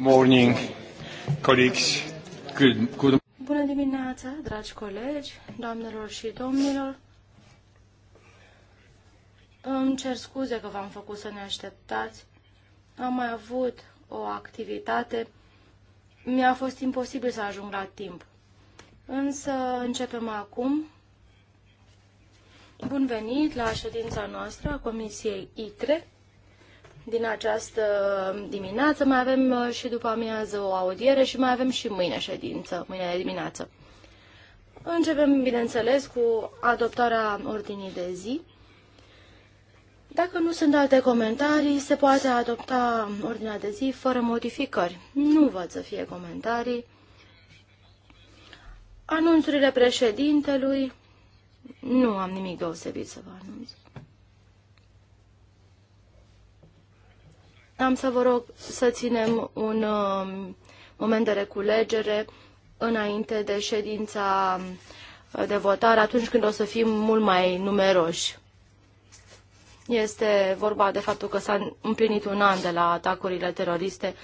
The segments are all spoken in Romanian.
morning, colleagues. Good, good. Bună dimineața, dragi colegi, doamnelor și domnilor. Îmi cer scuze că v-am făcut să ne așteptați. Am mai avut o activitate. Mi-a fost imposibil să ajung la timp. Însă începem acum. Bun venit la ședința noastră a Comisiei ITRE din această dimineață, mai avem uh, și după amiază o audiere și mai avem și mâine ședință, mâine dimineață. Începem, bineînțeles, cu adoptarea ordinii de zi. Dacă nu sunt alte comentarii, se poate adopta ordinea de zi fără modificări. Nu văd să fie comentarii. Anunțurile președintelui, nu am nimic deosebit să vă anunț. Am să vă rog să ținem un um, moment de reculegere înainte de ședința uh, de votare, atunci când o să fim mult mai numeroși. Este vorba de faptul că s-a împlinit un an de la atacurile teroriste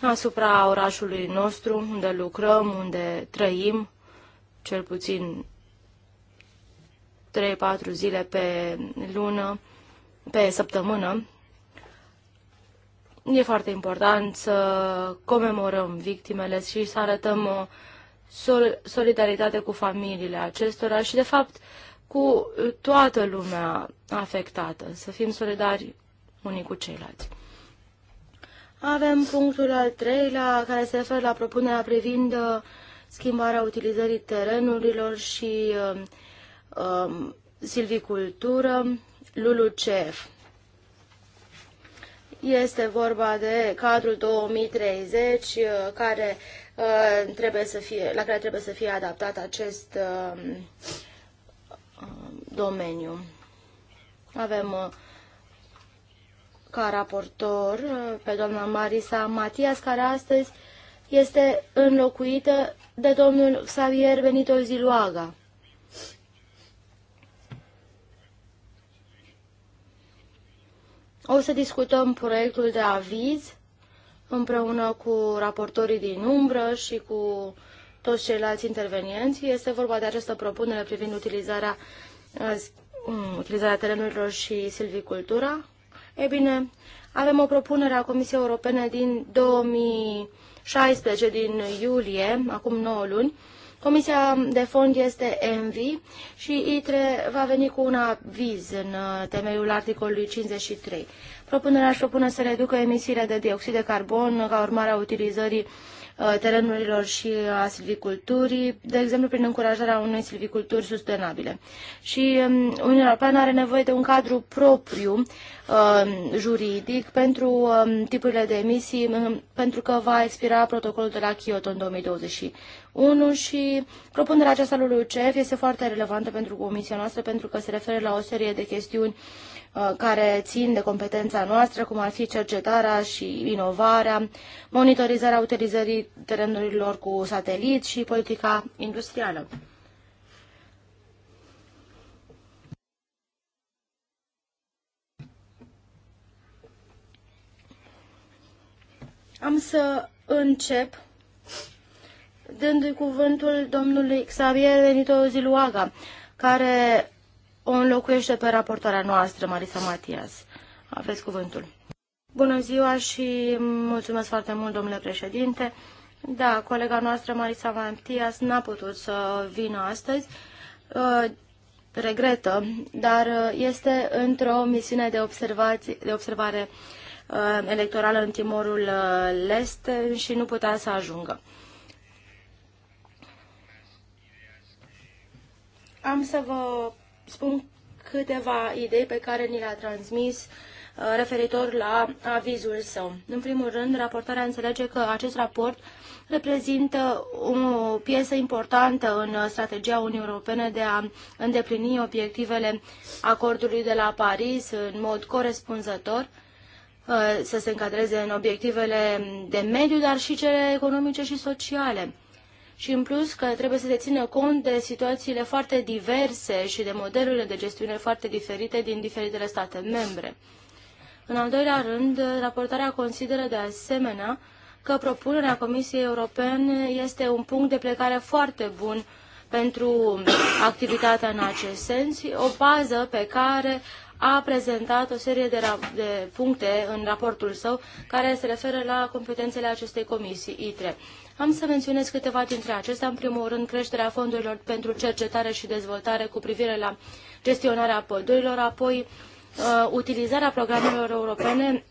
asupra orașului nostru, unde lucrăm, unde trăim, cel puțin 3-4 zile pe lună, pe săptămână. E foarte important să comemorăm victimele și să arătăm uh, solidaritate cu familiile acestora și, de fapt, cu toată lumea afectată, să fim solidari unii cu ceilalți. Avem punctul al treilea, care se referă la propunerea privind uh, schimbarea utilizării terenurilor și uh, um, silvicultură, LULUCF. Este vorba de cadrul 2030 uh, care uh, trebuie să fie, la care trebuie să fie adaptat acest uh, um, domeniu. Avem ca raportor pe doamna Marisa Matias, care astăzi este înlocuită de domnul Xavier Benito Ziluaga. O să discutăm proiectul de aviz împreună cu raportorii din umbră și cu toți ceilalți intervenienți. Este vorba de această propunere privind utilizarea, eh, mm, utilizarea terenurilor și silvicultura. E bine, avem o propunere a Comisiei Europene din 2016, din iulie, acum 9 luni, Comisia de fond este ENVI și ITRE va veni cu un aviz în uh, temeiul articolului 53. Propunerea își propune să reducă emisiile de dioxid de carbon ca urmare a utilizării Uh, terenurilor și a silviculturii, de exemplu prin încurajarea unei silviculturi sustenabile. Și um, Uniunea Europeană are nevoie de un cadru propriu um, juridic pentru um, tipurile de emisii, pentru că va expira protocolul de la Kyoto în 2021 și propunerea aceasta lui UCF este foarte relevantă pentru comisia noastră pentru că se referă la o serie de chestiuni uh, Uh, care țin de competența noastră, cum ar fi cercetarea și inovarea, monitorizarea utilizării terenurilor cu satelit și politica industrială. Am să încep dându-i cuvântul domnului Xavier Benito Ziluaga, care o înlocuiește pe raportoarea noastră, Marisa Matias. Aveți cuvântul. Bună ziua și mulțumesc foarte mult, domnule președinte. Da, colega noastră, Marisa Matias, n-a putut să vină astăzi. Uh, regretă, dar uh, este într-o misiune de, de observare uh, electorală în Timorul Lest și nu putea să ajungă. Am să vă spun câteva idei pe care ni le-a transmis uh, referitor la avizul său. În primul rând, raportarea înțelege că acest raport reprezintă o piesă importantă în strategia Uniunii Europene de a îndeplini obiectivele acordului de la Paris în mod corespunzător, uh, să se încadreze în obiectivele de mediu, dar și cele economice și sociale și în plus că trebuie să se țină cont de situațiile foarte diverse și de modelurile de gestiune foarte diferite din diferitele state membre. În al doilea rând, raportarea consideră de asemenea că propunerea Comisiei Europene este un punct de plecare foarte bun pentru activitatea în acest sens, o bază pe care a prezentat o serie de, de puncte în raportul său care se referă la competențele acestei comisii ITRE. Am să menționez câteva dintre acestea. În primul rând, creșterea fondurilor pentru cercetare și dezvoltare cu privire la gestionarea pădurilor, apoi uh, utilizarea programelor europene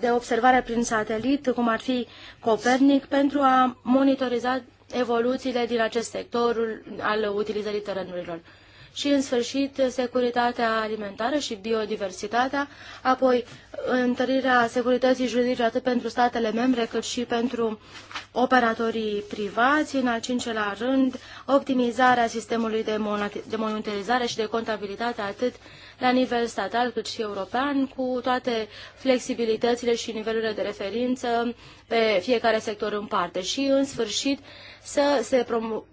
de observare prin satelit, cum ar fi Copernic, pentru a monitoriza evoluțiile din acest sector al utilizării terenurilor și, în sfârșit, securitatea alimentară și biodiversitatea, apoi întărirea securității juridice atât pentru statele membre cât și pentru operatorii privați, în al cincelea rând, optimizarea sistemului de monitorizare și de contabilitate atât la nivel statal cât și european, cu toate flexibilitățile și nivelurile de referință pe fiecare sector în parte și, în sfârșit, să se promoveze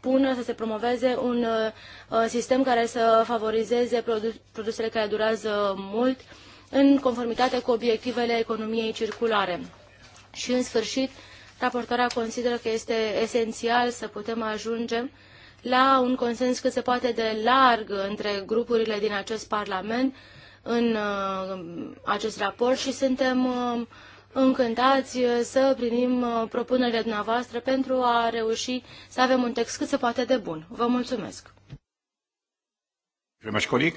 pună, să se promoveze un uh, uh, sistem care să favorizeze produsele care durează mult în conformitate cu obiectivele economiei circulare. Și, în sfârșit, raportoarea consideră că este esențial să putem ajunge la un consens cât se poate de larg între grupurile din acest Parlament în uh, acest raport și suntem încântați uh, să primim uh, propunerile dumneavoastră pentru a reuși să avem un text cât se poate de bun. Vă mulțumesc! Uh,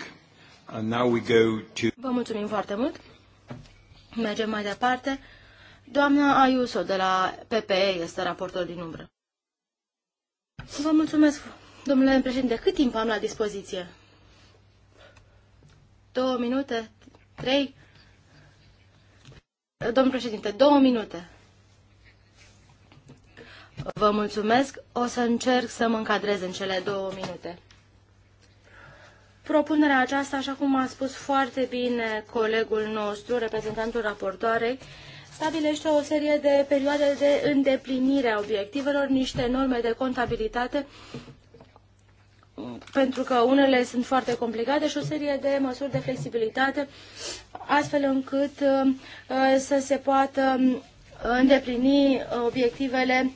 Vă mulțumim foarte mult! Mergem mai departe. Doamna Ayuso de la PPE este raportor din umbră. Vă mulțumesc, domnule președinte. Cât timp am la dispoziție? Două minute? Trei? Domnul președinte, două minute. Vă mulțumesc. O să încerc să mă încadrez în cele două minute. Propunerea aceasta, așa cum a spus foarte bine colegul nostru, reprezentantul raportoarei, stabilește o serie de perioade de îndeplinire a obiectivelor, niște norme de contabilitate pentru că unele sunt foarte complicate și o serie de măsuri de flexibilitate, astfel încât uh, uh, să se poată um, îndeplini obiectivele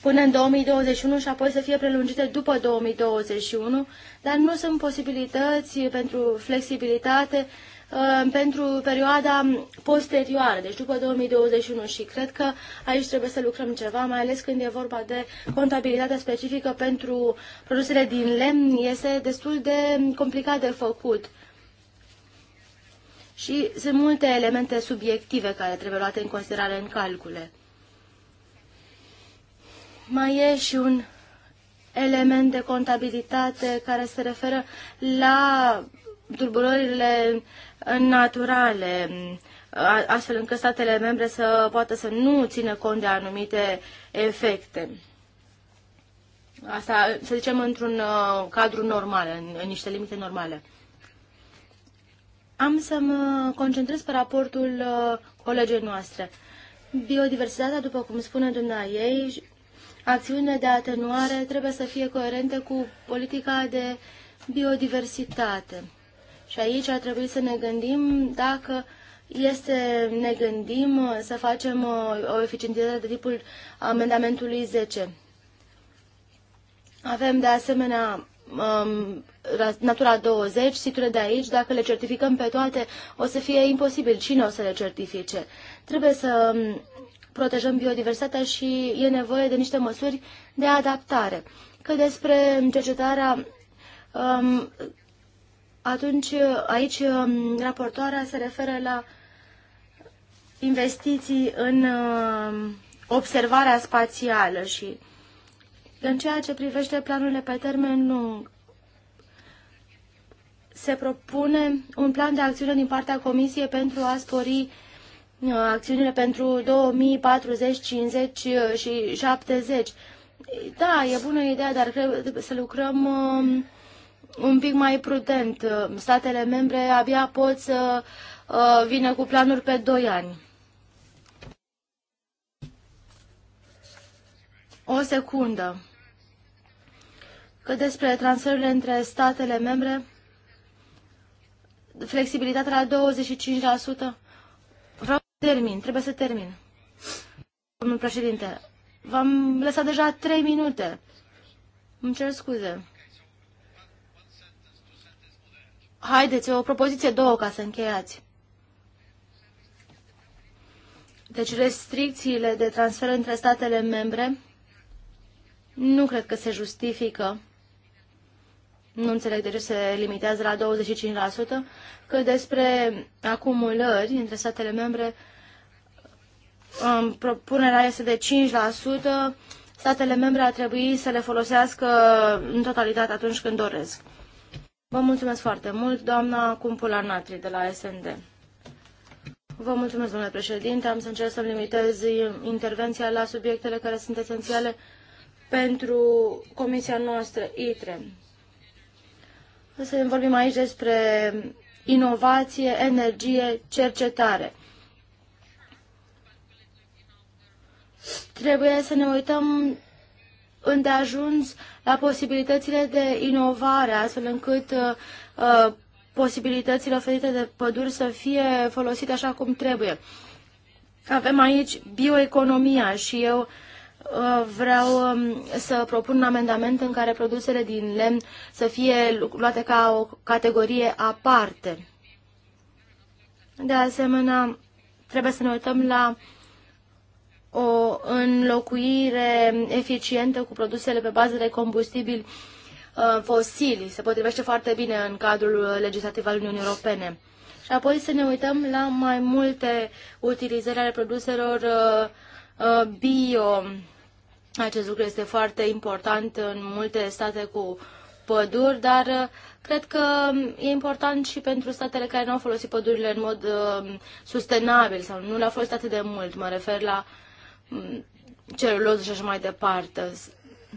până în 2021 și apoi să fie prelungite după 2021, dar nu sunt posibilități pentru flexibilitate Uh, pentru perioada posterioară, deci după 2021 și cred că aici trebuie să lucrăm ceva, mai ales când e vorba de contabilitatea specifică pentru produsele din lemn, este destul de complicat de făcut. Și sunt multe elemente subiective care trebuie luate în considerare în calcule. Mai e și un element de contabilitate care se referă la tulburările naturale, astfel încât statele membre să poată să nu țină cont de anumite efecte. Asta, să zicem, într-un uh, cadru normal, în, în niște limite normale. Am să mă concentrez pe raportul uh, colegei noastre. Biodiversitatea, după cum spune dumnea ei, acțiunile de atenuare trebuie să fie coerente cu politica de biodiversitate. Și aici ar trebui să ne gândim dacă este, ne gândim uh, să facem uh, o eficientizare de tipul amendamentului 10. Avem de asemenea um, Natura 20, siturile de aici, dacă le certificăm pe toate, o să fie imposibil. Cine o să le certifice? Trebuie să um, protejăm biodiversitatea și e nevoie de niște măsuri de adaptare. Că despre cercetarea um, atunci, uh, aici, um, raportoarea se referă la investiții în uh, observarea spațială și în ceea ce privește planurile pe termen lung, se propune un plan de acțiune din partea Comisiei pentru a spori uh, acțiunile pentru 2040, 50 și 70. Da, e bună ideea, dar trebuie să lucrăm um, un pic mai prudent. Statele membre abia pot să uh, vină cu planuri pe 2 ani. O secundă. Că despre transferurile între statele membre, flexibilitatea la 25%. Vreau să termin, trebuie să termin. Domnul președinte, v-am lăsat deja 3 minute. Îmi cer scuze. Haideți, o propoziție două ca să încheiați. Deci restricțiile de transfer între statele membre nu cred că se justifică. Nu înțeleg de ce se limitează la 25%, că despre acumulări între statele membre um, propunerea este de 5%, statele membre ar trebui să le folosească în totalitate atunci când doresc. Vă mulțumesc foarte mult, doamna Cumpula Natri de la SND. Vă mulțumesc, domnule președinte. Am să încerc să-mi limitez intervenția la subiectele care sunt esențiale pentru comisia noastră, ITRE. Să vorbim aici despre inovație, energie, cercetare. Trebuie să ne uităm îndeajuns la posibilitățile de inovare, astfel încât uh, uh, posibilitățile oferite de păduri să fie folosite așa cum trebuie. Avem aici bioeconomia și eu uh, vreau um, să propun un amendament în care produsele din lemn să fie luate ca o categorie aparte. De asemenea, trebuie să ne uităm la uh, o înlocuire eficientă cu produsele pe bază de combustibili uh, fosili. Se potrivește foarte bine în cadrul legislativ al Uniunii Europene. Și apoi să ne uităm la mai multe utilizări ale produselor uh, uh, bio. Acest lucru este foarte important în multe state cu păduri, dar cred că e important și pentru statele care nu au folosit pădurile în mod sustenabil sau nu le-au folosit atât de mult. Mă refer la uh, Mm, celuloză și așa mai departe.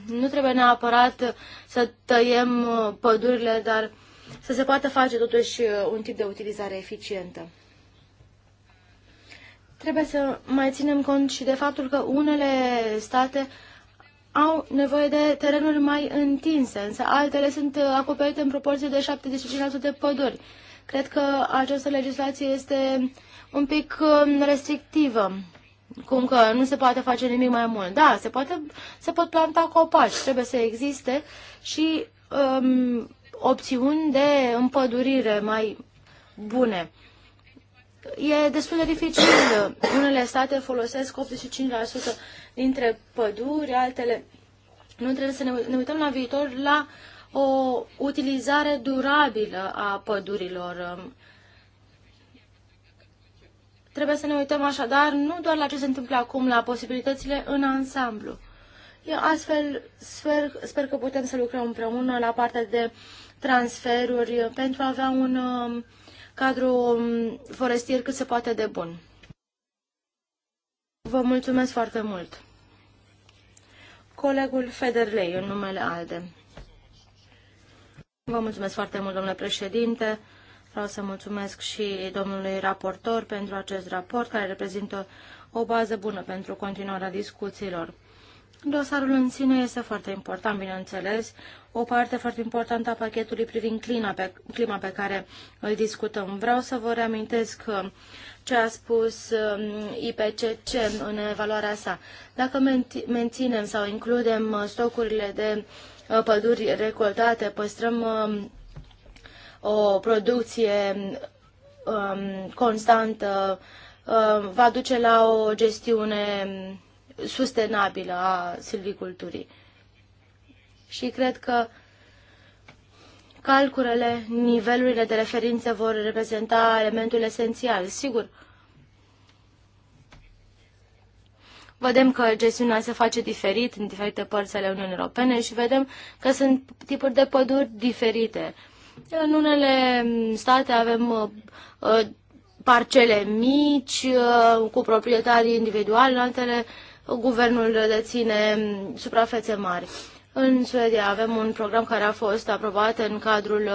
Nu trebuie neapărat să tăiem uh, pădurile, dar să se poată face totuși uh, un tip de utilizare eficientă. Trebuie să mai ținem cont și de faptul că unele state au nevoie de terenuri mai întinse, însă altele sunt uh, acoperite în proporție de 75% de păduri. Cred că această legislație este un pic um, restrictivă cum că nu se poate face nimic mai mult. Da, se, poate, se pot planta copaci, trebuie să existe și um, opțiuni de împădurire mai bune. E destul de dificil. Unele state folosesc 85% dintre păduri, altele nu trebuie să ne, ne uităm la viitor la o utilizare durabilă a pădurilor. Trebuie să ne uităm așadar nu doar la ce se întâmplă acum, la posibilitățile în ansamblu. Eu astfel sper, sper că putem să lucrăm împreună la partea de transferuri pentru a avea un um, cadru um, forestier cât se poate de bun. Vă mulțumesc foarte mult. Colegul Federley, în numele ALDE. Vă mulțumesc foarte mult, domnule președinte. Vreau să mulțumesc și domnului raportor pentru acest raport, care reprezintă o bază bună pentru continuarea discuțiilor. Dosarul în sine este foarte important, bineînțeles, o parte foarte importantă a pachetului privind clima pe, clima pe care îl discutăm. Vreau să vă reamintesc uh, ce a spus um, IPCC în evaluarea sa. Dacă menținem sau includem uh, stocurile de uh, păduri recoltate, păstrăm um, o producție um, constantă um, va duce la o gestiune sustenabilă a silviculturii. Și cred că calculele, nivelurile de referință vor reprezenta elementul esențial, sigur. Vedem că gestiunea se face diferit în diferite părți ale Uniunii Europene și vedem că sunt tipuri de păduri diferite în unele mm, state avem uh, uh, parcele mici, uh, cu proprietari individuali, în altele guvernul deține mm, suprafețe mari. În Suedia avem un program care a fost aprobat în cadrul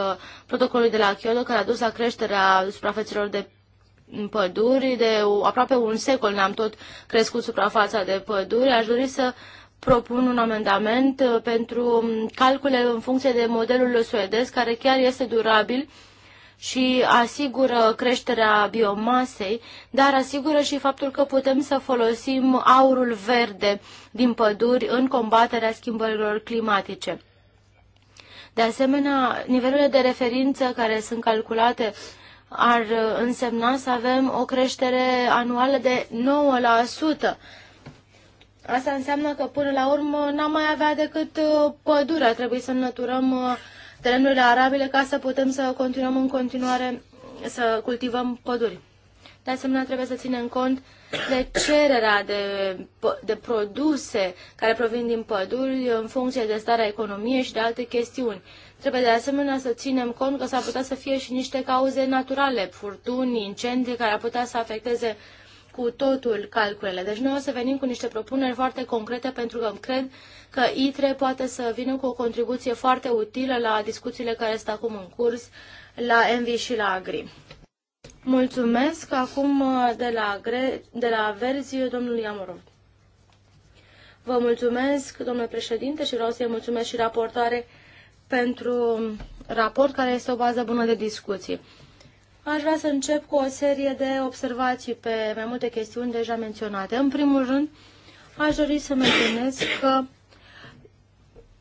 protocolului de la Kyoto, care a dus la creșterea suprafețelor de păduri. De aproape un secol ne-am tot crescut suprafața de păduri. Aș dori să uh, propun un amendament uh, pentru um, calcule în funcție de modelul suedez, care chiar este durabil și asigură creșterea biomasei, dar asigură și faptul că putem să folosim aurul verde din păduri în combaterea schimbărilor climatice. De asemenea, nivelurile de referință care sunt calculate ar uh, însemna să avem o creștere anuală de 9%, Asta înseamnă că până la urmă n-am mai avea decât uh, pădure. A trebuit să înlăturăm uh, terenurile arabile ca să putem să continuăm în continuare să cultivăm păduri. De asemenea, trebuie să ținem cont de cererea de, de produse care provin din păduri în funcție de starea economiei și de alte chestiuni. Trebuie de asemenea să ținem cont că s-ar putea să fie și niște cauze naturale, furtuni, incendii care ar putea să afecteze uh, cu totul calculele. Deci noi o să venim cu niște propuneri foarte concrete pentru că cred că ITRE poate să vină cu o contribuție foarte utilă la discuțiile care sunt acum în curs la Envi și la Agri. Mulțumesc. Acum uh, de la, Gre- de la Verzi, domnul Iamorov. Vă mulțumesc, domnule președinte, și vreau să-i mulțumesc și raportoare pentru raport, care este o bază bună de discuții. Aș vrea să încep cu o serie de observații pe mai multe chestiuni deja menționate. În primul rând, aș dori să menționez că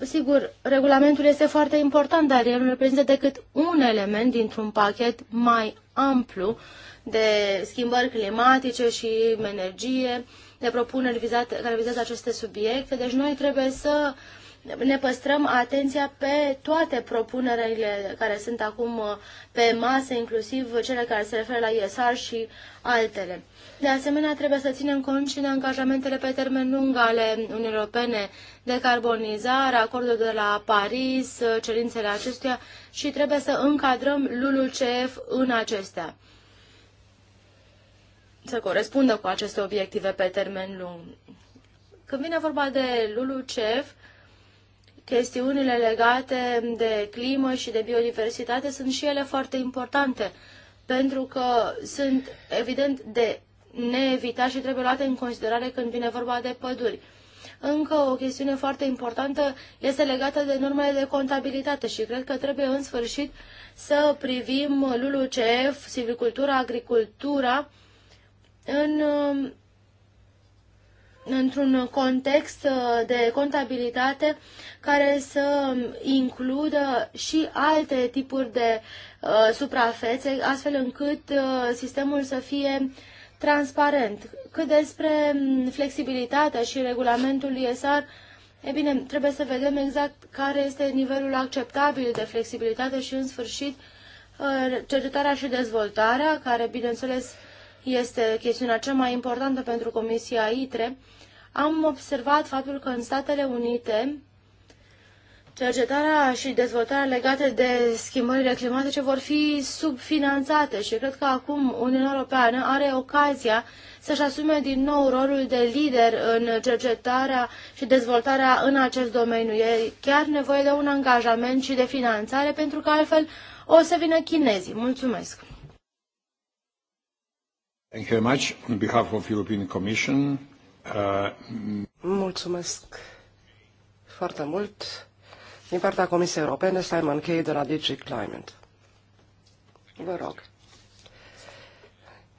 Sigur, regulamentul este foarte important, dar el nu reprezintă decât un element dintr-un pachet mai amplu de schimbări climatice și energie, de propuneri vizate, care vizează aceste subiecte. Deci noi trebuie să ne păstrăm atenția pe toate propunerile care sunt acum uh, pe masă, inclusiv cele care se referă la ESAR și altele. De asemenea, trebuie să ținem cont și de angajamentele pe termen lung ale Uniunii Europene, de carbonizare, acordul de la Paris, uh, cerințele acestuia și trebuie să încadrăm LULUCF în acestea să corespundă cu aceste obiective pe termen lung. Când vine vorba de LULUCF, chestiunile legate de climă și de biodiversitate sunt și ele foarte importante, pentru că sunt evident de neevitat și trebuie luate în considerare când vine vorba de păduri. Încă o chestiune foarte importantă este legată de normele de contabilitate și cred că trebuie în sfârșit să privim LULUCF, silvicultura, agricultura în într-un context uh, de contabilitate care să includă și alte tipuri de uh, suprafețe, astfel încât uh, sistemul să fie transparent. Cât despre mm, flexibilitatea și regulamentul ISR, e bine, trebuie să vedem exact care este nivelul acceptabil de flexibilitate și, în sfârșit, uh, cercetarea și dezvoltarea, care, bineînțeles, uh, este chestiunea cea mai importantă pentru Comisia ITRE, am observat faptul că în Statele Unite cercetarea și dezvoltarea legate de schimbările climatice vor fi subfinanțate și cred că acum Uniunea Europeană are ocazia să-și asume din nou rolul de lider în cercetarea și dezvoltarea în acest domeniu. E chiar nevoie de un angajament și de finanțare pentru că altfel o să vină chinezii. Mulțumesc! Thank you very much. On behalf of European Commission, uh... Mulțumesc foarte mult. Din partea Comisiei Europene, Simon Kay de la DG Climate. Vă rog.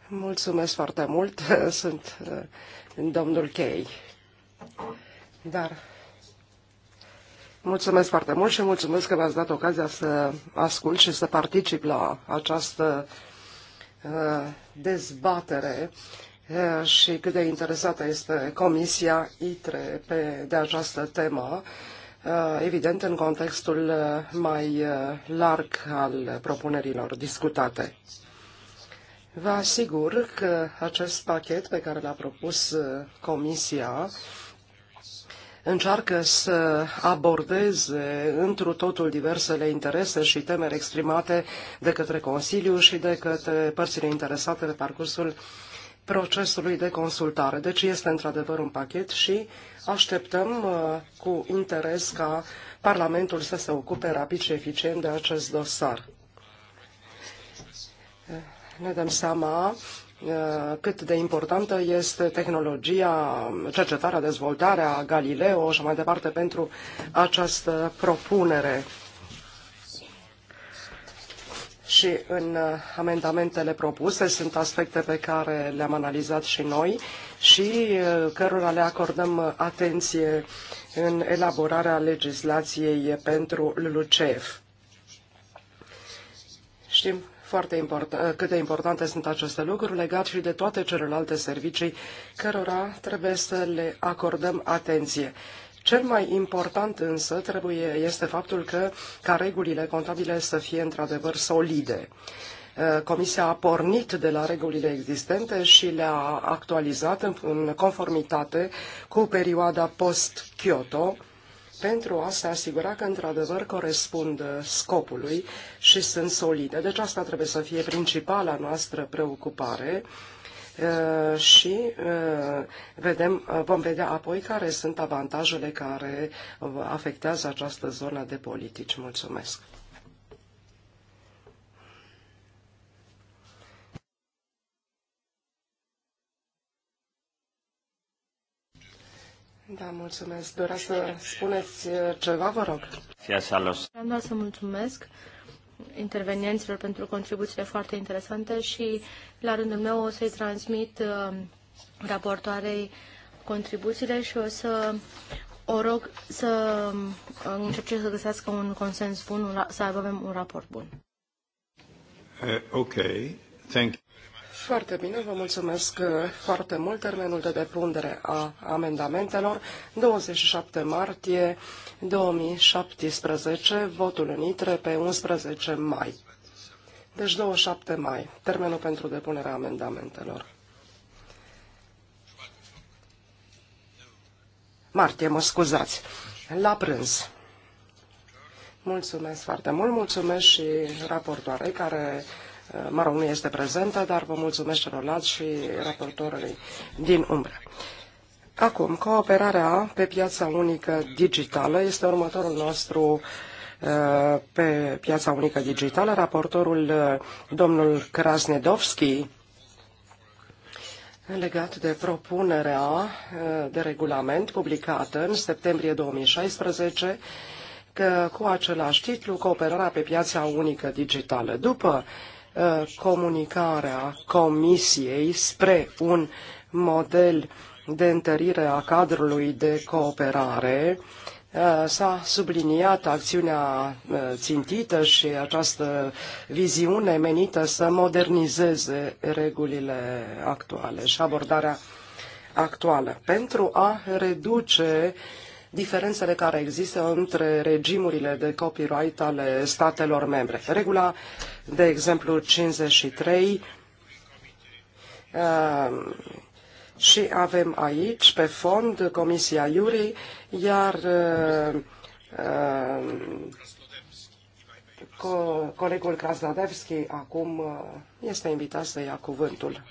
Mulțumesc foarte mult. Sunt uh, domnul Kay. Dar mulțumesc foarte mult și mulțumesc că v-ați dat ocazia să ascult și să particip la această uh, Uh, dezbatere uh, și cât de interesată este Comisia ITRE pe, de această temă, uh, evident în contextul mai larg al propunerilor discutate. Vă asigur că acest pachet pe care l-a propus Comisia încearcă să abordeze întru totul diversele interese și temeri exprimate de către Consiliu și de către părțile interesate pe parcursul procesului de consultare. Deci este într-adevăr un pachet și așteptăm uh, cu interes ca Parlamentul să se ocupe rapid și eficient de acest dosar. Ne dăm seama cât de importantă este tehnologia, cercetarea, dezvoltarea, Galileo și mai departe pentru această propunere. Și în amendamentele propuse sunt aspecte pe care le-am analizat și noi și cărora le acordăm atenție în elaborarea legislației pentru LULUCF. Știm foarte eh, cât de importante sunt aceste lucruri, legat și de toate celelalte servicii cărora trebuie să le acordăm atenție. Cel mai important însă trebuie, este faptul că ca regulile contabile să fie într-adevăr solide. Eh, Comisia a pornit de la regulile existente și le-a actualizat în conformitate cu perioada post-Kyoto, pentru a se asigura că într-adevăr corespund scopului și sunt solide. Deci asta trebuie să fie principala noastră preocupare și vedem, vom vedea apoi care sunt avantajele care afectează această zonă de politici. Mulțumesc! Da, mulțumesc. Dorea să spuneți uh, ceva, vă rog. Salos. Vreau să mulțumesc intervenienților pentru contribuțiile foarte interesante și la rândul meu o să-i transmit uh, raportoarei contribuțiile și o să o rog să um, încerce să găsească un consens bun, să avem un raport bun. Uh, ok, thank you. Foarte bine, vă mulțumesc uh, foarte mult. Termenul de depunere a amendamentelor, 27 martie 2017, votul în ITRE pe 11 mai. Deci 27 mai, termenul pentru depunerea amendamentelor. Martie, mă scuzați. La prânz. Mulțumesc foarte mult, mulțumesc și raportoarei care Uh, mă rog, nu este prezentă, dar vă mulțumesc celorlalți și raportorului din umbră. Acum, cooperarea pe piața unică digitală este următorul nostru uh, pe piața unică digitală. Raportorul uh, domnul Krasnedovski legat de propunerea de regulament publicată în septembrie 2016 că, cu același titlu, cooperarea pe piața unică digitală. După Uh, comunicarea Comisiei spre un model de întărire a cadrului de cooperare uh, S-a subliniat acțiunea uh, țintită și această viziune menită să modernizeze regulile actuale și abordarea actuală pentru a reduce uh, diferențele care există între regimurile de copyright ale statelor membre. Regula, de exemplu, 53 uh, și avem aici, pe fond, Comisia Iurii, iar uh, uh, colegul Krasnodevski acum uh, este invitat să ia cuvântul.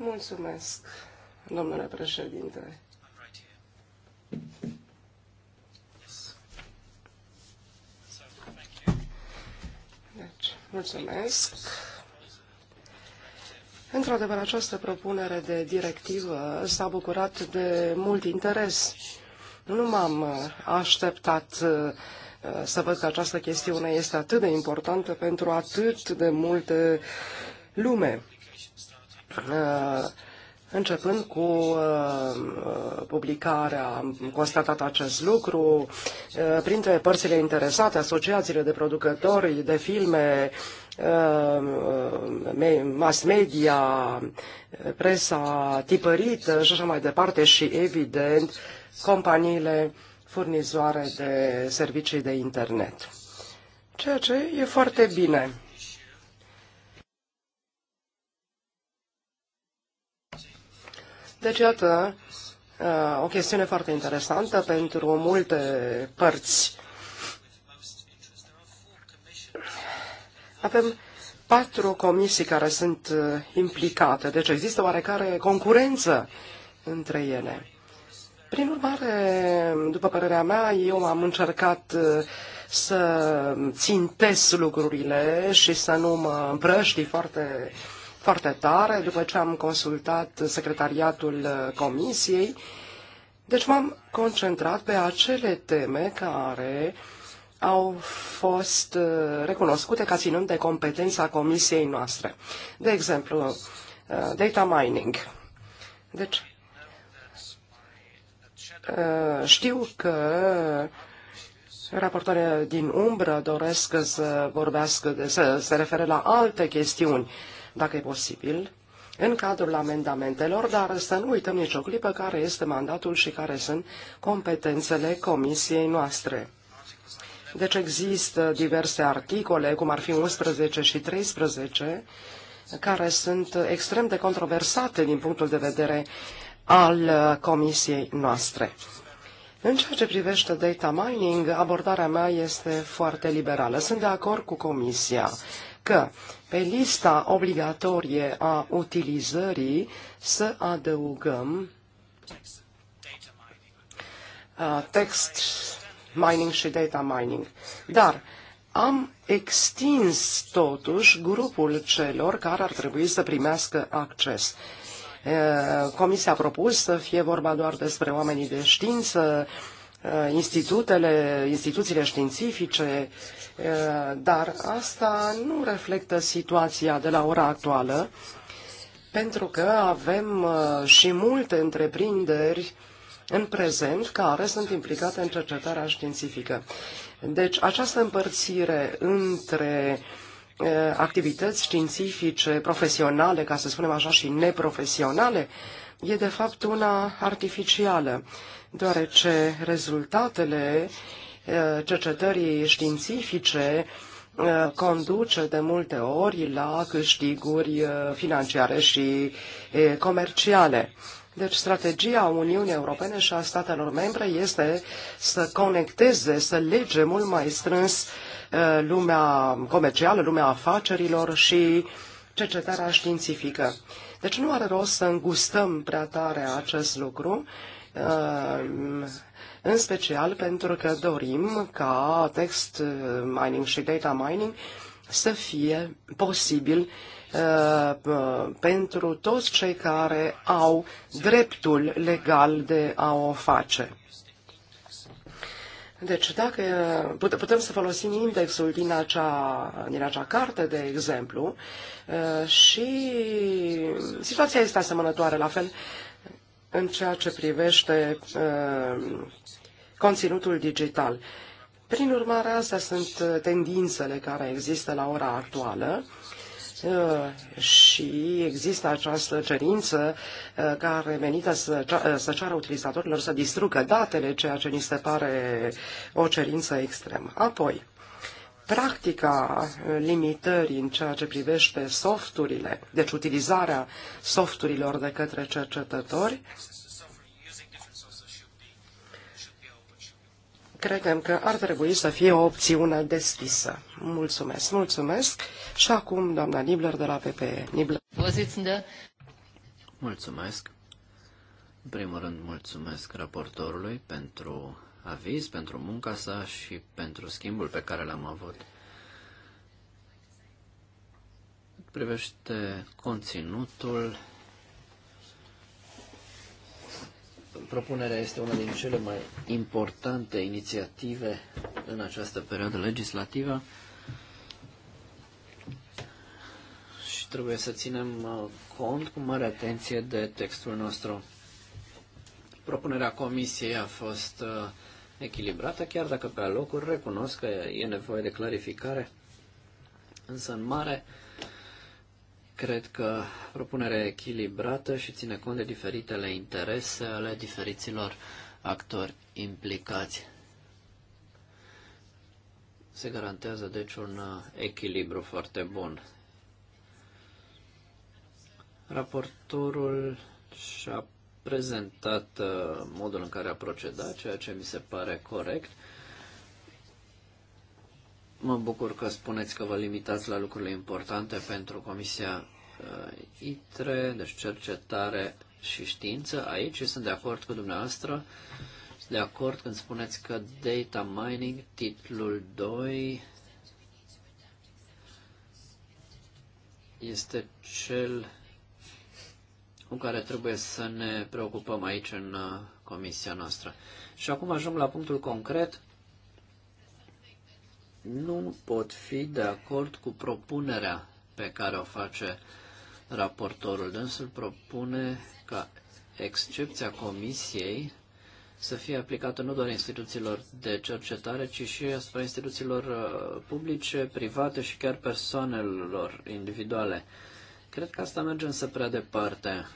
Mulțumesc, domnule președinte. Deci, mulțumesc. Într-adevăr, această propunere de directivă s-a bucurat de mult interes. Nu m-am așteptat uh, să văd că această chestiune este atât de importantă pentru atât de multe lume. Uh, începând cu uh, uh, publicarea, am constatat acest lucru, printre părțile interesate, asociațiile de producători de filme, mass media, presa tipărită și așa mai departe și, evident, companiile furnizoare de servicii de internet. Ceea ce e foarte bine. Deci, iată, uh, o chestiune foarte interesantă pentru multe părți. Avem patru comisii care sunt uh, implicate, deci există oarecare concurență între ele. Prin urmare, după părerea mea, eu am încercat uh, să țintesc lucrurile și să nu mă împrăști foarte uh, foarte tare după ce am consultat secretariatul uh, comisiei. Deci m-am concentrat pe acele teme care au fost uh, recunoscute ca ținând de competența comisiei noastre. De exemplu, uh, data mining. Deci, știu că raportoare din umbră doresc să vorbească, să se refere la alte chestiuni dacă e posibil, în cadrul amendamentelor, dar să nu uităm nicio clipă care este mandatul și care sunt competențele comisiei noastre. Deci există diverse articole, cum ar fi 11 și 13, care sunt extrem de controversate din punctul de vedere al comisiei noastre. În ceea ce privește data mining, abordarea mea este foarte liberală. Sunt de acord cu comisia că pe lista obligatorie a utilizării să adăugăm uh, text mining și data mining. Dar am extins totuși grupul celor care ar trebui să primească acces. Uh, Comisia a propus să fie vorba doar despre oamenii de știință, Uh, institutele, instituțiile științifice, uh, dar asta nu reflectă situația de la ora actuală, pentru că avem uh, și multe întreprinderi în prezent care sunt implicate în cercetarea științifică. Deci această împărțire între activități științifice, profesionale, ca să spunem așa, și neprofesionale, e de fapt una artificială deoarece rezultatele uh, cercetării științifice uh, conduce de multe ori la câștiguri uh, financiare și comerciale. Deci strategia Uniunii Europene și a statelor membre este să conecteze, să lege mult mai strâns lumea comercială, lumea afacerilor și cercetarea științifică. Deci nu are rost să îngustăm prea tare acest lucru, în special pentru că dorim ca text mining și data mining să fie posibil uh, pentru toți cei care au dreptul legal de a o face. Deci dacă putem să folosim indexul din acea, din acea carte, de exemplu, uh, și situația este asemănătoare. La fel, în ceea ce privește uh, conținutul digital. Prin urmare, astea sunt uh, tendințele care există la ora actuală uh, și există această cerință care menită să, să ceară utilizatorilor să distrugă datele, ceea ce ni se pare o cerință extremă. Apoi, practica limitării în ceea ce privește softurile, deci utilizarea softurilor de către cercetători, credem că ar trebui să fie o opțiune deschisă. Mulțumesc, mulțumesc. Și acum, doamna Nibler de la PPE. Nibler. Mulțumesc. În primul rând, mulțumesc raportorului pentru aviz, pentru munca sa și pentru schimbul pe care l-am avut. Privește conținutul, propunerea este una din cele mai importante inițiative în această perioadă legislativă și trebuie să ținem uh, cont cu mare atenție de textul nostru. Propunerea comisiei a fost uh, echilibrată, chiar dacă pe alocuri recunosc că e nevoie de clarificare, însă în mare cred că propunerea echilibrată și ține cont de diferitele interese ale diferiților actori implicați. Se garantează deci un echilibru foarte bun. Raportorul și-a prezentat uh, modul în care a procedat, ceea ce mi se pare corect. Mă bucur că spuneți că vă limitați la lucrurile importante pentru Comisia uh, ITRE, deci cercetare și știință. Aici sunt de acord cu dumneavoastră. Sunt de acord când spuneți că data mining, titlul 2, este cel cu care trebuie să ne preocupăm aici în uh, comisia noastră. Și acum ajung la punctul concret. Nu pot fi de acord cu propunerea pe care o face raportorul. Dânsul propune ca excepția comisiei să fie aplicată nu doar instituțiilor de cercetare, ci și asupra instituțiilor uh, publice, private și chiar persoanelor individuale. Cred că asta merge însă prea departe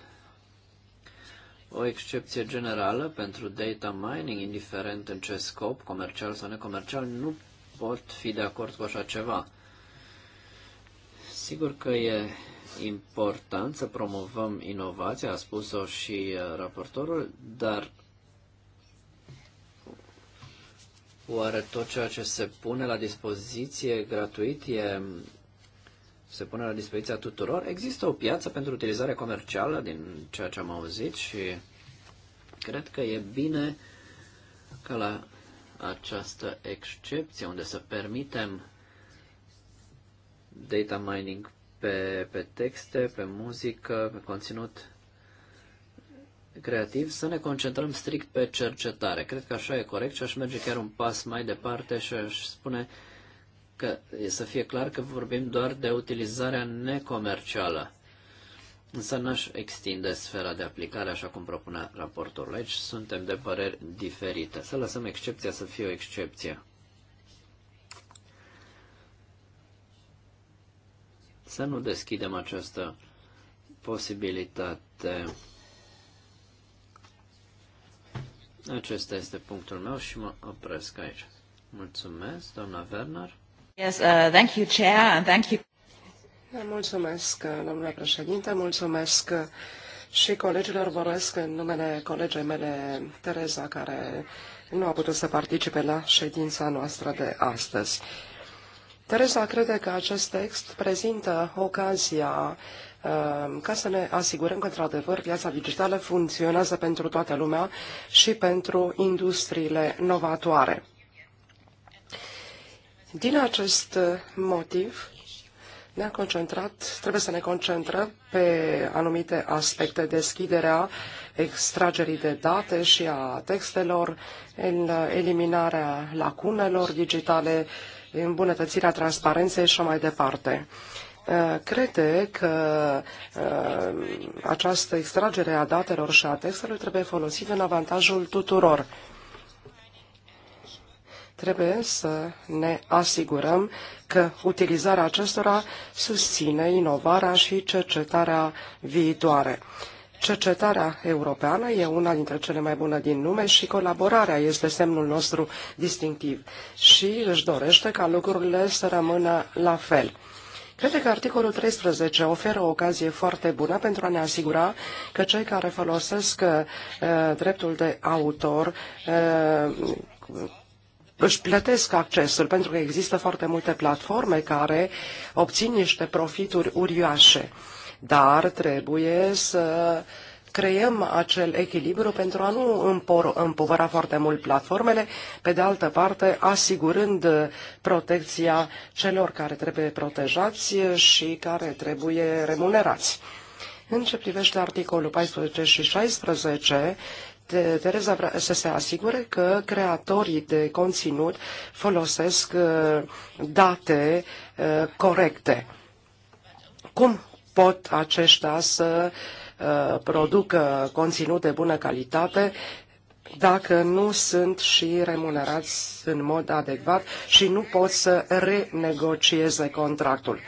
o excepție generală pentru data mining, indiferent în ce scop, comercial sau necomercial, nu pot fi de acord cu așa ceva. Sigur că e important să promovăm inovația, a spus-o și uh, raportorul, dar oare tot ceea ce se pune la dispoziție gratuit e se pune la dispoziția tuturor. Există o piață pentru utilizare comercială, din ceea ce am auzit, și cred că e bine că la această excepție, unde să permitem data mining pe, pe texte, pe muzică, pe conținut creativ, să ne concentrăm strict pe cercetare. Cred că așa e corect și aș merge chiar un pas mai departe și aș spune uh, că să fie clar că vorbim doar de utilizarea necomercială. Însă n-aș extinde sfera de aplicare așa cum propunea raportorul. Aici suntem de păreri diferite. Să lăsăm excepția să fie o excepție. Să nu deschidem această posibilitate. Acesta este punctul meu și mă opresc aici. Mulțumesc, doamna Werner. Yes, uh, thank you, Chair, and thank you. Mulțumesc, domnule președinte, mulțumesc și colegilor vorbesc în numele colegei mele, Tereza, care nu a putut să participe la ședința noastră de astăzi. Teresa crede că acest text prezintă ocazia uh, ca să ne asigurăm că, într-adevăr, piața digitală funcționează pentru toată lumea și pentru industriile novatoare. Din acest motiv, ne concentrat, trebuie să ne concentrăm pe anumite aspecte, deschiderea extragerii de date și a textelor, eliminarea lacunelor digitale, îmbunătățirea transparenței și mai departe. Uh, crede că uh, această extragere a datelor și a textelor trebuie folosită în avantajul tuturor Trebuie să ne asigurăm că utilizarea acestora susține inovarea și cercetarea viitoare. Cercetarea europeană e una dintre cele mai bune din lume și colaborarea este semnul nostru distinctiv și își dorește ca lucrurile să rămână la fel. Cred că articolul 13 oferă o ocazie foarte bună pentru a ne asigura că cei care folosesc uh, dreptul de autor uh, își plătesc accesul, pentru că există foarte multe platforme care obțin niște profituri uriașe. Dar trebuie să creăm acel echilibru pentru a nu împovăra foarte mult platformele, pe de altă parte asigurând protecția celor care trebuie protejați și care trebuie remunerați. În ce privește articolul 14 și 16, Tereza vrea să se asigure că creatorii de conținut folosesc uh, date uh, corecte. Cum pot aceștia să uh, producă conținut de bună calitate dacă nu sunt și remunerați în mod adecvat și nu pot să renegocieze contractul.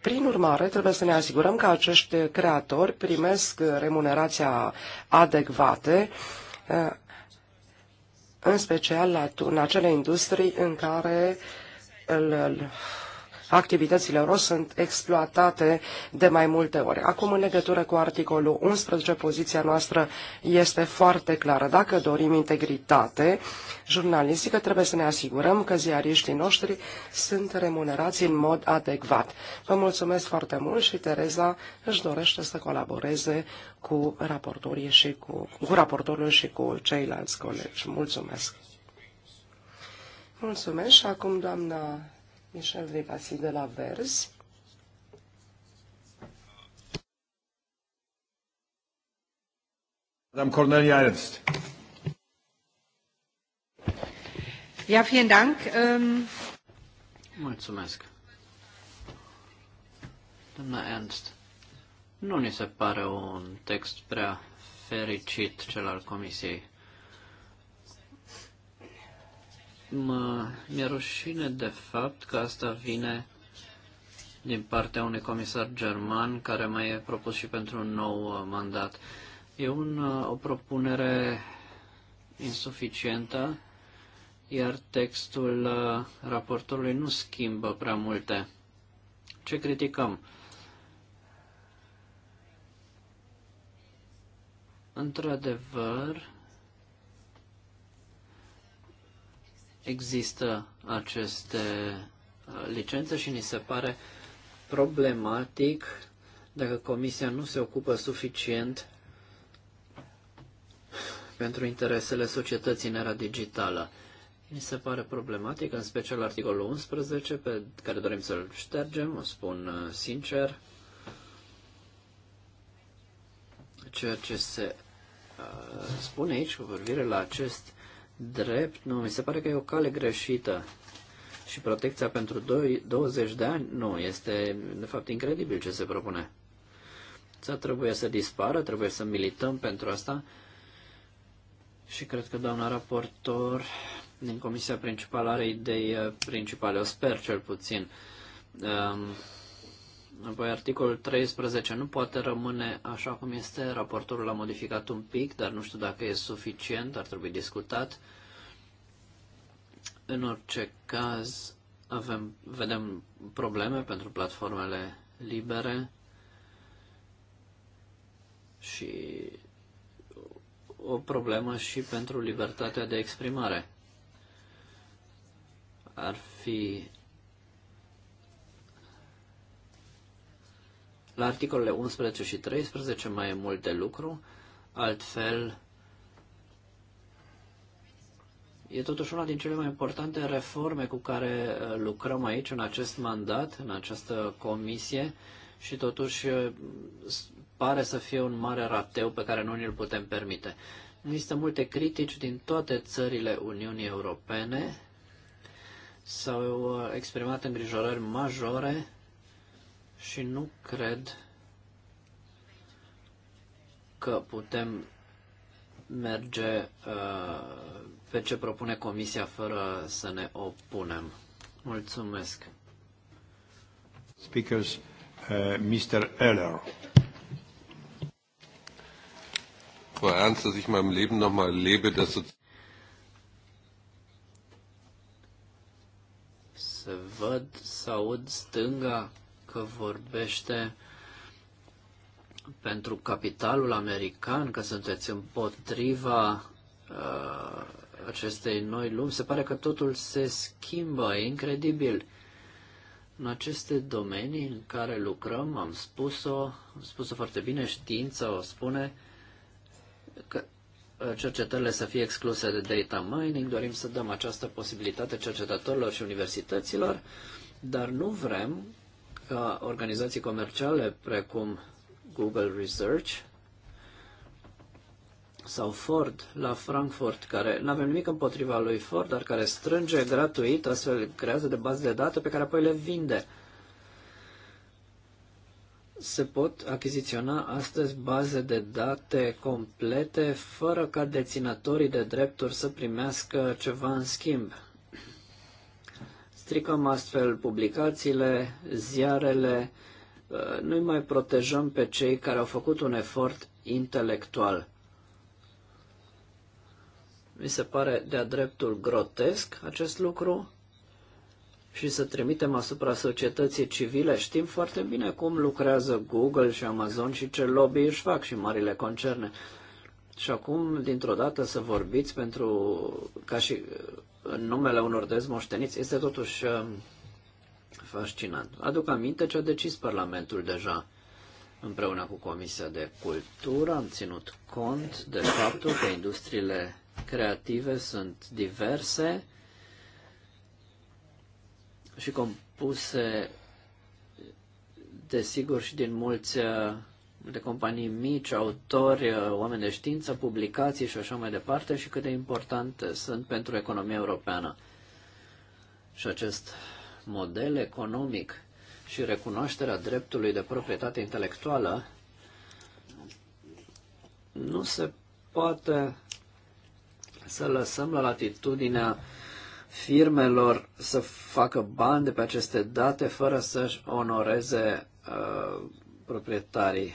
Prin urmare, trebuie să ne asigurăm că acești creatori primesc remunerația adecvate, în special în acele industrii în care activitățile lor sunt exploatate de mai multe ori. Acum, în legătură cu articolul 11, poziția noastră este foarte clară. Dacă dorim integritate jurnalistică, trebuie să ne asigurăm că ziariștii noștri sunt remunerați în mod adecvat. Vă mulțumesc foarte mult și Tereza își dorește să colaboreze cu raportorii și cu, cu raportorul și cu ceilalți colegi. Mulțumesc! Mulțumesc și acum doamna Michel Rivasi de la Vers. Madame Cornelia Ernst. Ja, vielen Dank. Um... Mulțumesc. Doamna Ernst, nu ni se pare un text prea fericit cel al Comisiei. mă, mi-e rușine de fapt că asta vine din partea unui comisar german care mai e propus și pentru un nou uh, mandat. E un, uh, o propunere insuficientă, iar textul uh, raportului nu schimbă prea multe. Ce criticăm? Într-adevăr, există aceste uh, licențe și ni se pare problematic dacă Comisia nu se ocupă suficient pentru interesele societății în era digitală. Mi se pare problematic, în special articolul 11, pe care dorim să-l ștergem, o spun uh, sincer. Ceea ce se uh, spune aici cu privire la acest drept, nu, mi se pare că e o cale greșită. Și protecția pentru 20 de ani, nu, este de fapt incredibil ce se propune. Ța trebuie să dispară, trebuie să milităm pentru asta. Și cred că doamna raportor din comisia principală are idei uh, principale, o sper cel puțin. Um, Apoi articolul 13 nu poate rămâne așa cum este, raportorul l-a modificat un pic, dar nu știu dacă e suficient, ar trebui discutat. În orice caz, avem, vedem probleme pentru platformele libere și o problemă și pentru libertatea de exprimare. Ar fi La articolele 11 și 13 mai e mult de lucru, altfel e totuși una din cele mai importante reforme cu care uh, lucrăm aici în acest mandat, în această comisie și totuși uh, pare să fie un mare rateu pe care ne-l putem permite. Există multe critici din toate țările Uniunii Europene, s-au uh, exprimat îngrijorări majore și nu cred că putem merge uh, pe ce propune Comisia fără să ne opunem. Mulțumesc. Speakers, uh, Mr. Eller. Vor Ernst, dass ich meinem Leben noch mal lebe, dass so Să văd, să aud stânga că vorbește pentru capitalul american, că sunteți împotriva uh, acestei noi lumi. Se pare că totul se schimbă, e incredibil. În aceste domenii în care lucrăm, am spus-o, am spus-o foarte bine, știința o spune, că cercetările să fie excluse de data mining, dorim să dăm această posibilitate cercetătorilor și universităților, dar nu vrem ca organizații comerciale precum Google Research sau Ford la Frankfurt, care nu avem nimic împotriva lui Ford, dar care strânge gratuit, astfel creează de bază de date pe care apoi le vinde. Se pot achiziționa astăzi baze de date complete fără ca deținătorii de drepturi să primească ceva în schimb. Stricăm astfel publicațiile, ziarele, uh, nu mai protejăm pe cei care au făcut un efort intelectual. Mi se pare de-a dreptul grotesc acest lucru și să trimitem asupra societății civile. Știm foarte bine cum lucrează Google și Amazon și ce lobby își fac și marile concerne. Și acum, dintr-o dată, să vorbiți pentru, ca și în numele unor dezmoșteniți este totuși um, fascinant. Aduc aminte ce a decis Parlamentul deja împreună cu Comisia de Cultură. Am ținut cont de faptul că industriile creative sunt diverse și compuse desigur și din mulți uh, de companii mici, autori, uh, oameni de știință, publicații și așa mai departe și cât de importante sunt pentru economia europeană. Și acest model economic și recunoașterea dreptului de proprietate intelectuală nu se poate să lăsăm la latitudinea firmelor să facă bani de pe aceste date fără să-și onoreze uh, proprietarii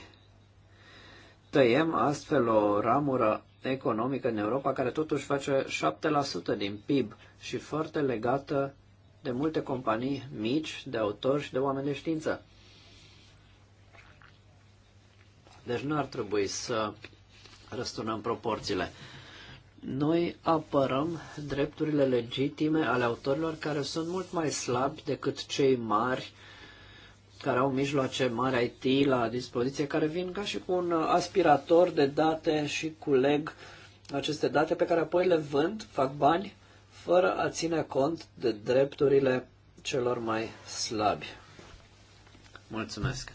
tăiem astfel o ramură economică în Europa care totuși face 7% din PIB și foarte legată de multe companii mici, de autori și de oameni de știință. Deci nu ar trebui să răsturnăm proporțiile. Noi apărăm drepturile legitime ale autorilor care sunt mult mai slabi decât cei mari uh, care au mijloace mari IT la dispoziție, care vin ca și cu un aspirator de date și culeg aceste date pe care apoi le vând, fac bani, fără a ține cont de drepturile celor mai slabi. Mulțumesc.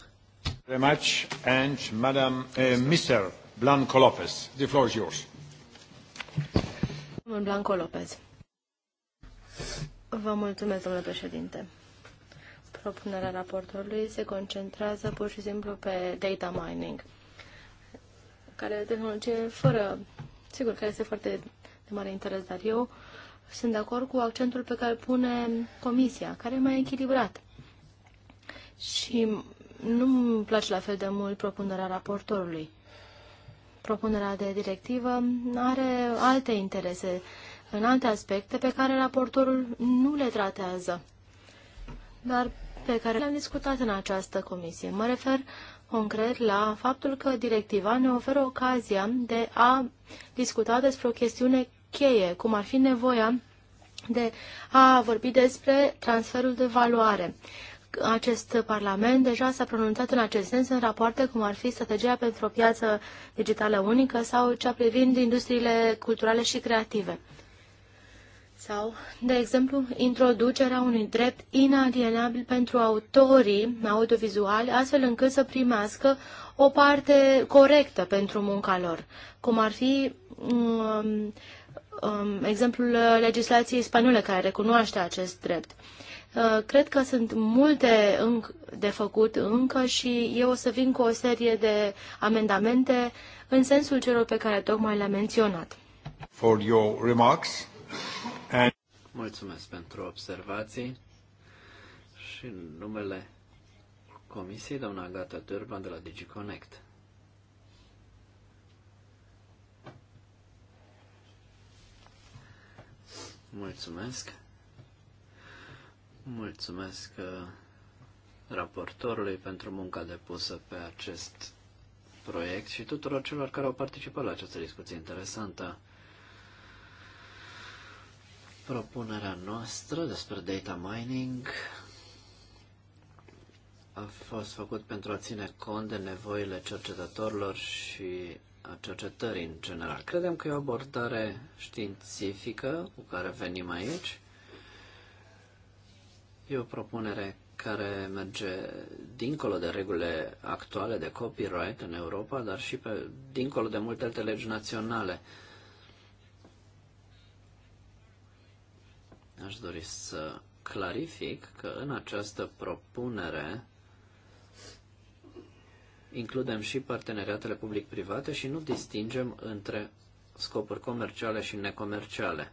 Very much and Madam uh, eh, Mr. Blanco Lopez, the floor is yours. Blanco Lopez. Vă mulțumesc, domnule președinte propunerea raportorului se concentrează pur și simplu pe data mining, care e tehnologie fără, sigur, care este foarte de mare interes, dar eu sunt de acord cu accentul pe care îl pune comisia, care e mai echilibrat. Și nu îmi place la fel de mult propunerea raportorului. Propunerea de directivă are alte interese în alte aspecte pe care raportorul nu le tratează dar pe care le-am discutat în această comisie. Mă refer concret la faptul că directiva ne oferă ocazia de a discuta despre o chestiune cheie, cum ar fi nevoia de a vorbi despre transferul de valoare. Acest Parlament deja s-a pronunțat în acest sens în rapoarte cum ar fi strategia pentru o piață digitală unică sau cea privind industriile culturale și creative sau, de exemplu, introducerea unui drept inalienabil pentru autorii audiovizuali, astfel încât să primească o parte corectă pentru munca lor, cum ar fi um, um, exemplul legislației spaniole care recunoaște acest drept. Uh, cred că sunt multe de făcut încă și eu o să vin cu o serie de amendamente în sensul celor pe care tocmai le-am menționat. For your remarks. And... Mulțumesc pentru observații și în numele Comisiei, doamna Agata Durban de la DigiConnect. Mulțumesc. Mulțumesc uh, raportorului pentru munca depusă pe acest proiect și tuturor celor care au participat la această discuție interesantă. Propunerea noastră despre data mining a fost făcut pentru a ține cont de nevoile cercetătorilor și a cercetării în general. Credem că e o abordare științifică cu care venim aici. E o propunere care merge dincolo de regulile actuale de copyright în Europa, dar și pe, dincolo de multe alte legi naționale. Uh, Aș dori să clarific că în această propunere includem și parteneriatele public-private și nu distingem între scopuri comerciale și necomerciale.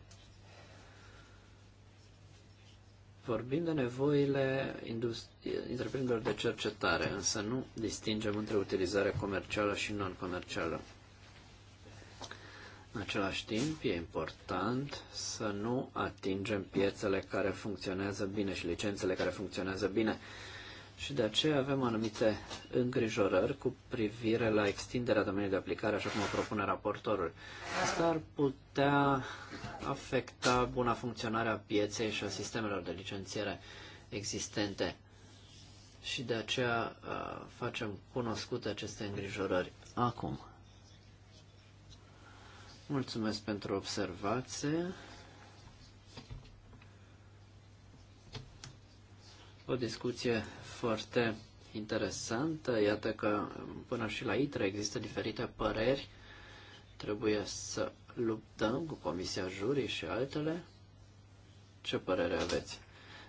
Vorbim de nevoile întreprinderilor de cercetare, însă nu distingem între utilizare comercială și non-comercială. În același timp, e important să nu atingem piețele care funcționează bine și licențele care funcționează bine. Și de aceea avem anumite îngrijorări cu privire la extinderea domeniului de aplicare, așa cum o propune raportorul. Asta ar putea afecta buna funcționare a pieței și a sistemelor de licențiere existente. Și de aceea facem cunoscute aceste îngrijorări acum. Mulțumesc pentru observație. O discuție foarte interesantă. Iată că până și la ITRE există diferite păreri. Trebuie să luptăm cu Comisia Jurii și altele. Ce părere aveți?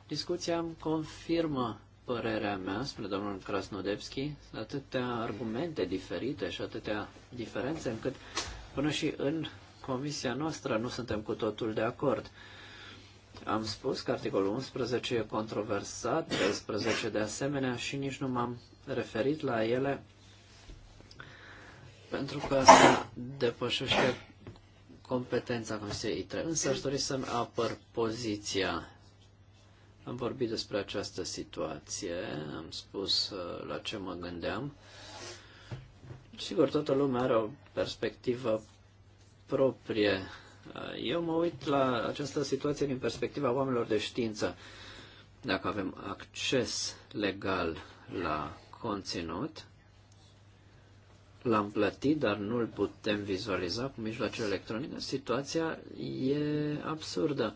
Discuția îmi confirmă părerea mea, spre domnul Krasnodebski, atâtea argumente diferite și atâtea diferențe încât Până și în comisia noastră nu suntem cu totul de acord. Am spus că articolul 11 e controversat, 13 de asemenea și nici nu m-am referit la ele pentru că asta depășește competența Comisiei ITRE. Însă aș dori să-mi apăr poziția. Am vorbit despre această situație, am spus uh, la ce mă gândeam. Sigur, toată lumea are o perspectivă proprie. Eu mă uit la această situație din perspectiva oamenilor de știință. Dacă avem acces legal la conținut, l-am plătit, dar nu-l putem vizualiza cu mijloace electronice, situația e absurdă.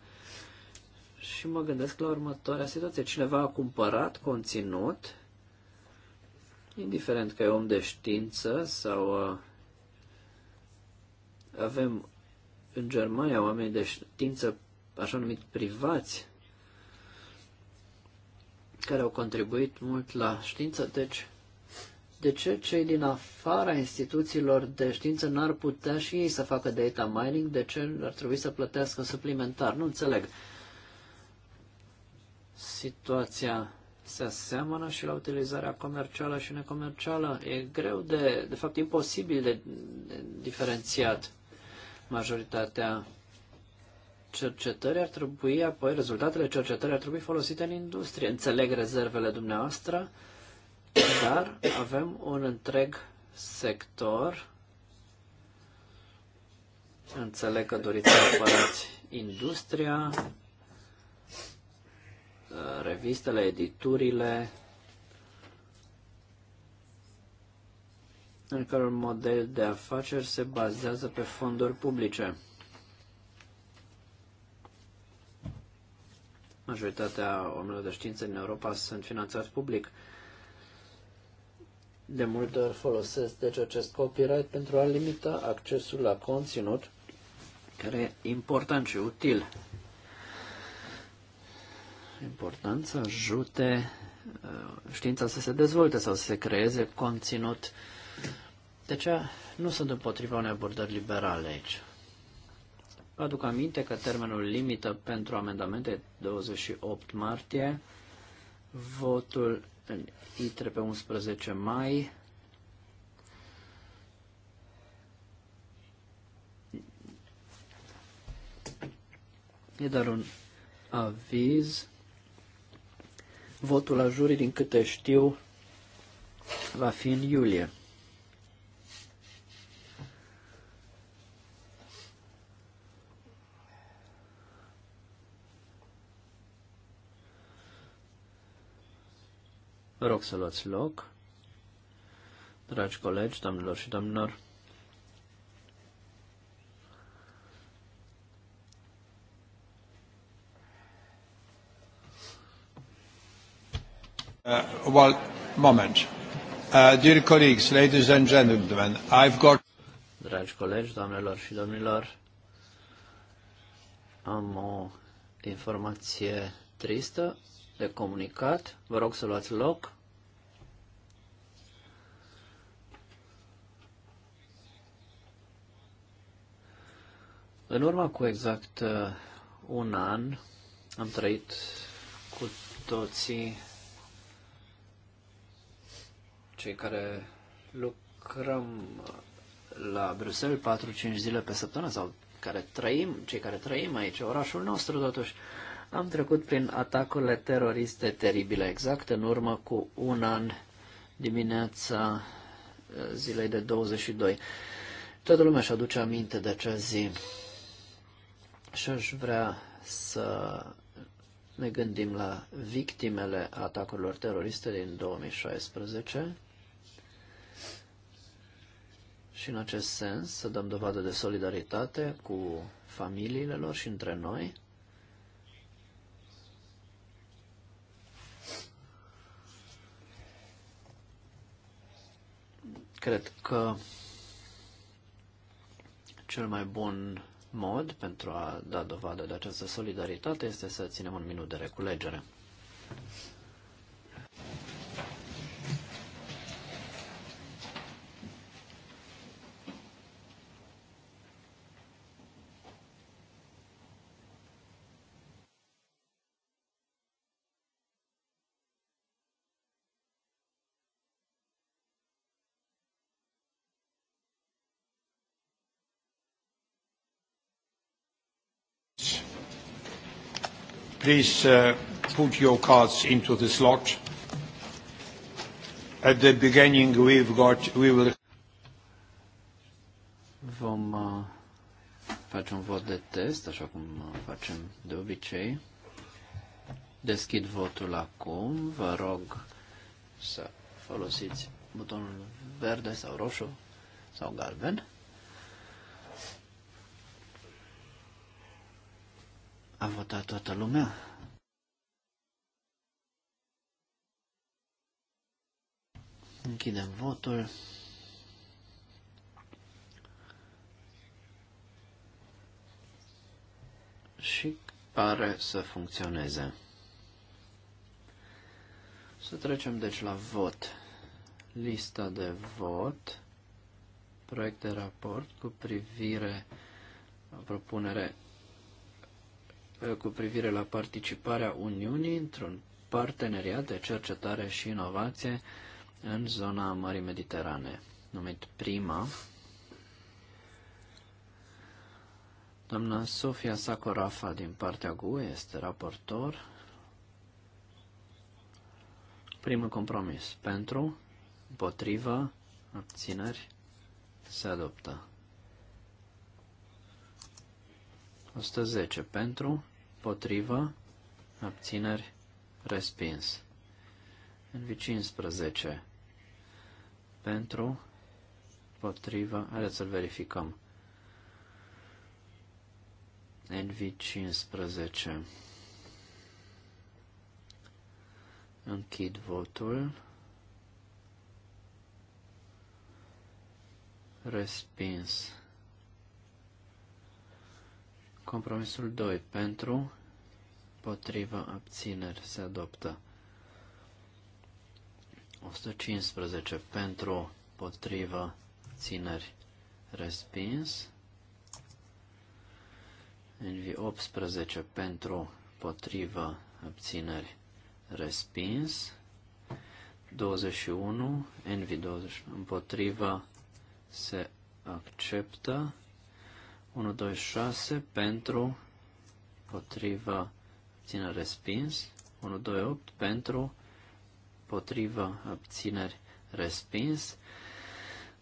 Și mă gândesc la următoarea situație. Cineva a cumpărat conținut indiferent că e om de știință sau uh, avem în Germania oameni de știință așa numit privați care au contribuit mult la știință, deci de ce cei din afara instituțiilor de știință n-ar putea și ei să facă data mining? De ce ar trebui să plătească suplimentar? Nu înțeleg situația se aseamănă și la utilizarea comercială și necomercială. E greu de, de fapt, imposibil de, de diferențiat majoritatea cercetării ar trebui, apoi rezultatele cercetării ar trebui folosite în industrie. Înțeleg rezervele dumneavoastră, dar avem un întreg sector. Înțeleg că doriți să apărați industria, revistele, editurile, în care un model de afaceri se bazează pe fonduri publice. Majoritatea oamenilor de știință din Europa sunt finanțați public. De multe ori folosesc deci acest copyright pentru a limita accesul la conținut care e important și util important să ajute uh, știința să se dezvolte sau să se creeze conținut. De deci, nu sunt împotriva unei abordări liberale aici. Vă aduc aminte că termenul limită pentru amendamente 28 martie, votul în ITRE pe 11 mai, E doar un aviz Votul la jurii, din câte știu, va fi în iulie. Vă rog să luați loc. Dragi colegi, doamnelor și domnilor, Uh, well, moment. Uh, dear colleagues, ladies and gentlemen, I've got... Dragi colegi, doamnelor și domnilor, am o informație tristă de comunicat. Vă rog să luați loc. În urmă cu exact uh, un an am trăit cu toții cei care lucrăm la Bruxelles 4-5 zile pe săptămână sau care trăim, cei care trăim aici, orașul nostru totuși, am trecut prin atacurile teroriste teribile, exact în urmă cu un an dimineața zilei de 22. Toată lumea își aduce aminte de acea zi și aș vrea să ne gândim la victimele atacurilor teroriste din 2016 și în acest sens să dăm dovadă de solidaritate cu familiile lor și între noi. Cred că cel mai bun mod pentru a da dovadă de această solidaritate este să ținem un minut de reculegere. please uh, put your cards into the slot. At the beginning we've got, we will... Vom uh, face un vot de test, așa cum uh, facem de obicei. Deschid votul acum. Vă rog să folosiți butonul verde sau roșu sau galben. A votat toată lumea? Închidem votul. Și pare să funcționeze. Să trecem deci la vot. Lista de vot, proiect de raport cu privire la propunere cu privire la participarea Uniunii într-un parteneriat de cercetare și inovație în zona Mării Mediterane, numit PRIMA. Doamna Sofia Sacorafa din partea GUE este raportor. Primul compromis. Pentru, împotriva, abțineri, se adoptă. 110 pentru, împotriva, abțineri, respins. NV15 pentru, împotriva, haideți să-l verificăm. NV15 Închid votul. Respins. Compromisul 2. Pentru, potrivă, abțineri se adoptă. 115. Pentru, potrivă, țineri respins. NV 18 pentru, potrivă, abțineri respins. 21, NV 20 împotrivă se acceptă. 1, 2, 6 pentru, potrivă, abțineri respins. 1, 2, 8 pentru, potrivă, obțineri respins.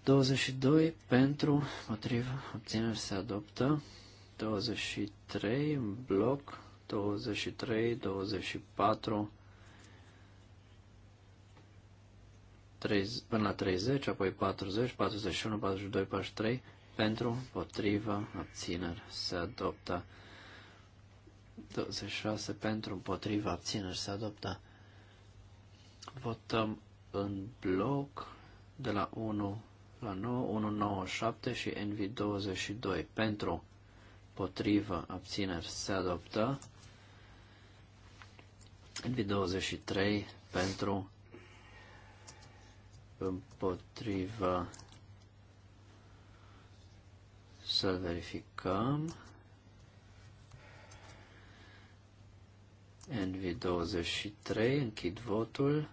22 pentru, potrivă, obțineri se adoptă. 23 bloc, 23, 24, 30, până la 30, apoi 40, 41, 42, 43, pentru, împotrivă, abțineri, se adoptă. 26 pentru, împotrivă, abțineri, se adoptă. Votăm în bloc de la 1 la 9, 1 9 7 și NV22 pentru, împotrivă, abțineri, se adoptă. NV23 pentru, împotrivă, să verificăm. NV23, închid votul.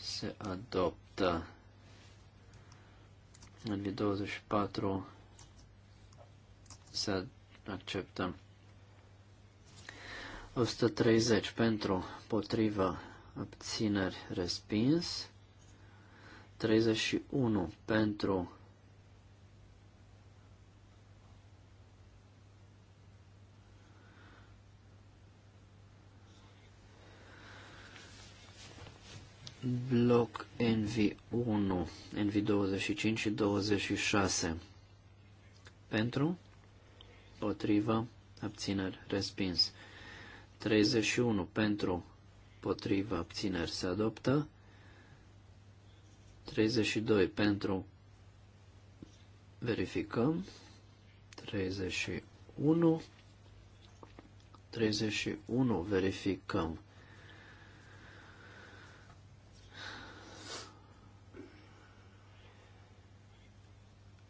Se adoptă. NV24 se acceptă. 130 pentru, potrivă, abțineri, respins. 31 pentru bloc NV1, NV25 și 26 pentru, potrivă, abțineri, respins. 31 pentru, potrivă, abțineri, se adoptă. 32 pentru verificăm, 31, 31 verificăm.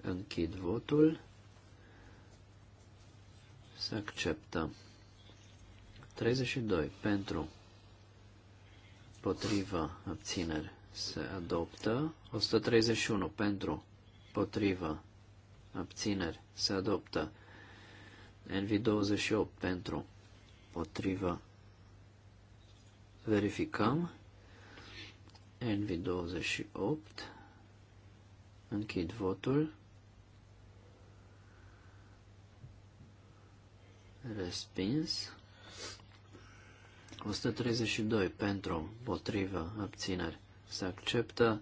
Închid votul. Se acceptă. 32 pentru potriva abținere se adoptă. 131 pentru, potrivă, abțineri, se adoptă. NV28 pentru, potrivă, verificăm. NV28, închid votul. Respins. 132 pentru, potrivă, abțineri se acceptă.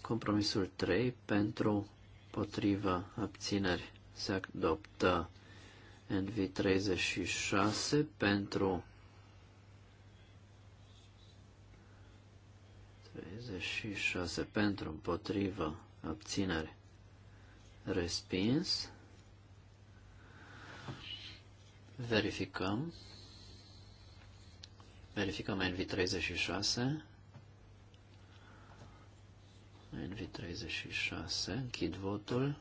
Compromisul 3 pentru potrivă abțineri se adoptă. NV36 pentru 36 pentru împotrivă abținere respins verificăm verificăm NV36 NV36, închid votul,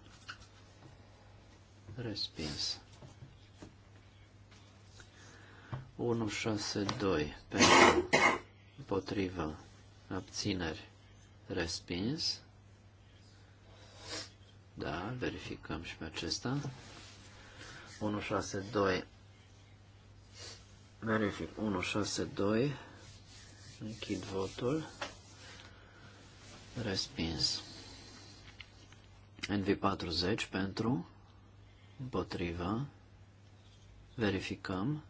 respins. 162 pentru împotrivă abțineri respins. Da, verificăm și pe acesta. 162 verific 162 închid votul Respins. NV40 pentru, împotriva, verificăm.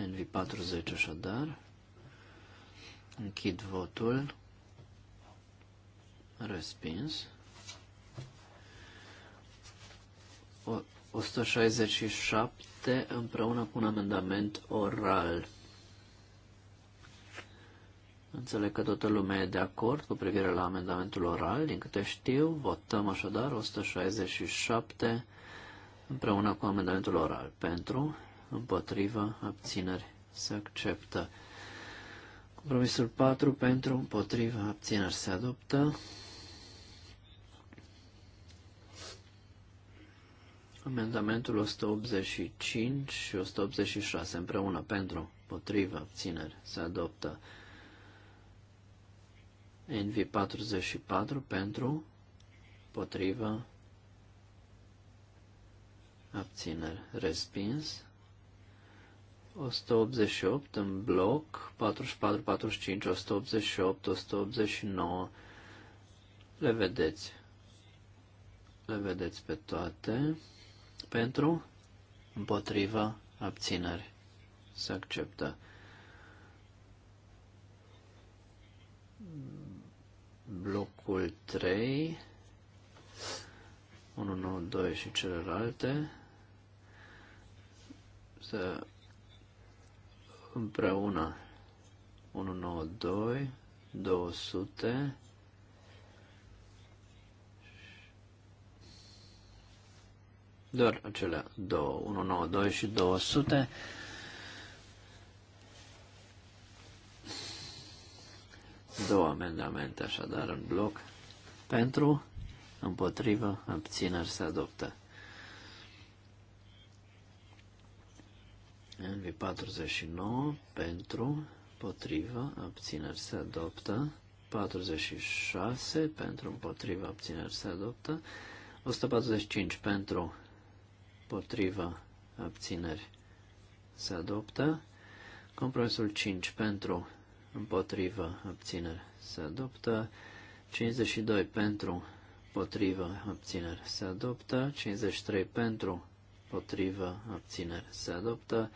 NV40 așadar. Închid votul. Respins. O, 167 împreună cu un amendament oral. Înțeleg că toată lumea e de acord cu privire la amendamentul oral. Din câte știu, votăm așadar 167 împreună cu amendamentul oral. Pentru, împotrivă, abțineri. Se acceptă. Compromisul 4 pentru, împotrivă, abțineri. Se adoptă. Amendamentul 185 și 186 împreună pentru, împotrivă, abțineri. Se adoptă. NV44 pentru, potrivă, abțineri, respins. 188 în bloc, 44, 45, 188, 189, le vedeți. Le vedeți pe toate. Pentru, împotriva, abțineri. Se acceptă blocul 3, 1, 9, 2 și celelalte, să împreună 1, 9, 2, 200, doar acelea două, 2 și 200, Două amendamente așadar în bloc. Pentru, împotrivă, abțineri se adoptă. NV49 pentru, împotrivă, abțineri se adoptă. 46 pentru, împotrivă, abțineri se adoptă. 145 pentru, împotrivă, abțineri se adoptă. Compromisul 5 pentru, împotrivă, abțineri se adoptă, 52 pentru, împotrivă, abțineri se adoptă, 53 pentru, împotrivă, abțineri se adoptă,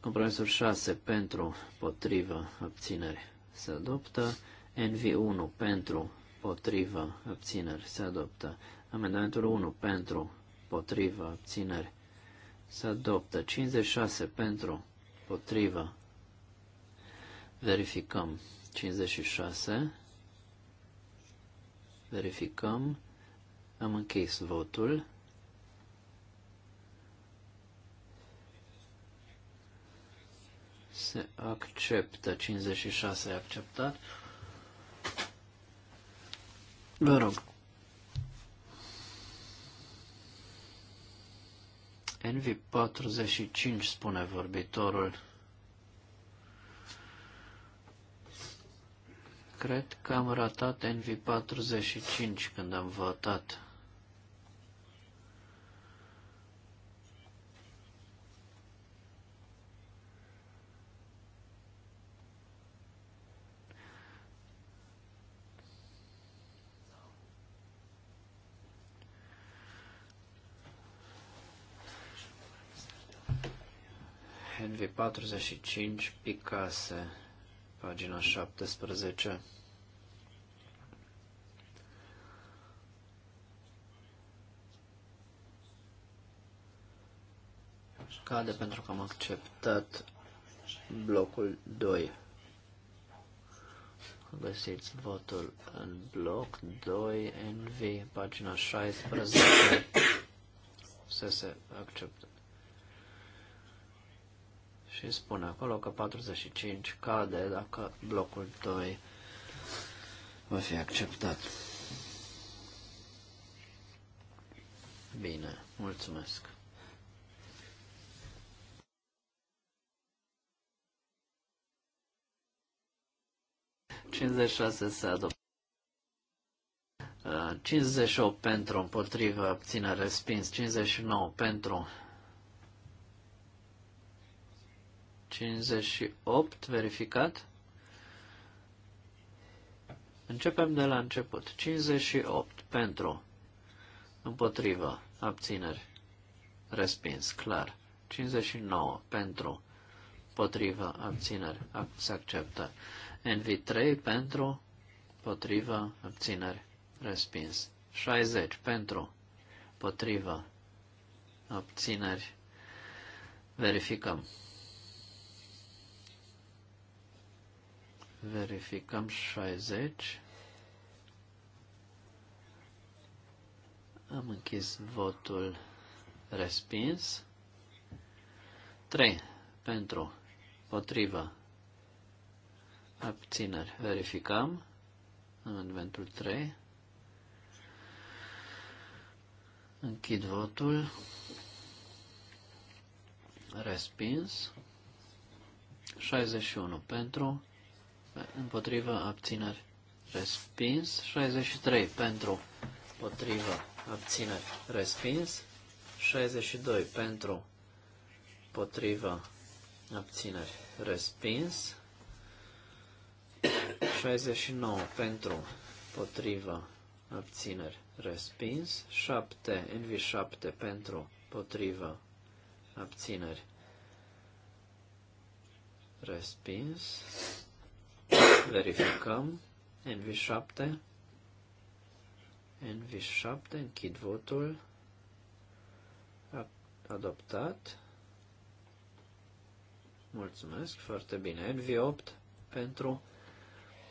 compromisul 6 pentru, împotrivă, abțineri se adoptă, NV1 pentru, împotrivă, abțineri se adoptă, amendamentul 1 pentru, împotrivă, abțineri se adoptă, 56 pentru, împotrivă, Verificăm. 56. Verificăm. Am închis votul. Se acceptă. 56 e acceptat. Vă rog. NV45 spune vorbitorul. cred că am ratat NV45 când am votat. NV45 Picase pagina 17. Cade pentru că am acceptat blocul 2. Găsiți votul în bloc 2, NV, pagina 16. Să se acceptă și spune acolo că 45 cade dacă blocul 2 va fi acceptat. Bine, mulțumesc. Cincizeci se adoptă. 58 uh, pentru, împotrivă, abține, respins. 59 pentru, 58, verificat. Începem de la început. 58 pentru, împotrivă, abțineri, respins, clar. 59 pentru, împotrivă, abțineri, se acceptă. NV3 pentru, împotrivă, abțineri, respins. 60 pentru, împotrivă, abțineri, verificăm. Verificăm 60. Am închis votul respins. 3. Pentru. Potrivă. Abțineri. Verificăm. Amendamentul 3. Închid votul. Respins. 61 pentru împotrivă, abțineri, respins. 63 pentru, potrivă abțineri, respins. 62 pentru, potrivă abțineri, respins. 69 pentru, potrivă abțineri, respins. 7, NV7 pentru, potrivă abțineri, respins. Verificăm. NV7. NV7. Închid votul. Adoptat. Mulțumesc. Foarte bine. NV8 pentru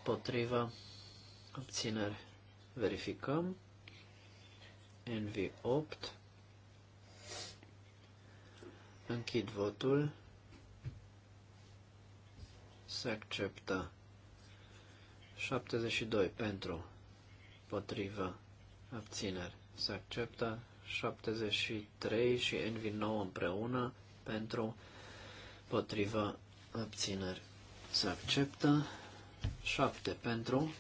potriva obținere. Verificăm. NV8. Închid votul. Se acceptă. 72 pentru, potrivă, abțineri se acceptă, 73 și Envi 9 împreună pentru, potrivă, abțineri se acceptă, 7 pentru,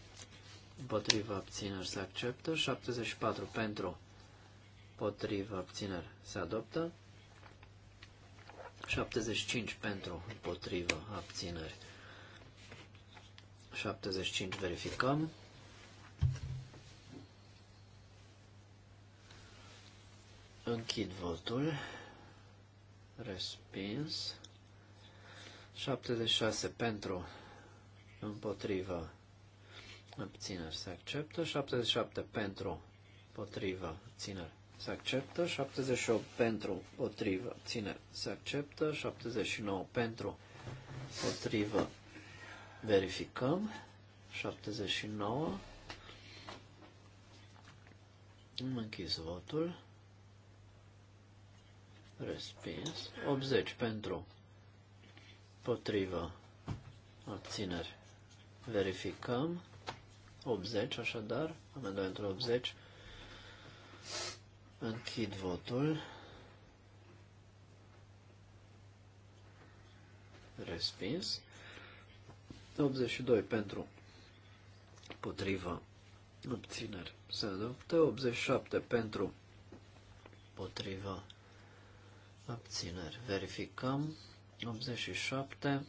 potrivă abțineri se acceptă, 74 pentru, potrivă abțineri se adoptă, 75 pentru, potrivă abțineri 75 verificăm. Închid votul. Respins. 76 pentru, împotrivă, abțineri se acceptă. 77 pentru, potrivă, abțineri se acceptă. 78 pentru, potrivă, abțineri se acceptă. 79 pentru, potrivă, Verificăm. 79. Am închis votul. Respins. 80 pentru. Potrivă. Abțineri. Verificăm. 80, așadar. Amendamentul 80. Închid votul. Respins. 82 pentru, potriva, obțineri se adoptă, 87 pentru, potriva, obțineri. Verificăm, 87,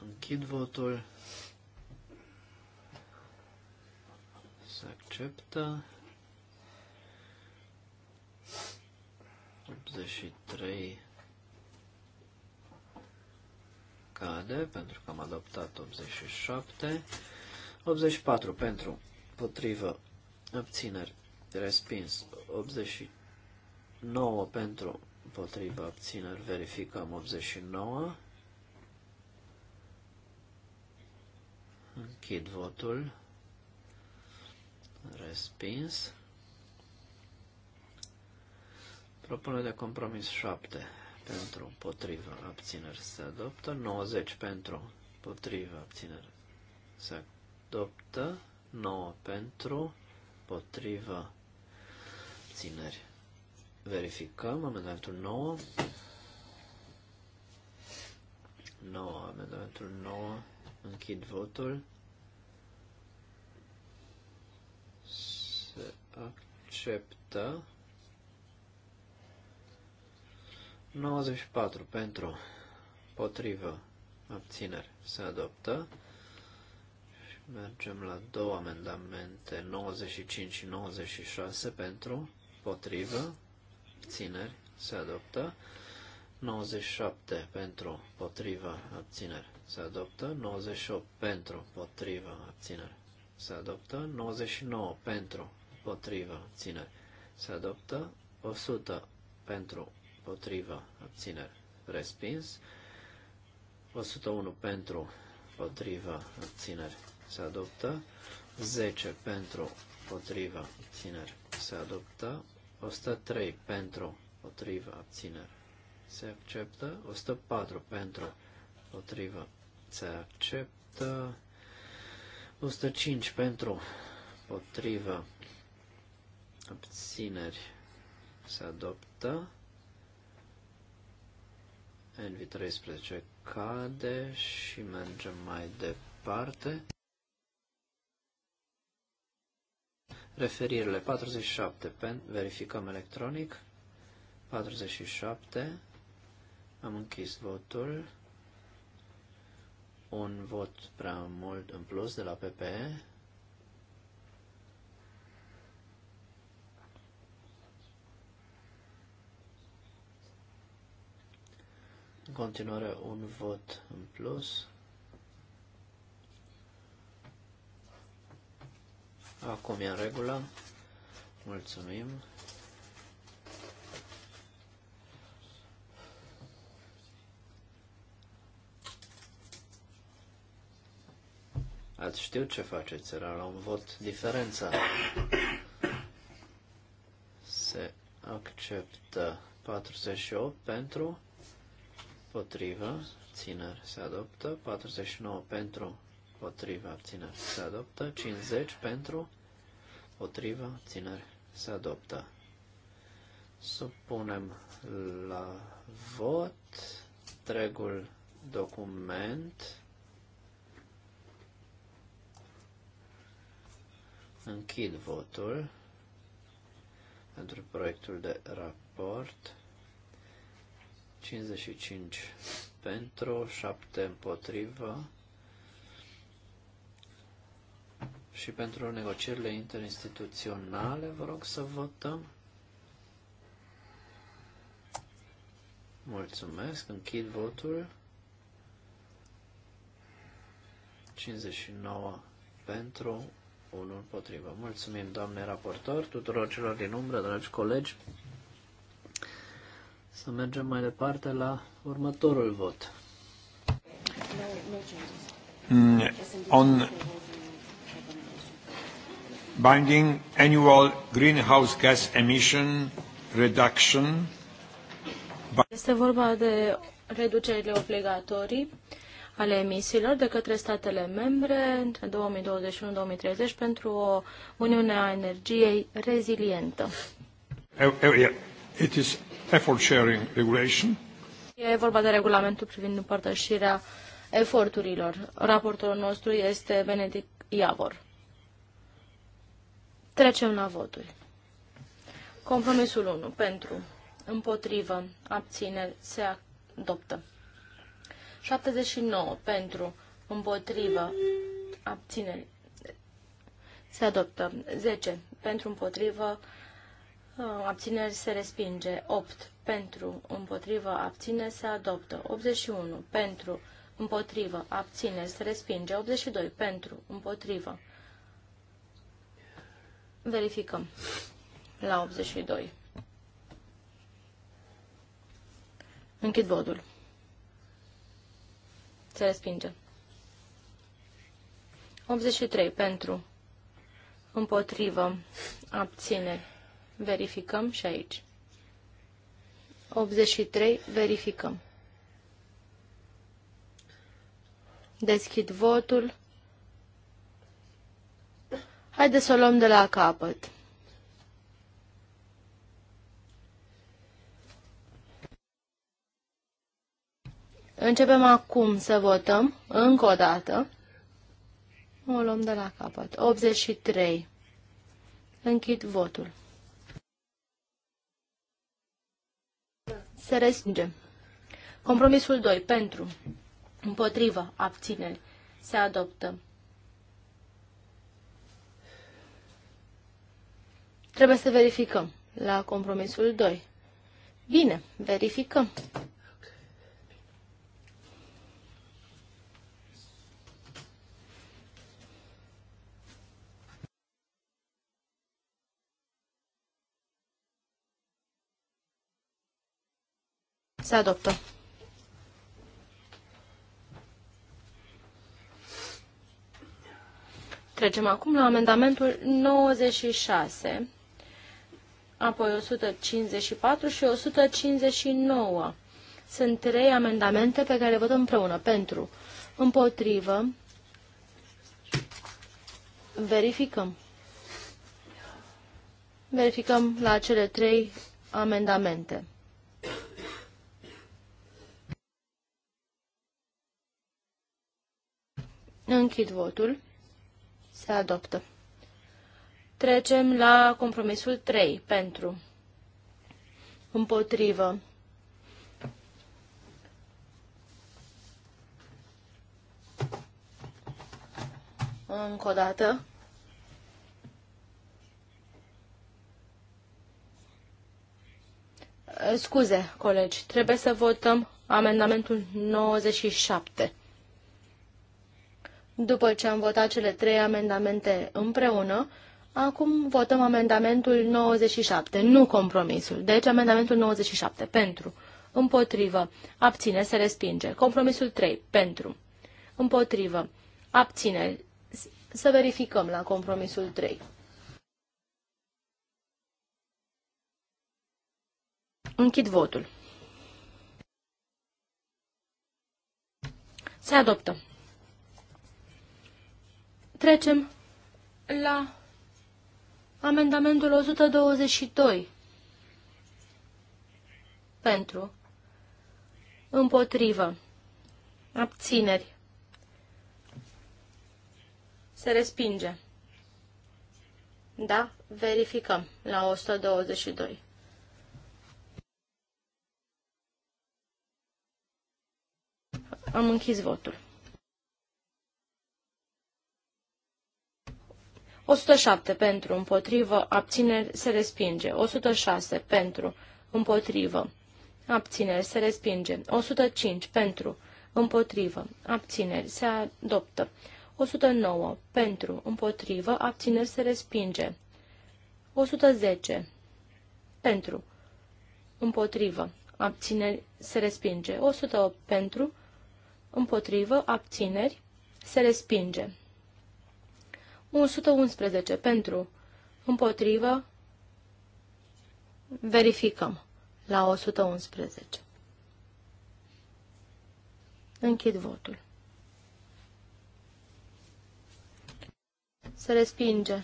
închid votul, se acceptă, 83 cade pentru că am adoptat 87. 84 pentru potrivă abțineri respins. 89 pentru potrivă abțineri verificăm 89. Închid votul. Respins. propunere de compromis 7 pentru, împotriva, abțineri se adoptă, 90 pentru, împotriva, abțineri se adoptă, 9 pentru, împotriva, abțineri. Verificăm amendamentul 9. 9, amendamentul 9, închid votul. Se acceptă 94 pentru, potrivă, abțineri se adoptă. Și mergem la două amendamente, 95 și 96 pentru, potrivă, abțineri se adoptă. 97 pentru, potrivă, abțineri se adoptă. 98 pentru, potrivă, abțineri se adoptă. 99 pentru, potrivă, abțineri se adoptă. 100 pentru, împotriva, abțineri, respins. 101 pentru, împotriva, abțineri, se adoptă. 10 pentru, împotriva, abțineri, se adoptă. 103 pentru, împotriva, abțineri, se acceptă. 104 pentru, împotriva, se acceptă. 105 pentru, împotriva, abțineri, se adoptă. NV13 cade și mergem mai departe. Referirile 47, pen, verificăm electronic. 47, am închis votul. Un vot prea mult în plus de la PPE. În continuare, un vot în plus. Acum e în regulă. Mulțumim. Ați știut ce faceți, era la un vot diferența. Se acceptă 48 pentru Potrivă, țineri se adoptă. 49 pentru, potrivă, abțineri se adoptă. 50 pentru, potrivă, țineri se adoptă. Supunem la vot întregul document. Închid votul pentru proiectul de raport. 55 pentru, 7 împotrivă și pentru negocierile interinstituționale vă rog să votăm. Mulțumesc, închid votul. 59 pentru, 1 împotrivă. Mulțumim, doamne raportor, tuturor celor din umbră, dragi colegi. Să mergem mai departe la următorul vot. Mm, on binding annual greenhouse gas emission reduction. Este vorba de reducerile obligatorii ale emisiilor de către statele membre între 2021-2030 pentru o Uniune a Energiei rezilientă. Oh, oh, It is effort sharing regulation. E vorba de regulamentul privind împărtășirea eforturilor. Raportorul nostru este Benedict Iavor. Trecem la voturi. Compromisul 1. Pentru. Împotrivă. Abțineri. Se adoptă. 79. Pentru. Împotrivă. Abțineri. Se adoptă. 10. Pentru. Împotrivă. Abțineri Uh, abțineri se respinge. 8. Pentru. Împotrivă. abține, se adoptă. 81. Pentru. Împotrivă. abține, se respinge. 82. Pentru. Împotrivă. Verificăm. La 82. Închid vodul. Se respinge. 83. Pentru. Împotrivă. abține, Verificăm și aici. 83. Verificăm. Deschid votul. Haideți să o luăm de la capăt. Începem acum să votăm, încă o dată. O luăm de la capăt. 83. Închid votul. Se respinge. Compromisul 2. Pentru. Împotrivă. Abțineri. Se adoptă. Trebuie să verificăm la compromisul 2. Bine, verificăm. Se adoptă. Trecem acum la amendamentul 96, apoi 154 și 159. Sunt trei amendamente pe care le văd împreună. Pentru, împotrivă, verificăm. Verificăm la cele trei amendamente. Închid votul. Se adoptă. Trecem la compromisul 3. Pentru. Împotrivă. Încă o dată. Scuze, colegi, trebuie să votăm amendamentul 97. După ce am votat cele trei amendamente împreună, acum votăm amendamentul 97, nu compromisul. Deci amendamentul 97, pentru. Împotrivă. Abține, se respinge. Compromisul 3, pentru. Împotrivă. Abține. Să verificăm la compromisul 3. Închid votul. Se adoptă. Trecem la amendamentul 122. Pentru. Împotrivă. Abțineri. Se respinge. Da, verificăm la 122. Am închis votul. 107 pentru, împotrivă, abțineri, se respinge. 106 pentru, împotrivă, abțineri, se respinge. 105 pentru, împotrivă, abțineri, se adoptă. 109 pentru, împotrivă, abțineri, se respinge. 110 pentru, împotrivă, abțineri, se respinge. 108 pentru, împotrivă, abțineri, se respinge. 111 pentru, împotrivă, verificăm la 111. Închid votul. Se respinge.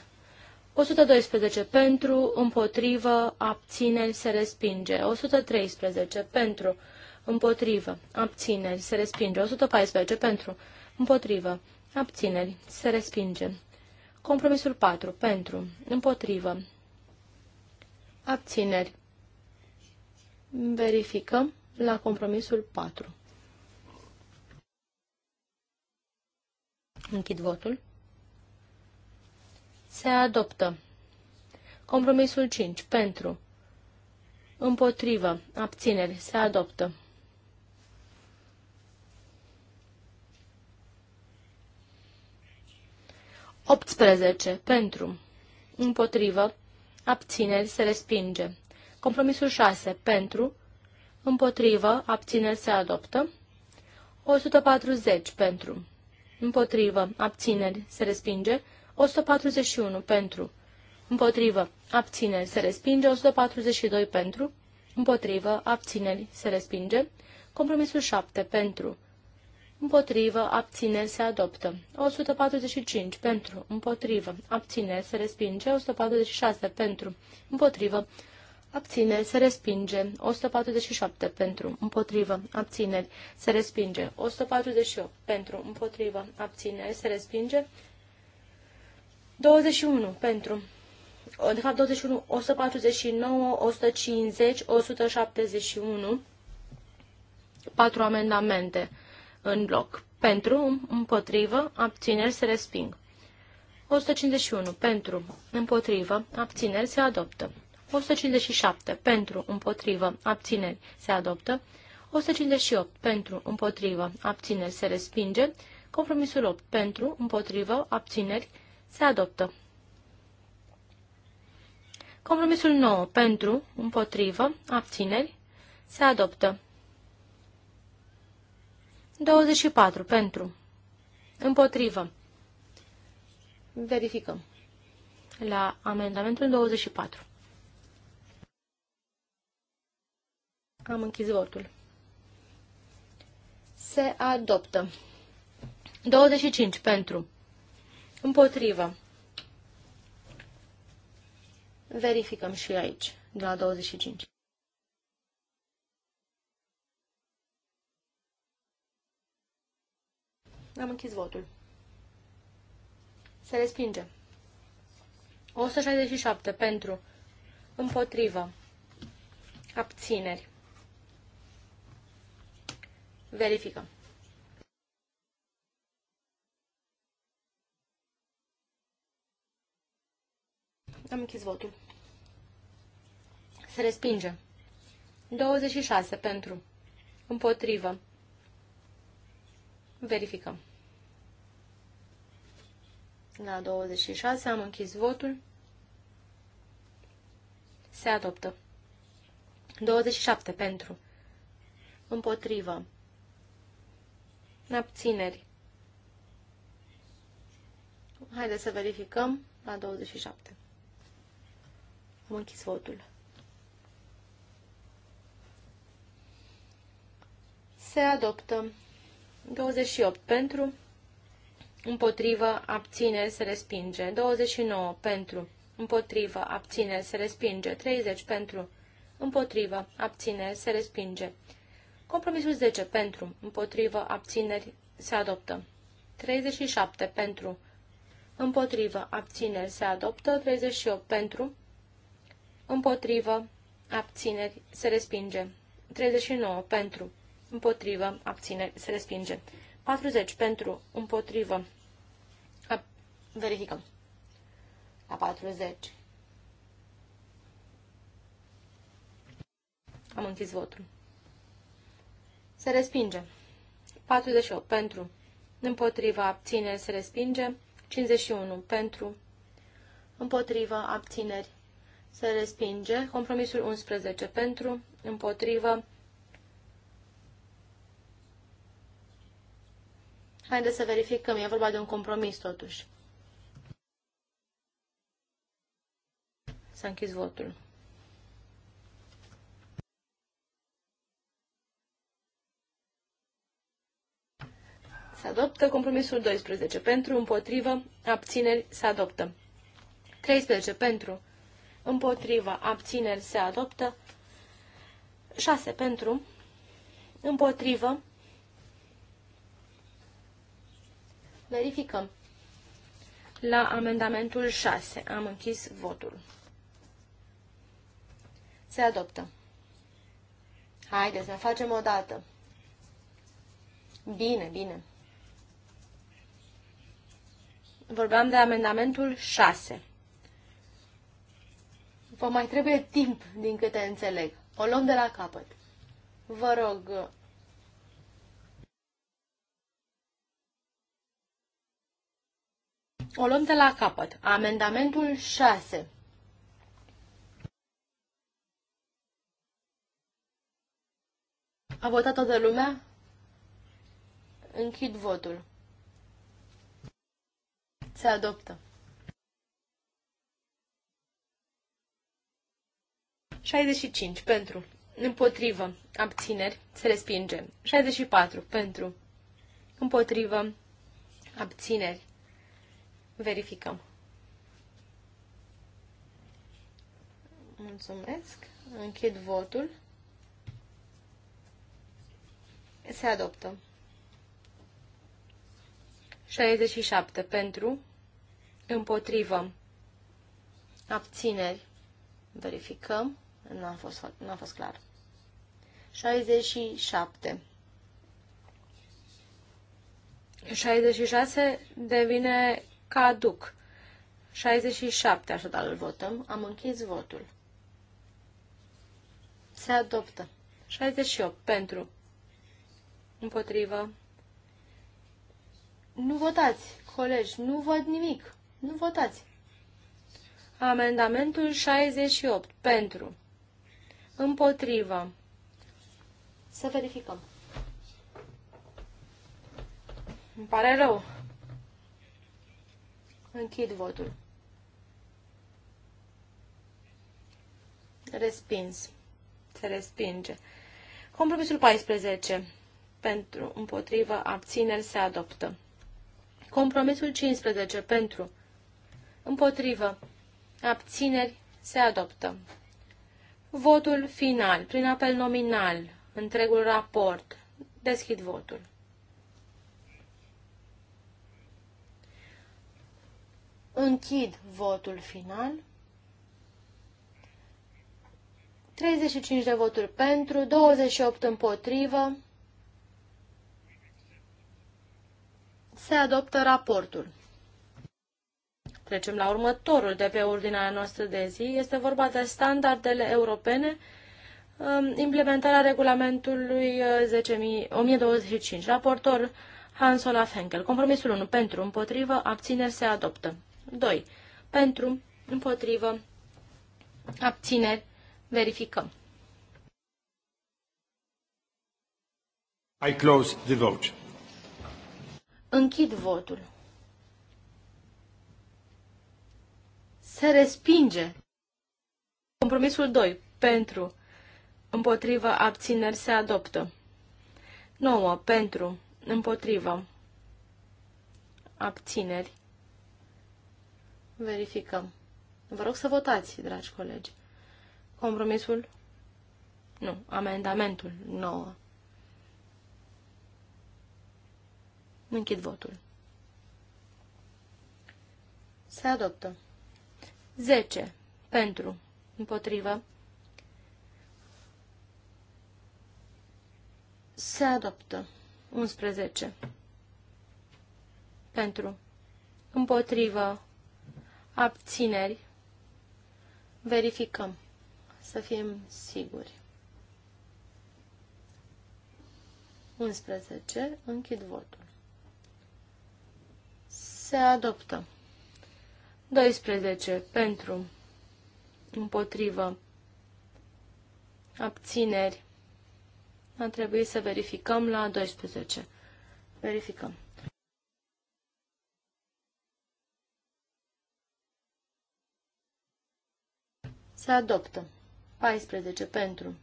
112 pentru, împotrivă, abțineri, se respinge. 113 pentru, împotrivă, abțineri, se respinge. 114 pentru, împotrivă, abțineri, se respinge. Compromisul 4. Pentru. Împotrivă. Abțineri. Verificăm la compromisul 4. Închid votul. Se adoptă. Compromisul 5. Pentru. Împotrivă. Abțineri. Se adoptă. 18. Pentru. Împotrivă. Abțineri se respinge. Compromisul 6. Pentru. Împotrivă. Abțineri se adoptă. 140. Pentru. Împotrivă. Abțineri se respinge. 141. Pentru. Împotrivă. Abțineri se respinge. 142. Pentru. Împotrivă. Abțineri se respinge. Compromisul 7. Pentru împotrivă, abțineri, se adoptă. 145 pentru, împotrivă, abțineri, se respinge. 146 pentru, împotrivă, abțineri, se respinge. 147 pentru, împotrivă, abțineri, se respinge. 148 pentru, împotrivă, abțineri, se respinge. 21 pentru, de fapt 21, 149, 150, 171, patru amendamente în bloc. Pentru, împotrivă, abțineri se resping. 151. Pentru, împotrivă, abțineri se adoptă. 157. Pentru, împotrivă, abțineri se adoptă. 158. Pentru, împotrivă, abțineri se respinge. Compromisul 8. Pentru, împotrivă, abțineri se adoptă. Compromisul 9. Pentru, împotrivă, abțineri se adoptă. 24. Pentru. Împotrivă. Verificăm. La amendamentul 24. Am închis votul. Se adoptă. 25. Pentru. Împotrivă. Verificăm și aici, de la 25. Am închis votul. Se respinge. 167 pentru. Împotrivă. Abțineri. Verificăm. Am închis votul. Se respinge. 26 pentru. Împotrivă. Verificăm. La 26 am închis votul. Se adoptă. 27 pentru. Împotrivă. Abțineri. Haideți să verificăm la 27. Am închis votul. Se adoptă 28 pentru, împotrivă, abține se respinge. 29 pentru, împotrivă, abține se respinge. 30 pentru, împotrivă, abține se respinge. Compromisul 10 pentru, împotrivă, abțineri, se adoptă. 37 pentru, împotrivă, abțineri, se adoptă. 38 pentru, împotrivă, abțineri, se respinge. 39 pentru, împotrivă, abțineri, se respinge. 40 pentru, împotrivă, a, verificăm. La 40. Am închis votul. Se respinge. 48 pentru, împotriva, abțineri, se respinge. 51 pentru, împotriva, abțineri, se respinge. Compromisul 11 pentru, împotrivă, Haideți să verificăm. E vorba de un compromis, totuși. S-a închis votul. Se adoptă compromisul 12. Pentru, împotrivă, abțineri, se adoptă. 13. Pentru, împotrivă, abțineri, se adoptă. 6. Pentru, împotrivă, Verificăm. La amendamentul 6 am închis votul. Se adoptă. Haideți, ne facem o dată. Bine, bine. Vorbeam de amendamentul 6. Vă mai trebuie timp, din câte înțeleg. O luăm de la capăt. Vă rog, O luăm de la capăt. Amendamentul 6. A votat toată lumea? Închid votul. Se adoptă. 65 pentru. Împotrivă. Abțineri. Se respinge. 64 pentru. Împotrivă. Abțineri. Verificăm. Mulțumesc. Închid votul. Se adoptă. 67 pentru, împotrivă, abțineri, verificăm, nu a fost, nu a fost clar. 67. 66 devine aduc 67 așadar îl votăm. Am închis votul. Se adoptă. 68 pentru. Împotrivă. Nu votați, colegi, nu văd nimic. Nu votați. Amendamentul 68 pentru. Împotrivă. Să verificăm. Îmi pare rău. Închid votul. Respins. Se respinge. Compromisul 14. Pentru, împotrivă, abțineri se adoptă. Compromisul 15. Pentru, împotrivă, abțineri se adoptă. Votul final, prin apel nominal, întregul raport. Deschid votul. Închid votul final. 35 de voturi pentru, 28 împotrivă. Se adoptă raportul. Trecem la următorul de pe ordinea noastră de zi. Este vorba de standardele europene, um, implementarea regulamentului 10.025. Uh, Raportor Hans Olaf Henkel. Compromisul 1 pentru, împotrivă, abțineri se adoptă. 2. Pentru, împotrivă, abțineri, verificăm. I close the vote. Închid votul. Se respinge. Compromisul 2. Pentru. Împotrivă abțineri se adoptă. 9. Pentru. Împotrivă. Abțineri. Verificăm. Vă rog să votați, dragi colegi. Compromisul? Nu, amendamentul 9. Închid votul. Se adoptă. 10. Pentru. Împotrivă. Se adoptă. 11. Pentru. Împotrivă abțineri, verificăm, să fim siguri. 11. Închid votul. Se adoptă. 12. Pentru. Împotrivă. Abțineri. A trebuit să verificăm la 12. Verificăm. Se adoptă. 14. Pentru.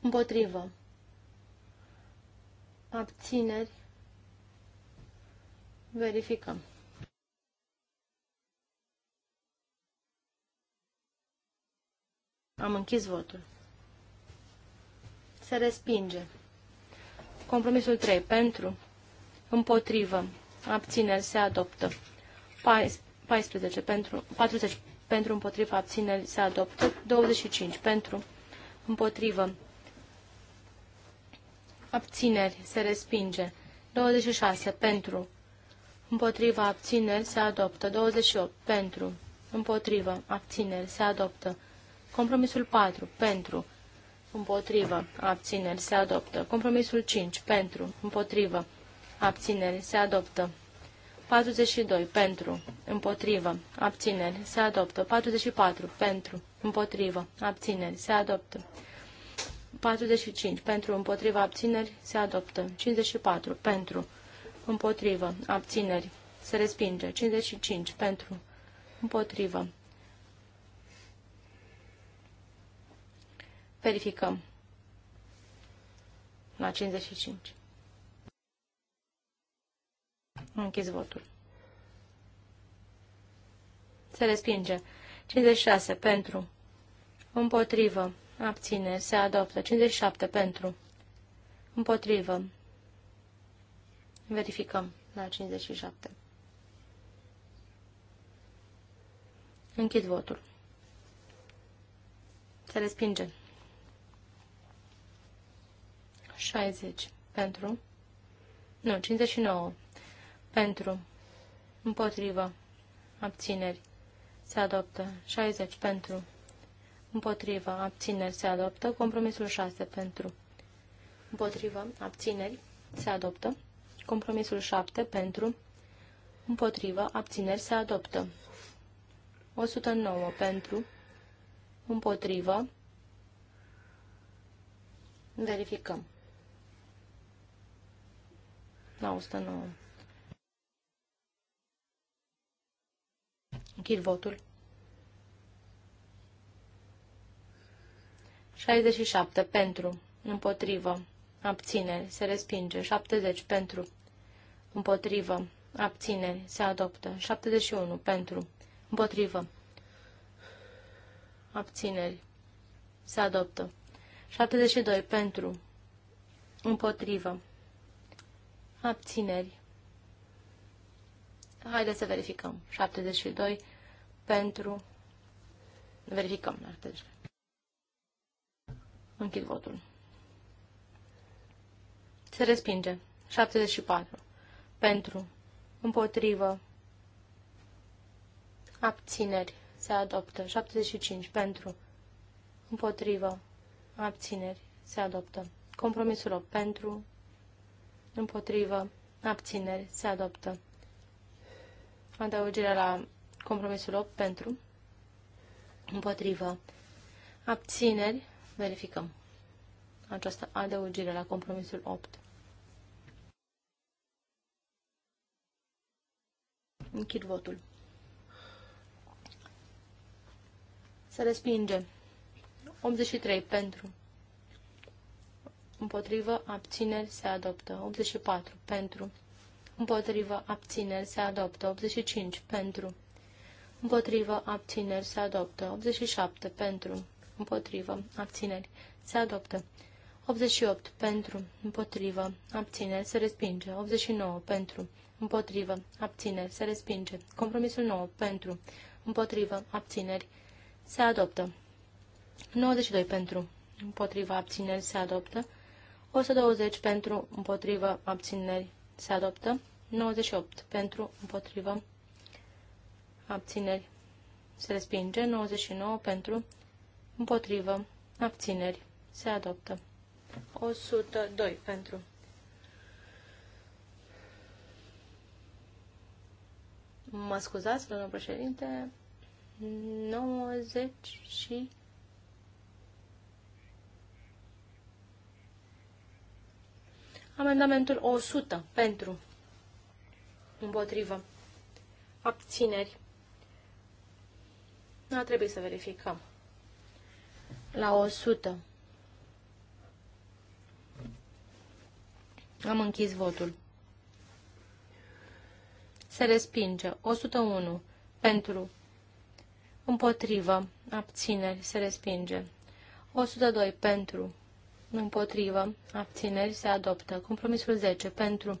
Împotrivă. Abțineri. Verificăm. Am închis votul. Se respinge. Compromisul 3. Pentru. Împotrivă. Abțineri. Se adoptă. 14. Pentru, 40 pentru împotriva abțineri se adoptă, 25 pentru împotrivă abțineri se respinge, 26 pentru împotriva abțineri se adoptă, 28 pentru împotrivă abțineri se adoptă, compromisul 4 pentru împotrivă abțineri se adoptă, compromisul 5 pentru împotrivă abțineri se adoptă. 42. Pentru. Împotrivă. Abțineri. Se adoptă. 44. Pentru. Împotrivă. Abțineri. Se adoptă. 45. Pentru. Împotrivă. Abțineri. Se adoptă. 54. Pentru. Împotrivă. Abțineri. Se respinge. 55. Pentru. Împotrivă. Verificăm. La 55. Am închis votul. Se respinge. 56 pentru. Împotrivă. Abține. Se adoptă. 57 pentru. Împotrivă. Verificăm la 57. Închid votul. Se respinge. 60 pentru. Nu, 59 pentru, împotrivă, abțineri, se adoptă. 60 pentru, împotrivă, abțineri, se adoptă. Compromisul 6 pentru, împotrivă, abțineri, se adoptă. Compromisul 7 pentru, împotrivă, abțineri, se adoptă. 109 pentru, împotrivă, verificăm. La 109. Închid votul. 67 pentru, împotrivă, abțineri, se respinge. 70 pentru, împotrivă, abțineri, se adoptă. 71 pentru, împotrivă, abțineri, se adoptă. 72 pentru, împotrivă, abțineri, Haideți să verificăm. 72 pentru. Verificăm. Închid votul. Se respinge. 74. Pentru. Împotrivă. Abțineri. Se adoptă. 75. Pentru. Împotrivă. Abțineri. Se adoptă. Compromisul 8. Pentru. Împotrivă. Abțineri. Se adoptă. Adăugirea la compromisul 8 pentru, împotrivă, abțineri, verificăm această adăugire la compromisul 8. Închid votul. Se respinge. 83 pentru. Împotrivă, abțineri, se adoptă. 84 pentru împotrivă, abțineri, se adoptă. 85 pentru, împotrivă, abțineri, se adoptă. 87 pentru, împotrivă, abțineri, se adoptă. 88 pentru, împotrivă, abțineri, se respinge. 89 pentru, împotrivă, abțineri, se respinge. Compromisul 9 pentru, împotrivă, abțineri, se adoptă. 92 pentru, împotrivă, abțineri, se adoptă. 120 pentru, împotrivă, abțineri, se adoptă. 98 pentru, împotrivă, abțineri, se respinge. 99 pentru, împotrivă, abțineri, se adoptă. 102 pentru. Mă scuzați, domnul președinte, 90 și Amendamentul 100 pentru împotrivă abțineri. Nu trebuie să verificăm. La 100. Am închis votul. Se respinge. 101. Pentru. Împotrivă. Abțineri. Se respinge. 102. Pentru împotrivă, abțineri se adoptă. Compromisul 10 pentru,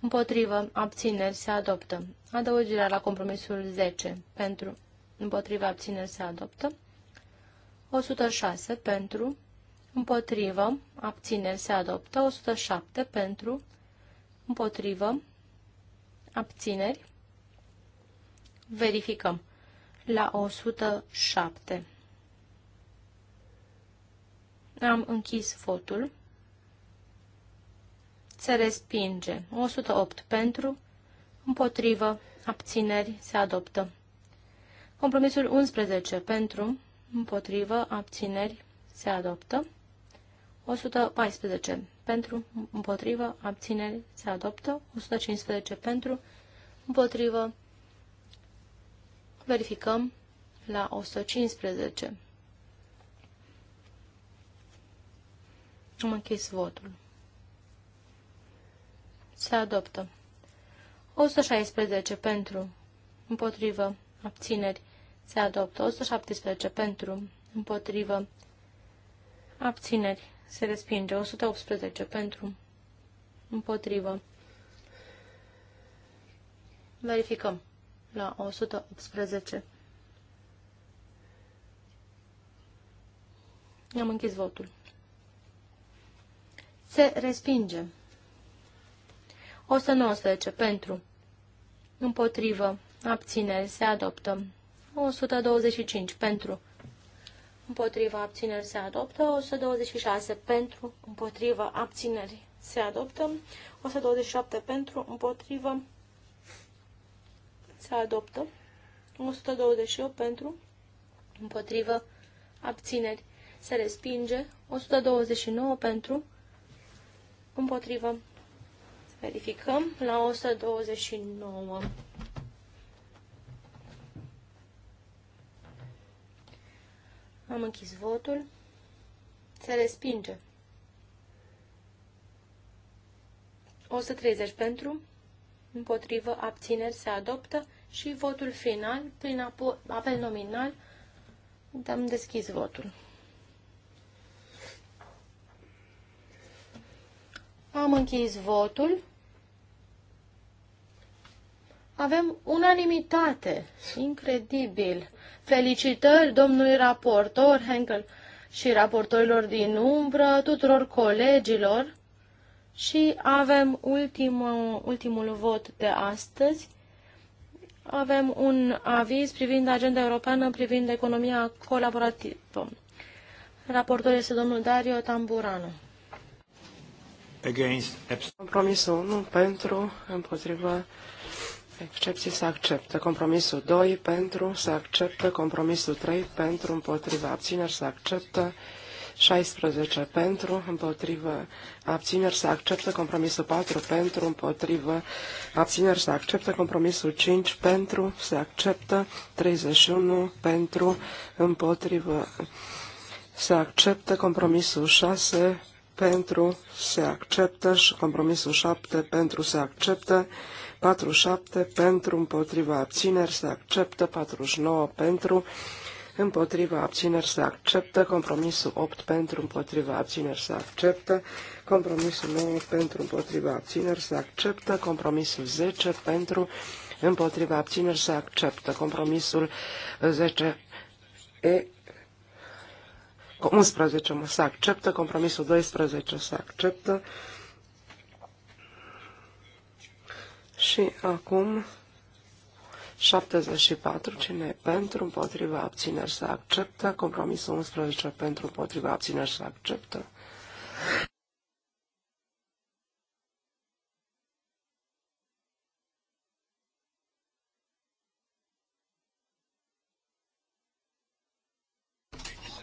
împotrivă, abțineri se adoptă. Adăugirea la compromisul 10 pentru, împotrivă, abțineri se adoptă. 106 pentru, împotrivă, abțineri se adoptă. 107 pentru, împotrivă, abțineri. Verificăm. La 107. Am închis votul. Se respinge. 108 pentru, împotrivă, abțineri, se adoptă. Compromisul 11 pentru, împotrivă, abțineri, se adoptă. 114 pentru, împotrivă, abțineri, se adoptă. 115 pentru, împotrivă, verificăm la 115. Am închis votul. Se adoptă. 116 pentru, împotrivă, abțineri. Se adoptă. 117 pentru, împotrivă, abțineri. Se respinge. 118 pentru, împotrivă. Verificăm la 118. Am închis votul. Se respinge. 119 pentru. Împotrivă. Abțineri. Se adoptă. 125 pentru. Împotrivă. abțineri se adoptă. 126 pentru. Împotrivă. abțineri se adoptă. 127 pentru. Împotrivă. se adoptă. 128 pentru. Împotrivă. abțineri se respinge. 129 pentru. Împotrivă. Verificăm la 129. Am închis votul. Se respinge. 130 pentru, împotrivă, abțineri, se adoptă și votul final, prin apel nominal, am deschis votul. Am închis votul. Avem unanimitate. Incredibil. Felicitări domnului raportor Henkel și raportorilor din umbră, tuturor colegilor. Și avem ultimul, ultimul vot de astăzi. Avem un aviz privind agenda europeană, privind economia colaborativă. Raportor este domnul Dario Tamburano against Compromisul 1 pentru, împotrivă, excepții se acceptă. Compromisul 2 pentru, se acceptă. Compromisul 3 pentru, împotrivă, abțineri se acceptă. 16 pentru, împotrivă, abțineri să acceptă compromisul 4 pentru, împotrivă, abțineri să acceptă compromisul 5 pentru, se acceptă 31 pentru, împotrivă, se acceptă compromisul 6 pentru se acceptă și compromisul 7 pentru se acceptă, 47 pentru împotriva abțineri se acceptă, 49 pentru împotriva abțineri se acceptă, compromisul 8 pentru împotriva abțineri se acceptă, compromisul 9 pentru împotriva abțineri se acceptă, compromisul 10 pentru împotriva abțineri se acceptă, compromisul 10 e 11 mă, se acceptă, compromisul 12 se acceptă. Și acum 74, cine e pentru, împotriva, abțineri, se acceptă. Compromisul 11, pentru, împotriva, abțineri, se acceptă.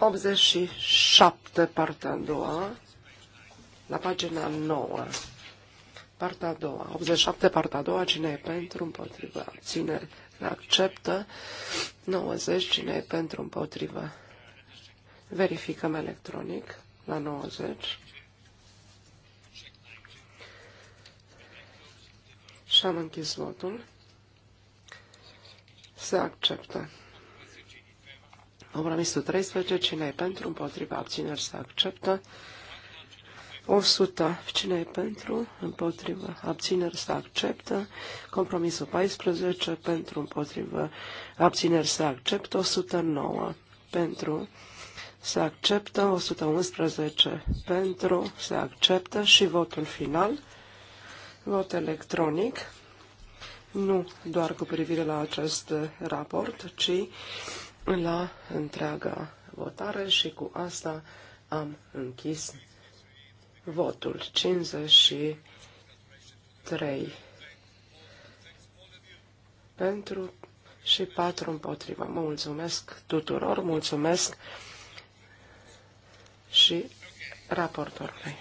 87, partea a doua, la pagina 9, partea a doua, 87, partea a doua, cine e pentru, împotriva, abțineri, acceptă, 90, cine e pentru, împotriva, verificăm electronic, la 90, și am închis votul, se acceptă. Compromisul 13. Cine e pentru? Împotriva abțineri se acceptă. 100. Cine e pentru? Împotriva abțineri se acceptă. Compromisul 14. Pentru împotriva abțineri se acceptă. 109. Pentru se acceptă. 111. Pentru se acceptă. Și votul final. Vot electronic. Nu doar cu privire la acest raport, ci la întreaga votare și cu asta am închis votul 53 pentru și 4 împotriva. Mă mulțumesc tuturor, mulțumesc și raportorului.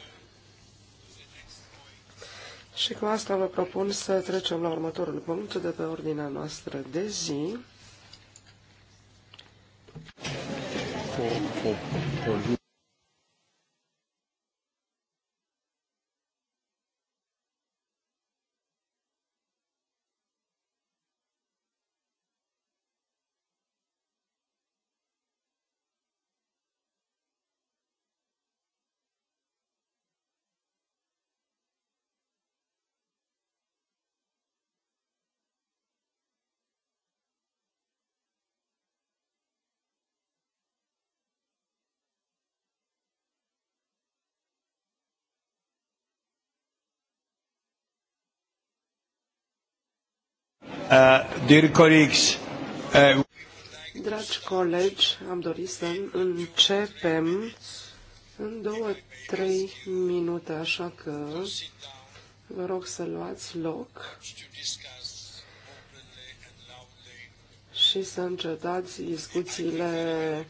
Și cu asta vă propun să trecem la următorul punct de pe ordinea noastră de zi. For, for, for Uh, uh, Dragi colegi, am dorit să începem în două, trei minute, așa că vă rog să luați loc și să încetați discuțiile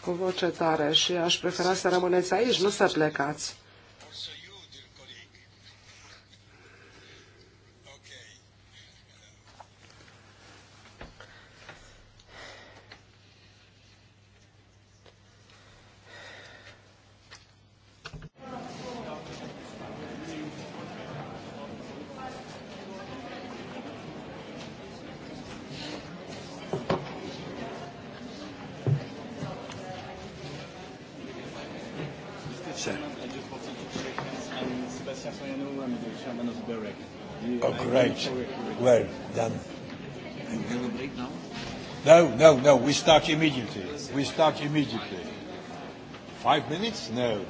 cu voce tare și aș prefera să rămâneți aici, nu să plecați. we start immediately. We start immediately. Five minutes? No.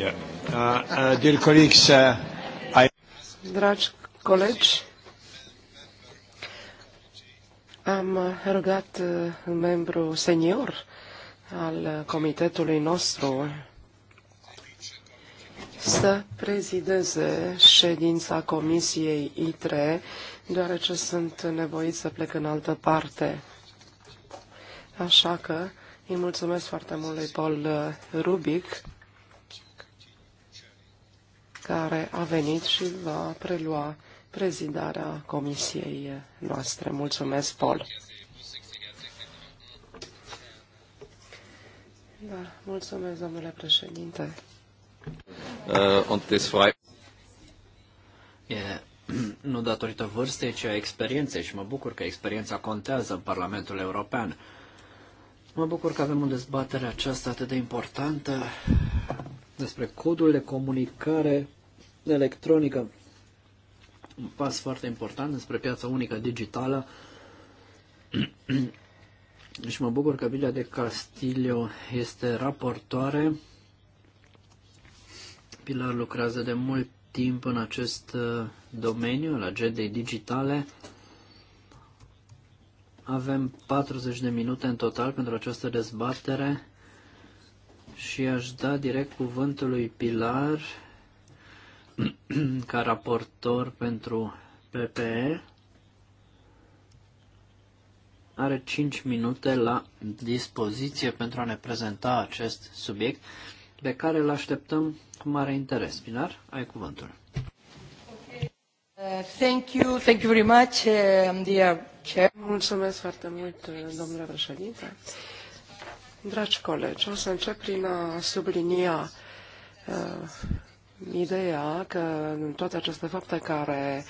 Uh, uh, uh, Dragi colegi, am rugat un membru senior al comitetului nostru să prezideze ședința Comisiei ITRE, deoarece sunt nevoit să plec în altă parte. Așa că îi mulțumesc foarte mult lui Paul Rubic care a venit și va prelua prezidarea comisiei noastre. Mulțumesc, Paul! Da, mulțumesc, domnule președinte. Uh, und e, nu datorită vârstei, ci a experienței și mă bucur că experiența contează în Parlamentul European. Mă bucur că avem o dezbatere aceasta atât de importantă despre codul de comunicare electronică. Un pas foarte important spre piața unică digitală. și mă bucur că Villa de Castilio este raportoare. Pilar lucrează de mult timp în acest uh, domeniu, la agendei digitale. Avem 40 de minute în total pentru această dezbatere și aș da direct cuvântul lui Pilar ca raportor pentru PPE are 5 minute la dispoziție pentru a ne prezenta acest subiect pe care îl așteptăm cu mare interes. Pinar, ai cuvântul. Uh, thank you, thank you very much, uh, um, dear chair. Mulțumesc foarte mult, uh, domnule președinte. Dragi colegi, o să încep prin a sublinia ideea că toate aceste fapte care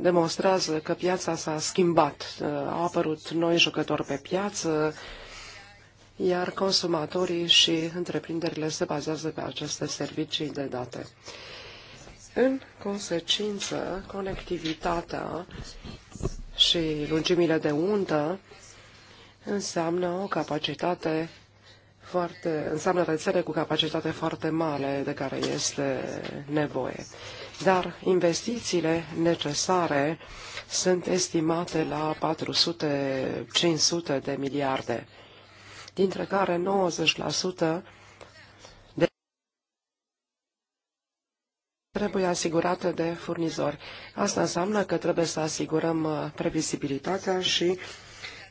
demonstrează că piața s-a schimbat. Au apărut noi jucători pe piață, iar consumatorii și întreprinderile se bazează pe aceste servicii de date. În consecință, conectivitatea și lungimile de undă înseamnă o capacitate foarte, înseamnă rețele cu capacitate foarte mare de care este nevoie. Dar investițiile necesare sunt estimate la 400-500 de miliarde, dintre care 90% trebuie asigurate de furnizori. Asta înseamnă că trebuie să asigurăm uh, previzibilitatea și uh,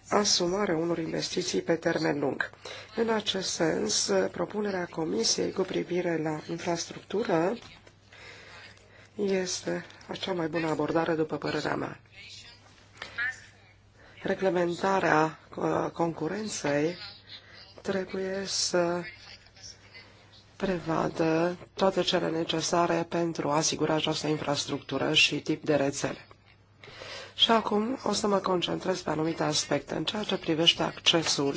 asumarea unor investiții pe termen lung. În acest sens, propunerea Comisiei cu privire la infrastructură este cea mai bună abordare, după părerea mea. Reglementarea uh, concurenței trebuie să prevadă toate cele necesare pentru a asigura această infrastructură și tip de rețele. Și acum o să mă concentrez pe anumite aspecte. În ceea ce privește accesul,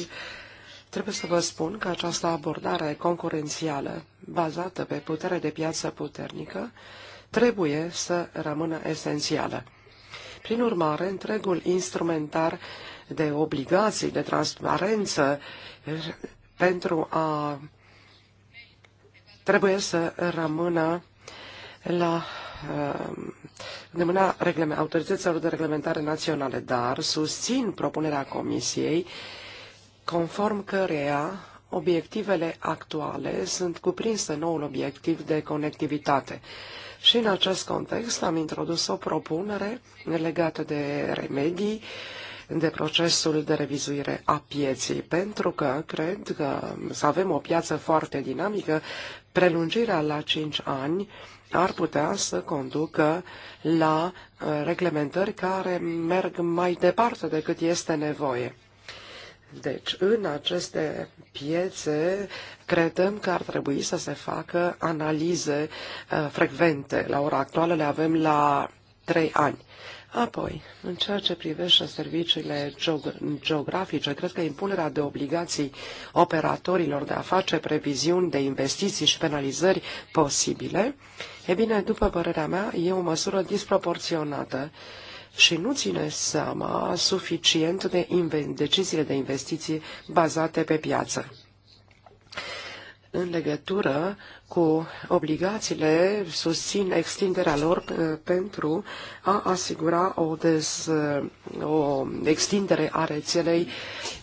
trebuie să vă spun că această abordare concurențială, bazată pe putere de piață puternică, trebuie să rămână esențială. Prin urmare, întregul instrumentar de obligații, de transparență pentru a trebuie să rămână la îndemâna um, autorităților de reglementare naționale, dar susțin propunerea Comisiei conform căreia obiectivele actuale sunt cuprinse în noul obiectiv de conectivitate. Și în acest context am introdus o propunere legată de remedii, de procesul de revizuire a pieței, pentru că cred că să avem o piață foarte dinamică, prelungirea la 5 ani ar putea să conducă la uh, reglementări care merg mai departe decât este nevoie. Deci, în aceste piețe, credem că ar trebui să se facă analize uh, frecvente. La ora actuală le avem la trei ani. Apoi, în ceea ce privește serviciile geografice, cred că impunerea de obligații operatorilor de a face previziuni de investiții și penalizări posibile, e bine, după părerea mea, e o măsură disproporționată și nu ține seama suficient de deciziile de investiții bazate pe piață în legătură cu obligațiile, susțin extinderea lor pentru a asigura o, dez, o extindere a rețelei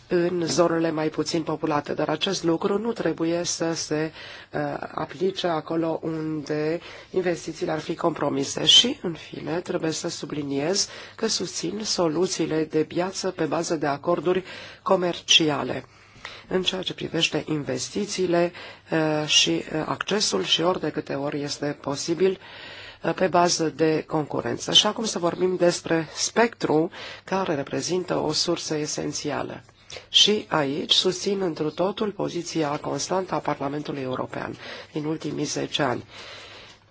în zonele mai puțin populate. Dar acest lucru nu trebuie să se uh, aplice acolo unde investițiile ar fi compromise. Și, în fine, trebuie să subliniez că susțin soluțiile de piață pe bază de acorduri comerciale în ceea ce privește investițiile uh, și uh, accesul și ori de câte ori este posibil uh, pe bază de concurență. Și acum să vorbim despre spectru, care reprezintă o sursă esențială. Și aici susțin întru totul poziția constantă a Parlamentului European din ultimii 10 ani.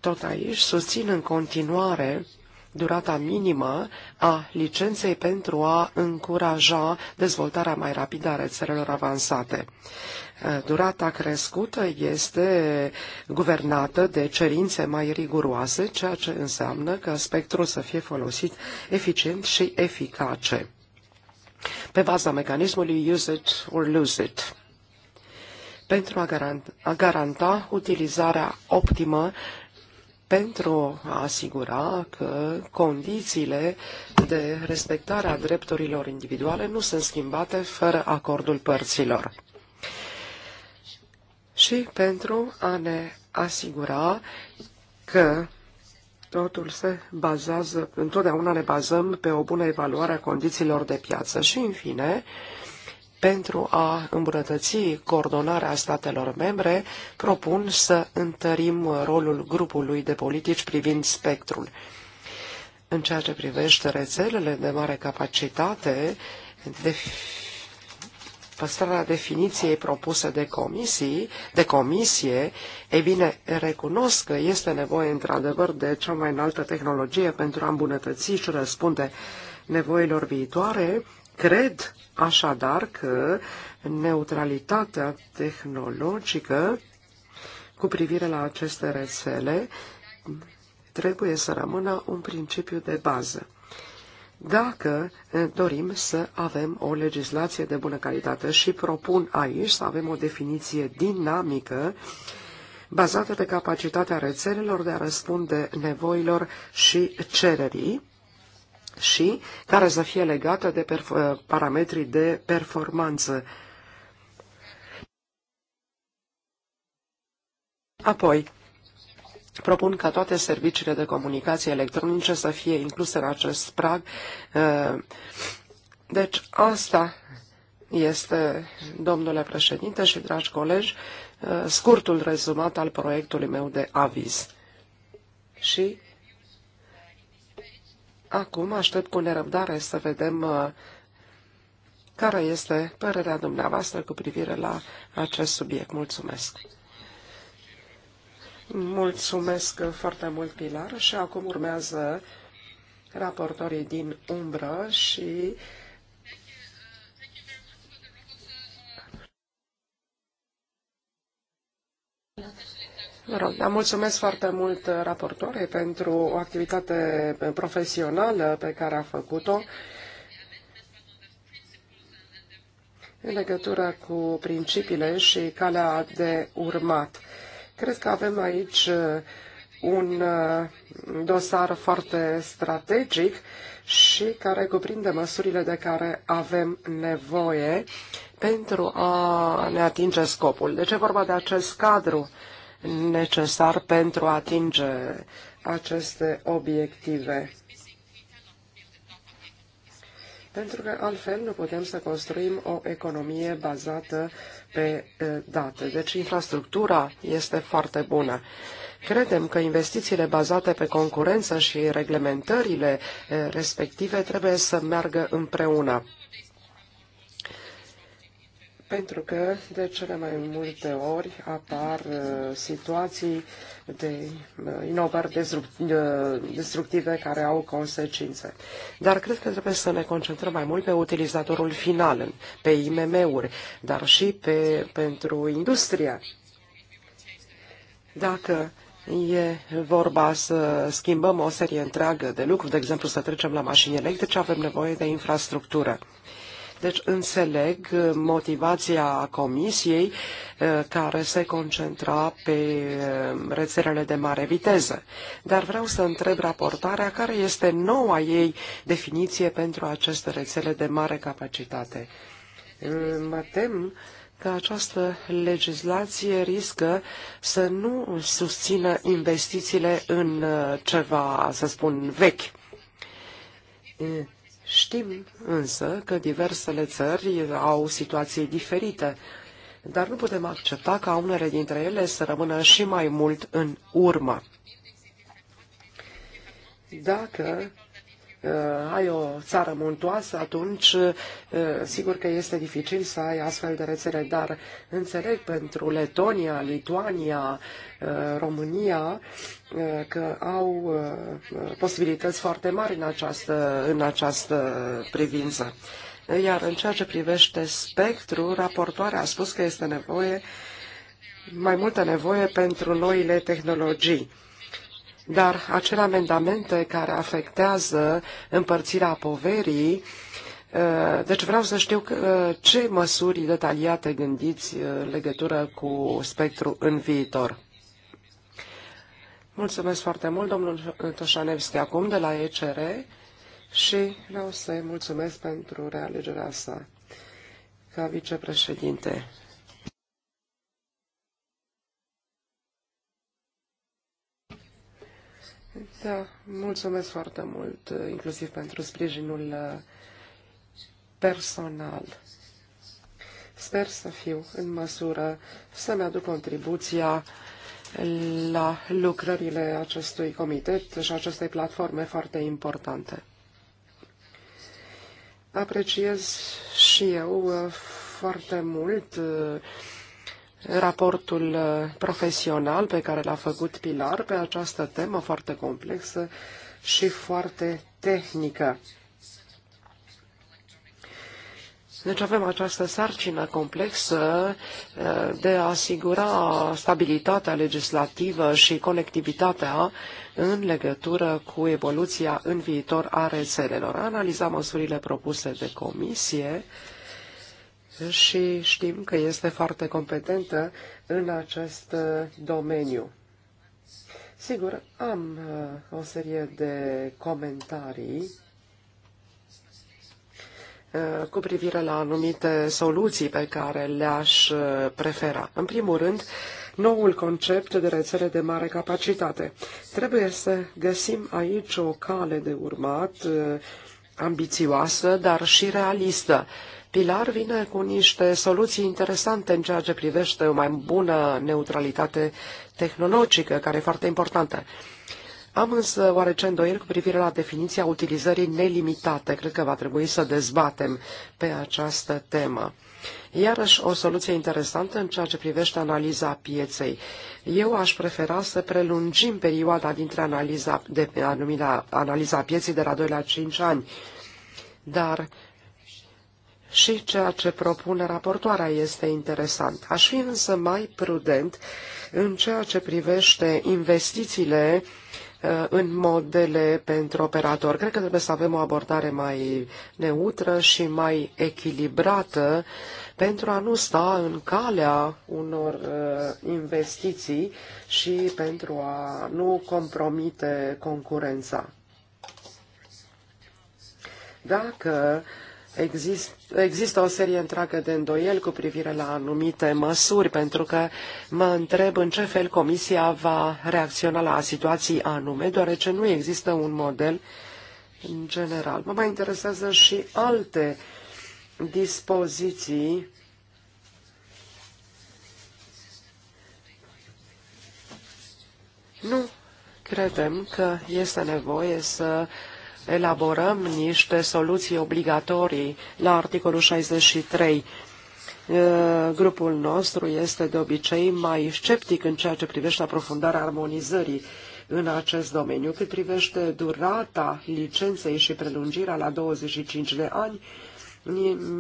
Tot aici susțin în continuare durata minimă a licenței pentru a încuraja dezvoltarea mai rapidă a rețelelor avansate. Uh, durata crescută este guvernată de cerințe mai riguroase, ceea ce înseamnă că spectrul să fie folosit eficient și eficace pe baza mecanismului use it or lose it pentru a garanta, a garanta utilizarea optimă pentru a asigura că condițiile de respectare a drepturilor individuale nu sunt schimbate fără acordul părților. Și pentru a ne asigura că totul se bazează, întotdeauna ne bazăm pe o bună evaluare a condițiilor de piață. Și, în fine, pentru a îmbunătăți coordonarea statelor membre, propun să întărim rolul grupului de politici privind spectrul. În ceea ce privește rețelele de mare capacitate, de păstrarea definiției propuse de, comisii, de comisie, e bine, recunosc că este nevoie într-adevăr de cea mai înaltă tehnologie pentru a îmbunătăți și răspunde nevoilor viitoare, Cred așadar că neutralitatea tehnologică cu privire la aceste rețele trebuie să rămână un principiu de bază. Dacă eh, dorim să avem o legislație de bună calitate și propun aici să avem o definiție dinamică bazată pe capacitatea rețelelor de a răspunde nevoilor și cererii, și care să fie legată de eh, parametrii de performanță. Apoi, propun ca toate serviciile de comunicație electronice să fie incluse în acest prag. Eh, deci, asta este, domnule președinte și dragi colegi, eh, scurtul rezumat al proiectului meu de aviz. Și Acum aștept cu nerăbdare să vedem uh, care este părerea dumneavoastră cu privire la acest subiect. Mulțumesc! Mulțumesc foarte mult, Pilar, și acum urmează raportorii din umbră și uh, da, mulțumesc foarte mult uh, raportoarei pentru o activitate uh, profesională pe care a făcut-o în legătură cu principiile și calea de urmat. Cred că avem aici uh, un dosar foarte strategic și care cuprinde măsurile de care avem nevoie pentru a ne atinge scopul. Deci ce vorba de acest cadru necesar pentru a atinge aceste obiective. Pentru că altfel nu putem să construim o economie bazată pe eh, date. Deci infrastructura este foarte bună. Credem că investițiile bazate pe concurență și reglementările eh, respective trebuie să meargă împreună. Pentru că de cele mai multe ori apar uh, situații de uh, inovări uh, destructive care au consecințe. Dar cred că trebuie să ne concentrăm mai mult pe utilizatorul final, pe IMM-uri, dar și pe, pentru industria. Dacă E vorba să schimbăm o serie întreagă de lucruri, de exemplu să trecem la mașini electrice, avem nevoie de infrastructură. Deci înțeleg motivația comisiei eh, care se concentra pe eh, rețelele de mare viteză. Dar vreau să întreb raportarea care este noua ei definiție pentru aceste rețele de mare capacitate. Eh, mă tem că această legislație riscă să nu susțină investițiile în ceva, să spun, vechi. Știm însă că diversele țări au situații diferite, dar nu putem accepta ca unele dintre ele să rămână și mai mult în urmă. Dacă Uh, ai o țară muntoasă, atunci uh, sigur că este dificil să ai astfel de rețele, dar înțeleg pentru Letonia, Lituania, uh, România că au posibilități foarte mari în această, în această privință. Iar în ceea ce privește spectru, raportoarea a spus că este nevoie mai multă nevoie pentru noile tehnologii dar acele amendamente care afectează împărțirea poverii, uh, deci vreau să știu uh, ce măsuri detaliate gândiți uh, în legătură cu spectru în viitor. Mulțumesc foarte mult, domnul Toșanevski, acum de la ECR și vreau să-i mulțumesc pentru realegerea sa ca vicepreședinte. Da, mulțumesc foarte mult, inclusiv pentru sprijinul uh, personal. Sper să fiu în măsură să-mi aduc contribuția la lucrările acestui comitet și acestei platforme foarte importante. Apreciez și eu uh, foarte mult uh, raportul uh, profesional pe care l-a făcut Pilar pe această temă foarte complexă și foarte tehnică. Deci avem această sarcină complexă uh, de a asigura stabilitatea legislativă și conectivitatea în legătură cu evoluția în viitor a rețelelor. A analiza măsurile propuse de comisie, și știm că este foarte competentă în acest uh, domeniu. Sigur, am uh, o serie de comentarii uh, cu privire la anumite soluții pe care le-aș prefera. În primul rând, noul concept de rețele de mare capacitate. Trebuie să găsim aici o cale de urmat ambițioasă, dar și realistă Pilar vine cu niște soluții interesante în ceea ce privește o mai bună neutralitate tehnologică, care e foarte importantă. Am însă oarece îndoieli cu privire la definiția utilizării nelimitate. Cred că va trebui să dezbatem pe această temă. Iarăși o soluție interesantă în ceea ce privește analiza pieței. Eu aș prefera să prelungim perioada dintre analiza, de, anumita, analiza pieței de la 2 la 5 ani, dar și ceea ce propune raportoarea este interesant. Aș fi însă mai prudent în ceea ce privește investițiile uh, în modele pentru operator. Cred că trebuie să avem o abordare mai neutră și mai echilibrată pentru a nu sta în calea unor uh, investiții și pentru a nu compromite concurența. Dacă uh, Exist, există o serie întreagă de îndoieli cu privire la anumite măsuri, pentru că mă întreb în ce fel Comisia va reacționa la situații anume, deoarece nu există un model în general. Mă mai interesează și alte dispoziții Nu credem că este nevoie să uh, elaborăm niște soluții obligatorii la articolul 63. Uh, grupul nostru este de obicei mai sceptic în ceea ce privește aprofundarea armonizării în acest domeniu. Cât privește durata licenței și prelungirea la 25 de ani,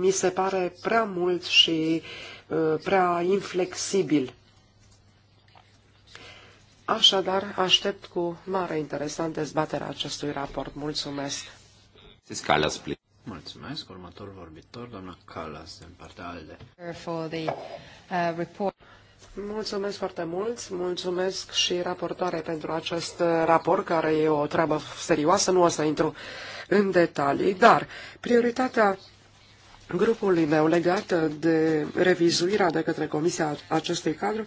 mi se pare prea mult și uh, prea inflexibil Așadar, aștept cu mare interes dezbaterea acestui raport. Mulțumesc! Mulțumesc. Următorul vorbitor, doamna Calas, din partea ALDE. For the, uh, report. Mulțumesc foarte mult, mulțumesc și raportoare pentru acest uh, raport, care e o treabă serioasă, nu o să intru în detalii, dar prioritatea grupului meu legată de revizuirea de către Comisia acestui cadru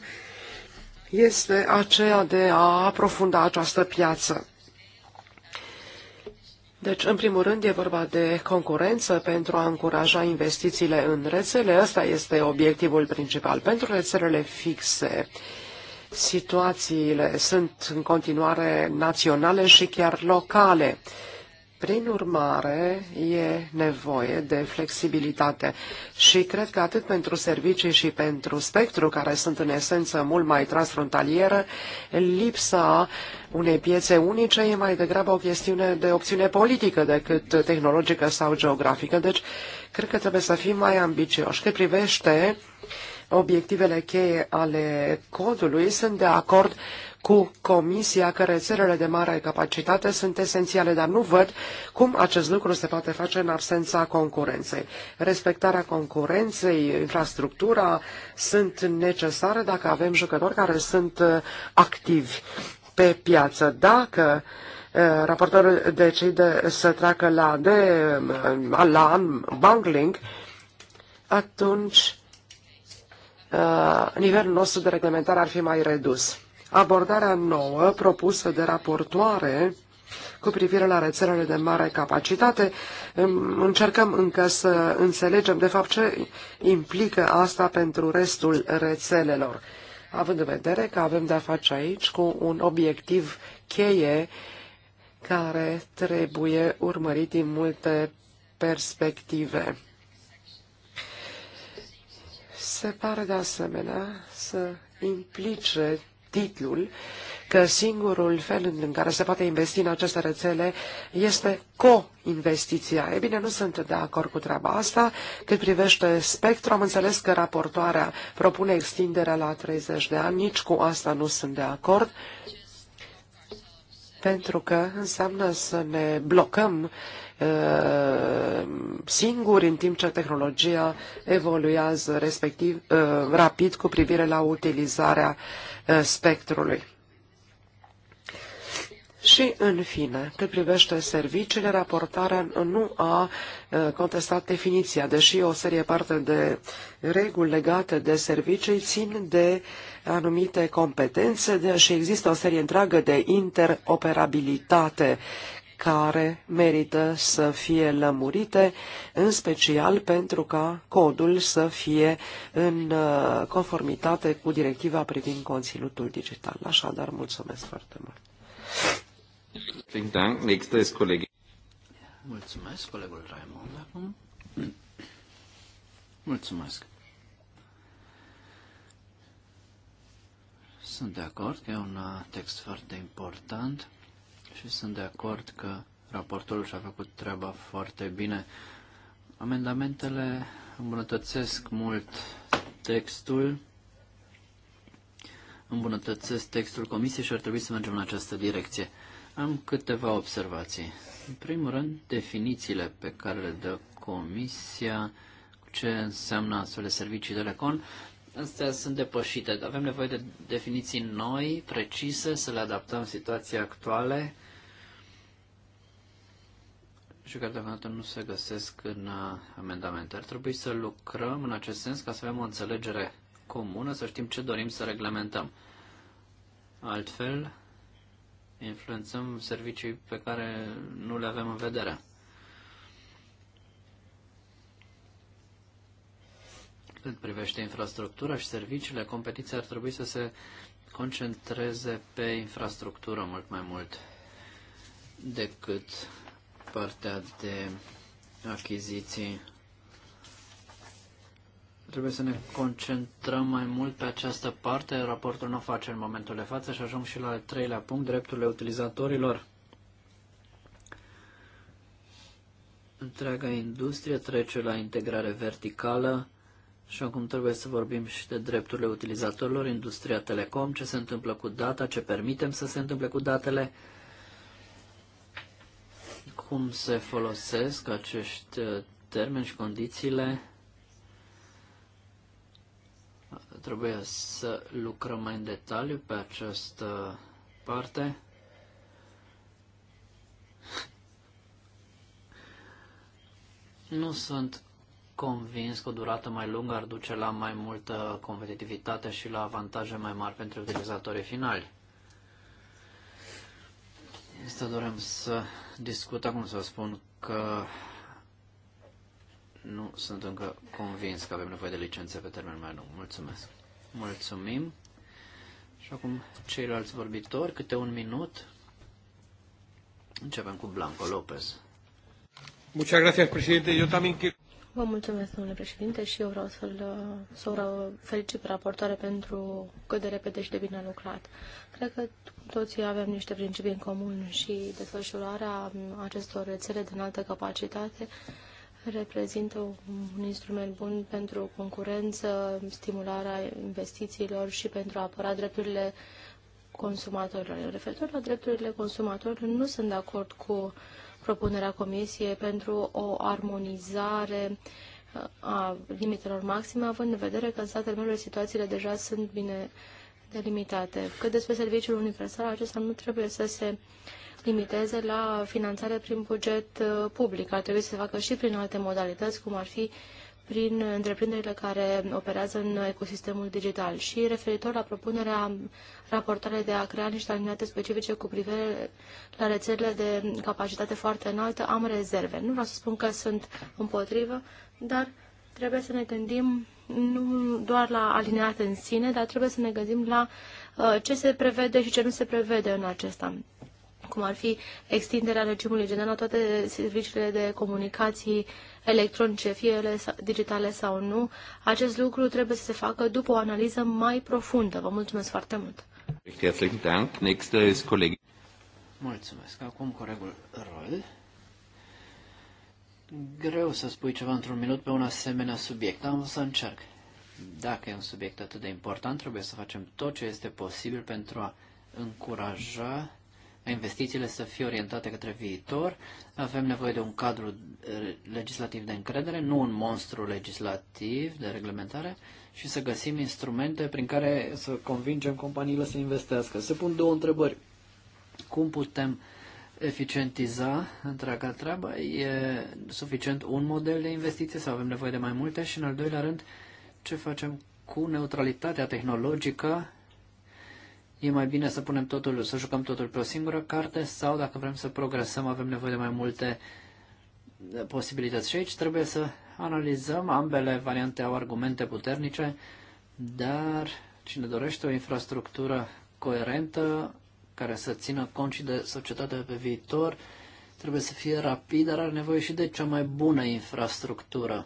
este aceea de a aprofunda această piață. Deci, în primul rând, e vorba de concurență pentru a încuraja investițiile în rețele. Asta este obiectivul principal. Pentru rețelele fixe, situațiile sunt în continuare naționale și chiar locale. Prin urmare, e nevoie de flexibilitate și cred că atât pentru servicii și pentru spectru, care sunt în esență mult mai transfrontalieră, lipsa unei piețe unice e mai degrabă o chestiune de opțiune politică decât tehnologică sau geografică. Deci, cred că trebuie să fim mai ambicioși. Cât privește obiectivele cheie ale codului, sunt de acord cu Comisia că rețelele de mare capacitate sunt esențiale, dar nu văd cum acest lucru se poate face în absența concurenței. Respectarea concurenței, infrastructura sunt necesare dacă avem jucători care sunt uh, activi pe piață. Dacă uh, raportorul decide să treacă la, de, uh, la bungling, atunci nivelul nostru de reglementare ar fi mai redus abordarea nouă propusă de raportoare cu privire la rețelele de mare capacitate. Încercăm încă să înțelegem, de fapt, ce implică asta pentru restul rețelelor, având în vedere că avem de-a face aici cu un obiectiv cheie care trebuie urmărit din multe perspective. Se pare de asemenea să implice titlul că singurul fel în care se poate investi în aceste rețele este co-investiția. E bine, nu sunt de acord cu treaba asta. Cât privește spectru, am înțeles că raportoarea propune extinderea la 30 de ani. Nici cu asta nu sunt de acord pentru că înseamnă să ne blocăm Uh, singuri, în timp ce tehnologia evoluează respectiv uh, rapid cu privire la utilizarea uh, spectrului. Și, în fine, cât privește serviciile, raportarea nu a contestat definiția, deși o serie parte de reguli legate de servicii țin de anumite competențe și există o serie întreagă de interoperabilitate care merită să fie lămurite, în special pentru ca codul să fie în uh, conformitate cu directiva privind conținutul digital. Așadar, mulțumesc foarte mult. Mulțumesc, colegul Raimond, Mulțumesc. Sunt de acord că e un uh, text foarte important și sunt de acord că raportorul și-a făcut treaba foarte bine. Amendamentele îmbunătățesc mult textul, îmbunătățesc textul comisiei și ar trebui să mergem în această direcție. Am câteva observații. În primul rând, definițiile pe care le dă comisia, ce înseamnă astfel de servicii recon, astea sunt depășite. Avem nevoie de definiții noi, precise, să le adaptăm situației actuale și care deocamdată nu se găsesc în uh, amendamente. Ar trebui să lucrăm în acest sens ca să avem o înțelegere comună, să știm ce dorim să reglementăm. Altfel, influențăm servicii pe care nu le avem în vedere. Cât privește infrastructura și serviciile, competiția ar trebui să se concentreze pe infrastructură mult mai mult decât partea de achiziții. Trebuie să ne concentrăm mai mult pe această parte. Raportul nu face în momentul de față și ajung și la al treilea punct, drepturile utilizatorilor. Întreaga industrie trece la integrare verticală și acum trebuie să vorbim și de drepturile utilizatorilor, industria telecom, ce se întâmplă cu data, ce permitem să se întâmple cu datele, cum se folosesc acești uh, termeni și condițiile. Trebuie să lucrăm mai în detaliu pe această parte. Nu sunt convins că o durată mai lungă ar duce la mai multă competitivitate și la avantaje mai mari pentru utilizatorii finali. Este doream să discut acum, să vă spun, că nu sunt încă convins că avem nevoie de licențe pe termen mai lung. Mulțumesc! Mulțumim! Și acum ceilalți vorbitori, câte un minut. Începem cu Blanco Lopez. Muchas gracias, presidente. Yo también quiero... Vă mulțumesc, domnule președinte, și eu vreau să-l să o felicit pe raportoare pentru cât de repede și de bine a lucrat. Cred că toții avem niște principii în comun și desfășurarea acestor rețele de înaltă capacitate reprezintă un instrument bun pentru concurență, stimularea investițiilor și pentru a apăra drepturile consumatorilor. Referitor la drepturile consumatorilor, nu sunt de acord cu uh, propunerea Comisiei pentru o armonizare uh, a limitelor maxime, având în vedere că în statele membre situațiile deja sunt bine delimitate. Cât despre serviciul universal, acesta nu trebuie să se limiteze la finanțare prin buget uh, public. Ar trebui să se facă și prin alte modalități, cum ar fi uh, prin întreprinderile care operează în ecosistemul digital și referitor la propunerea raportare de a crea niște alineate specifice cu privire la rețelele de capacitate foarte înaltă, am rezerve. Nu vreau să spun că sunt împotrivă, dar trebuie să ne gândim nu doar la alineate în sine, dar trebuie să ne gândim la uh, ce se prevede și ce nu se prevede în acesta cum ar fi extinderea regimului general la toate serviciile de comunicații uh, electronice, fie ele digitale sau nu, acest lucru trebuie să se facă după o analiză mai profundă. Vă mulțumesc foarte mult! Mulțumesc. Acum colegul Rol. Greu să spui ceva într-un minut pe un asemenea subiect, am să încerc. Dacă e un subiect atât de important, trebuie să facem tot ce este posibil pentru a încuraja investițiile să fie orientate către viitor. Avem nevoie de un cadru eh, legislativ de încredere, nu un monstru legislativ de reglementare și să găsim instrumente prin care să convingem companiile să investească. Se pun două întrebări. Cum putem eficientiza întreaga treabă? E suficient un model de investiție sau avem nevoie de mai multe? Și în al doilea rând, ce facem cu neutralitatea tehnologică e mai bine să punem totul, să jucăm totul pe o singură carte sau dacă vrem să progresăm avem nevoie de mai multe posibilități. Și aici trebuie să analizăm, ambele variante au argumente puternice, dar cine dorește o infrastructură coerentă care să țină cont și de societatea pe viitor, trebuie să fie rapid, dar are nevoie și de cea mai bună infrastructură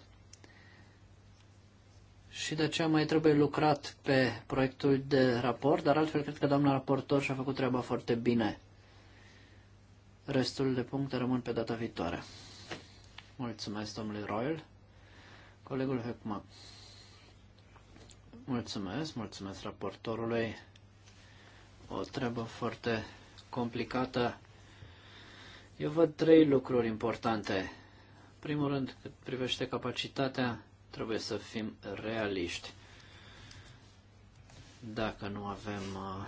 și de aceea mai trebuie lucrat pe proiectul de raport, dar altfel cred că doamna raportor și-a făcut treaba foarte bine. Restul de puncte rămân pe data viitoare. Mulțumesc, domnului Royal. Colegul Hecma. Mulțumesc, mulțumesc raportorului. O treabă foarte complicată. Eu văd trei lucruri importante. Primul rând, cât privește capacitatea Trebuie să fim realiști. Dacă nu avem uh,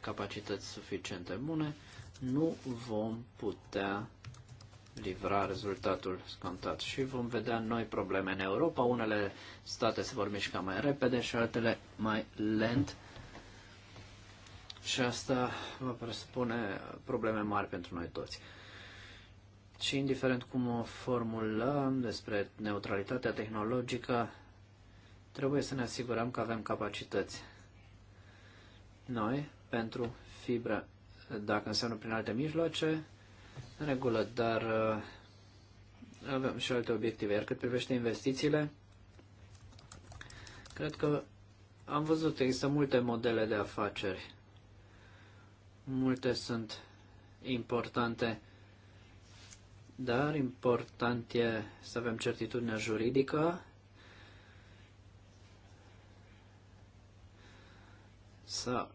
capacități suficiente bune, nu vom putea livra rezultatul scontat și vom vedea noi probleme în Europa. Unele state se vor mișca mai repede și altele mai lent. Și asta va presupune probleme mari pentru noi toți. Și indiferent cum o formulăm despre neutralitatea tehnologică, trebuie să ne asigurăm că avem capacități. Noi, pentru fibră, dacă înseamnă prin alte mijloace, în regulă, dar uh, avem și alte obiective. Iar cât privește investițiile, cred că am văzut, există multe modele de afaceri. Multe sunt importante dar important e să avem certitudinea juridică, să,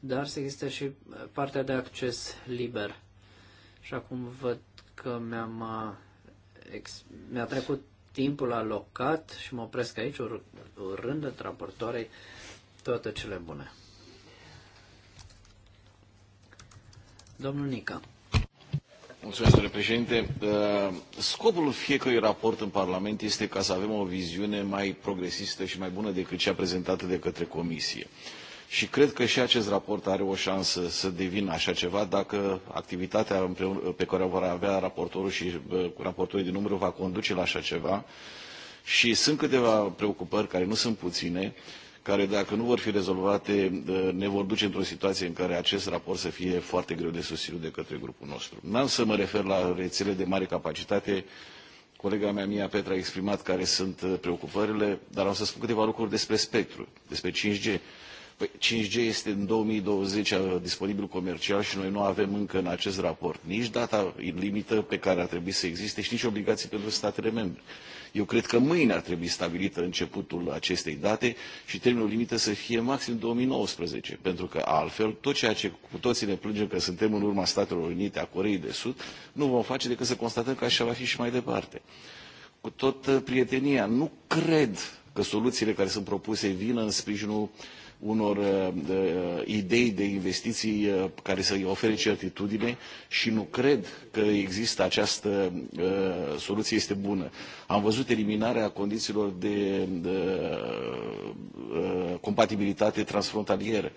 dar să existe și uh, partea de acces liber. Și acum văd că mi-am uh, mi-a trecut timpul alocat și mă opresc aici ur, urând raportoarei toate cele bune. Domnul Nica. Mulțumesc, domnule președinte. Uh, scopul fiecărui raport în Parlament este ca să avem o viziune mai progresistă și mai bună decât cea prezentată de către Comisie. Și cred că și acest raport are o șansă să devină așa ceva dacă activitatea pe care o vor avea raportorul și uh, raportorii din umbră va conduce la așa ceva. Și sunt câteva preocupări care nu sunt puține care dacă nu vor fi rezolvate ă, ne vor duce într-o situație în care acest raport să fie foarte greu de susținut de către grupul nostru. N-am să mă refer la rețele de mare capacitate, colega mea Mia Petra a exprimat care sunt ă, preocupările, dar am să spun câteva lucruri despre spectru, despre 5G. Păi 5G este în 2020 ă, disponibil comercial și noi nu avem încă în acest raport nici data limită pe care ar trebui să existe și nici obligații pentru statele membre. Eu cred că mâine ar trebui stabilită începutul acestei date și termenul limită să fie maxim 2019, pentru că altfel tot ceea ce cu toții ne plângem că suntem în urma Statelor Unite, a Coreei de Sud, nu vom face decât să constatăm că așa va fi și mai departe. Cu tot uh, prietenia, nu cred că soluțiile care sunt propuse vin în sprijinul uh, unor uh, uh, idei de investiții uh, care să-i ofere certitudine și nu cred că există această uh, soluție este bună. Am văzut eliminarea condițiilor de, uh, compatibilitate transfrontalieră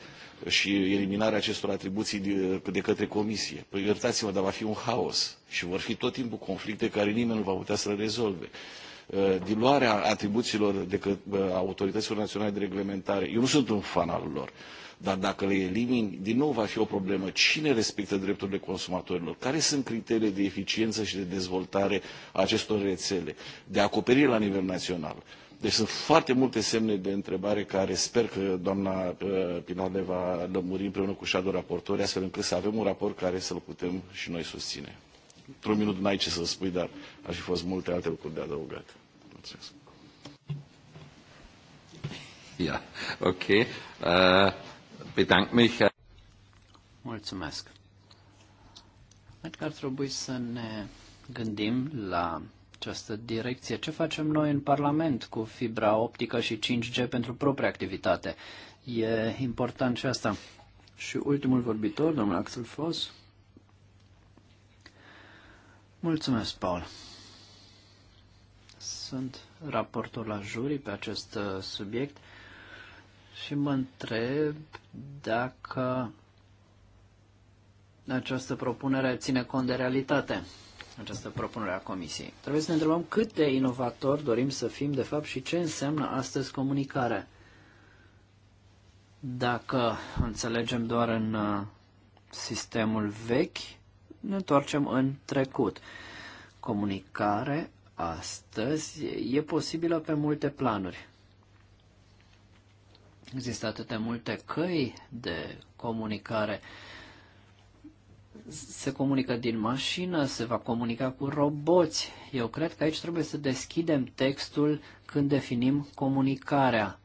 și eliminarea acestor atribuții de, de către Comisie. Păi iertați-mă, dar va fi un haos și vor fi tot timpul conflicte care nimeni nu va putea să le rezolve. Uh, Uh, diluarea atribuțiilor de că, uh, autorităților naționale de reglementare. Eu nu sunt un fan al lor, dar dacă le elimini, din nou va fi o problemă. Cine respectă drepturile consumatorilor? Care sunt criteriile de eficiență și de dezvoltare a acestor rețele, de acoperire la nivel național? Deci sunt foarte multe semne de întrebare care sper că doamna uh, Pilar le va lămuri împreună cu shadow raportori, astfel încât să avem un raport care să-l putem și noi susține într-un minut n-ai ce să spui, dar ar fi fost multe alte lucruri de adăugat. Mulțumesc. Ja, ok. Uh, bedank mich. Eh. Mulțumesc. Cred că ar trebui să ne gândim la această direcție. Ce facem noi în Parlament cu fibra optică și 5G pentru propria activitate? E important și asta. Și ultimul vorbitor, domnul Axel Foss. Mulțumesc, Paul. Sunt raportor la jurii pe acest uh, subiect și mă întreb dacă această propunere ține cont de realitate, această propunere a Comisiei. Trebuie să ne întrebăm cât de inovator dorim să fim, de fapt, și ce înseamnă astăzi comunicare. Dacă înțelegem doar în uh, sistemul vechi, ne întoarcem în trecut. Comunicare astăzi e posibilă pe multe planuri. Există atâtea multe căi de comunicare. Se comunică din mașină, se va comunica cu roboți. Eu cred că aici trebuie să deschidem textul când definim comunicarea.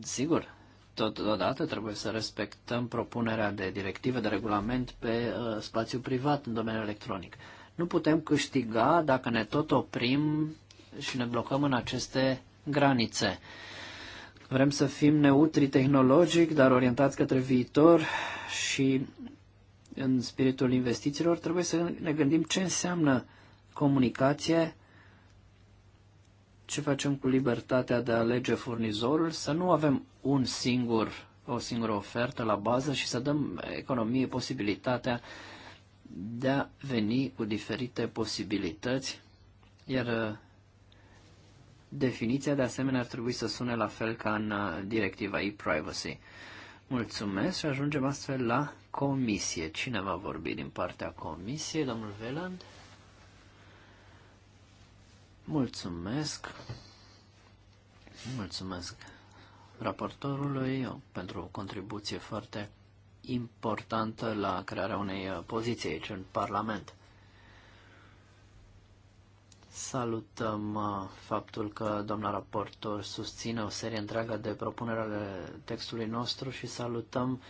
Sigur, Totodată trebuie să respectăm propunerea de directivă de regulament pe uh, spațiu privat în domeniul electronic. Nu putem câștiga dacă ne tot oprim și ne blocăm în aceste granițe. Vrem să fim neutri tehnologic, dar orientați către viitor și în spiritul investițiilor trebuie să ne gândim ce înseamnă comunicație ce facem cu libertatea de a alege furnizorul, să nu avem un singur, o singură ofertă la bază și să dăm economiei posibilitatea de a veni cu diferite posibilități, iar uh, definiția de asemenea ar trebui să sune la fel ca în uh, directiva e-privacy. Mulțumesc și ajungem astfel la comisie. Cine va vorbi din partea comisiei? Domnul Veland? Mulțumesc. Mulțumesc raportorului pentru o contribuție foarte importantă la crearea unei uh, poziții aici în Parlament. Salutăm uh, faptul că doamna raportor susține o serie întreagă de propuneri ale textului nostru și salutăm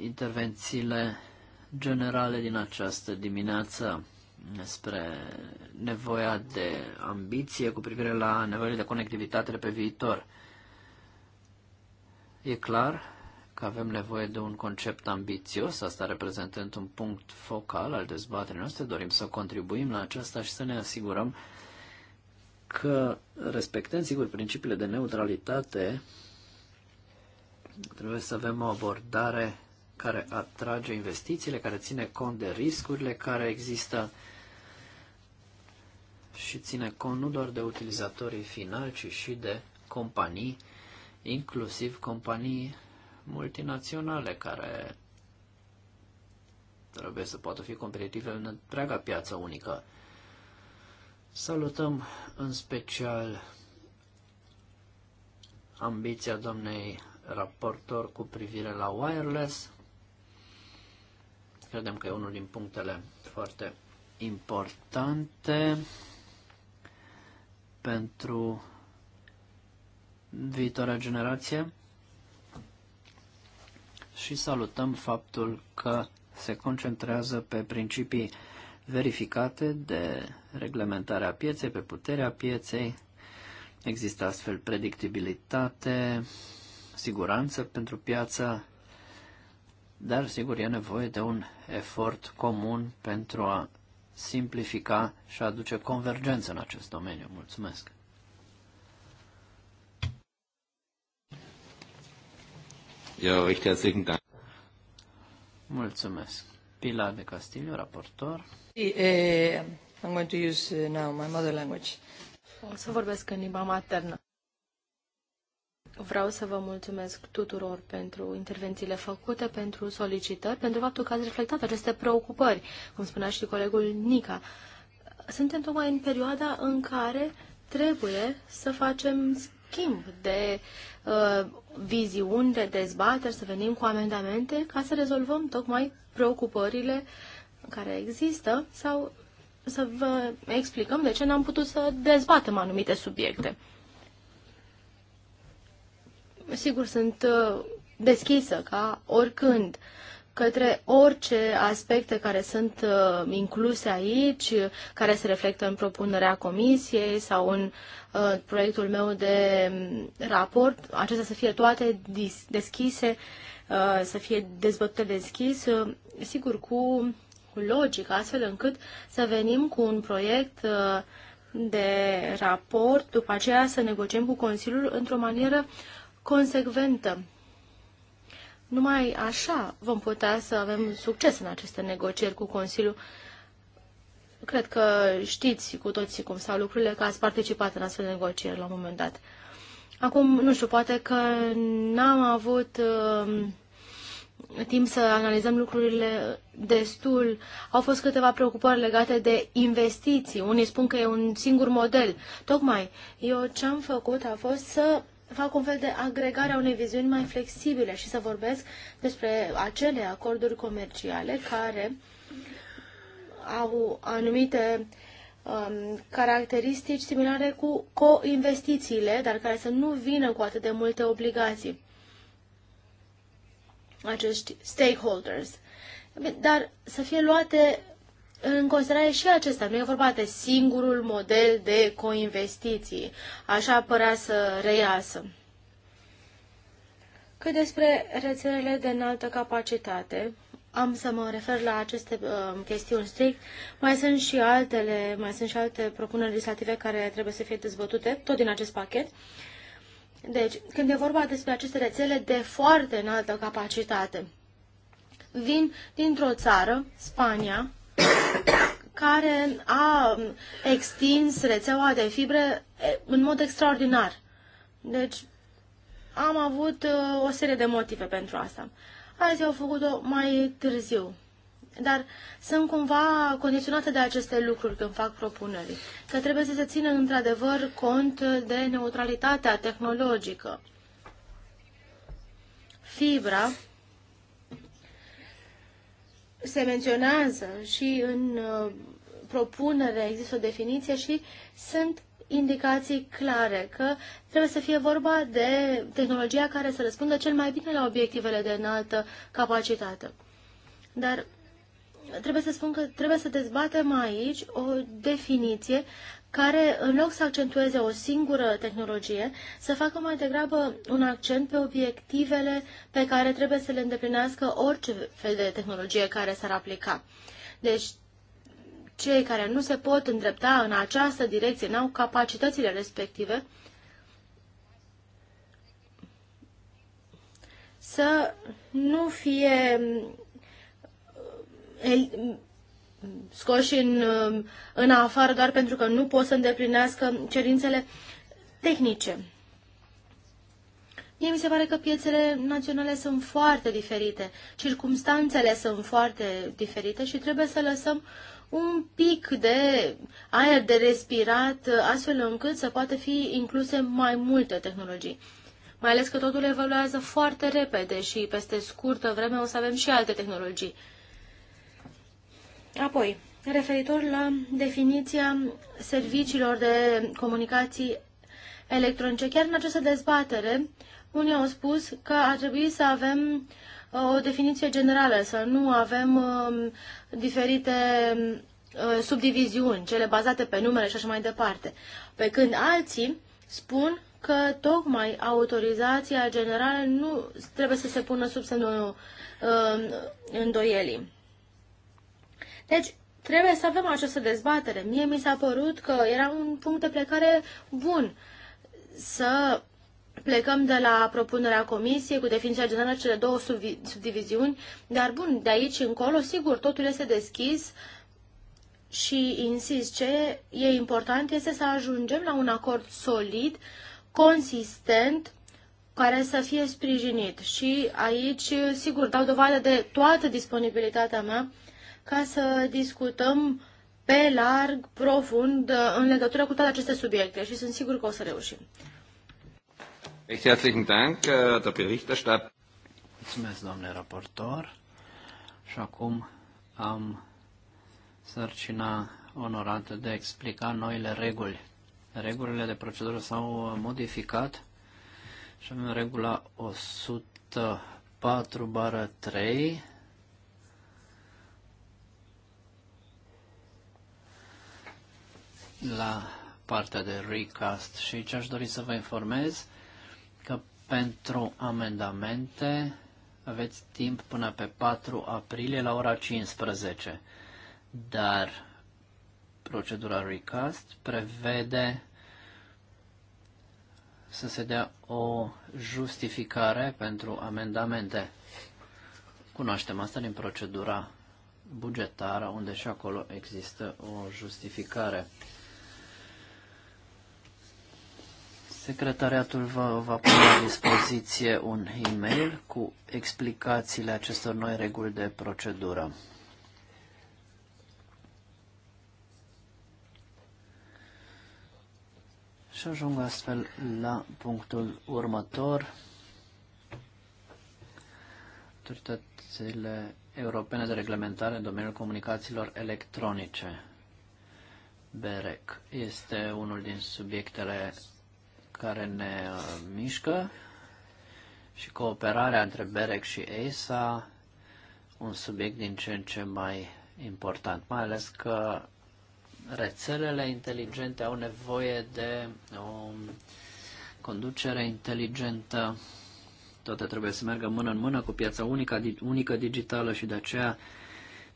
intervențiile generale din această dimineață spre nevoia de ambiție cu privire la nevoile de conectivitate pe viitor. E clar că avem nevoie de un concept ambițios, asta reprezentând un punct focal al dezbaterii noastre. Dorim să contribuim la aceasta și să ne asigurăm că respectăm, sigur, principiile de neutralitate, trebuie să avem o abordare care atrage investițiile, care ține cont de riscurile care există și ține cont nu doar de utilizatorii finali, ci și de companii, inclusiv companii multinaționale care trebuie să poată fi competitive în întreaga piață unică. Salutăm în special ambiția doamnei raportor cu privire la wireless. Credem că e unul din punctele foarte importante pentru viitoarea generație și salutăm faptul că se concentrează pe principii verificate de reglementarea pieței, pe puterea pieței. Există astfel predictibilitate, siguranță pentru piață, dar sigur e nevoie de un efort comun pentru a simplifica și a aduce convergență în acest domeniu. Mulțumesc! Mulțumesc. Pilar de Castillo, raportor. Eh, I'm going to use uh, now my mother language. O să vorbesc în limba maternă. Vreau să vă mulțumesc tuturor pentru intervențiile făcute, pentru solicitări, pentru faptul că ați reflectat aceste preocupări, cum spunea și colegul Nica. Suntem tocmai în perioada în care trebuie să facem schimb de uh, viziuni, de dezbateri, să venim cu amendamente ca să rezolvăm tocmai preocupările care există sau să vă explicăm de ce n-am putut să dezbatem anumite subiecte sigur, sunt uh, deschisă ca oricând către orice aspecte care sunt uh, incluse aici, care se reflectă în propunerea comisiei sau în uh, proiectul meu de mm, raport, acestea să fie toate deschise, să fie dezbătute deschis, sigur, cu logică, astfel încât să venim cu un proiect de raport, după aceea să negociem cu Consiliul într-o manieră consecventă. Numai așa vom putea să avem succes în aceste negocieri cu Consiliul. Cred că știți cu toții cum stau lucrurile, că ați participat în astfel de negocieri la un moment dat. Acum, nu știu, poate că n-am avut uh, timp să analizăm lucrurile destul. Au fost câteva preocupări legate de investiții. Unii spun că e un singur model. Tocmai eu ce am făcut a fost să fac un fel de agregare a unei viziuni mai flexibile și să vorbesc despre acele acorduri comerciale care au anumite um, caracteristici similare cu co-investițiile, dar care să nu vină cu atât de multe obligații acești stakeholders. Dar să fie luate în considerare și acesta. Nu e vorba de singurul model de coinvestiții. Așa părea să reiasă. Cât despre rețelele de înaltă capacitate, am să mă refer la aceste uh, chestiuni strict. Mai sunt și altele, mai sunt și alte propuneri legislative care trebuie să fie dezbătute, tot din acest pachet. Deci, când e vorba despre aceste rețele de foarte înaltă capacitate, vin dintr-o țară, Spania, care a extins rețeaua de fibre în mod extraordinar. Deci am avut uh, o serie de motive pentru asta. Azi au făcut-o mai târziu. Dar sunt cumva condiționată de aceste lucruri când fac propuneri. Că trebuie să se țină într-adevăr cont de neutralitatea tehnologică. Fibra se menționează și în uh, propunere există o definiție și sunt indicații clare că trebuie să fie vorba de tehnologia care să răspundă cel mai bine la obiectivele de înaltă capacitate. Dar trebuie să spun că trebuie să dezbatem aici o definiție care, în loc să accentueze o singură tehnologie, să facă mai degrabă un accent pe obiectivele pe care trebuie să le îndeplinească orice fel de tehnologie care s-ar aplica. Deci, cei care nu se pot îndrepta în această direcție, n-au capacitățile respective, să nu fie scoși în, uh, în afară doar pentru că nu pot să îndeplinească cerințele tehnice. Mie mi se pare că piețele naționale sunt foarte diferite, circumstanțele sunt foarte diferite și trebuie să lăsăm un pic de aer de respirat, uh, astfel încât să poată fi incluse mai multe tehnologii. Mai ales că totul evoluează foarte repede și peste scurtă vreme o să avem și alte tehnologii. Apoi, referitor la definiția serviciilor de comunicații electronice, chiar în această dezbatere, unii au spus că ar trebui să avem uh, o definiție generală, să nu avem um, diferite uh, subdiviziuni, cele bazate pe numere și așa mai departe. Pe când alții spun că tocmai autorizația generală nu trebuie să se pună sub semnul uh, îndoielii. Deci, trebuie să avem această dezbatere. Mie mi s-a părut că era un punct de plecare bun să plecăm de la propunerea comisiei cu definiția generală cele două subdiviziuni, dar bun, de aici încolo, sigur, totul este deschis și insist, ce e important este să ajungem la un acord solid, consistent, care să fie sprijinit. Și aici, sigur, dau dovadă de toată disponibilitatea mea ca să discutăm pe larg, profund, în legătură cu toate aceste subiecte și sunt sigur că o să reușim. Herzlichen Dank, äh, der Berichterstatter. Mulțumesc, domnule raportor. Și acum am sarcina onorată de a explica noile reguli. Regulile de procedură s-au modificat și avem regula 104 bară 3 la partea de recast și aici aș dori să vă informez că pentru amendamente aveți timp până pe 4 aprilie la ora 15, dar procedura recast prevede să se dea o justificare pentru amendamente. Cunoaștem asta din procedura bugetară, unde și acolo există o justificare. Secretariatul vă va pune la dispoziție un e-mail cu explicațiile acestor noi reguli de procedură. Și ajung astfel la punctul următor. Autoritățile europene de reglementare în domeniul comunicațiilor electronice. BEREC este unul din subiectele care ne uh, mișcă și cooperarea între BEREC și ESA, un subiect din ce în ce mai important, mai ales că rețelele inteligente au nevoie de o conducere inteligentă. Toate trebuie să meargă mână în mână cu piața unică, unică digitală și de aceea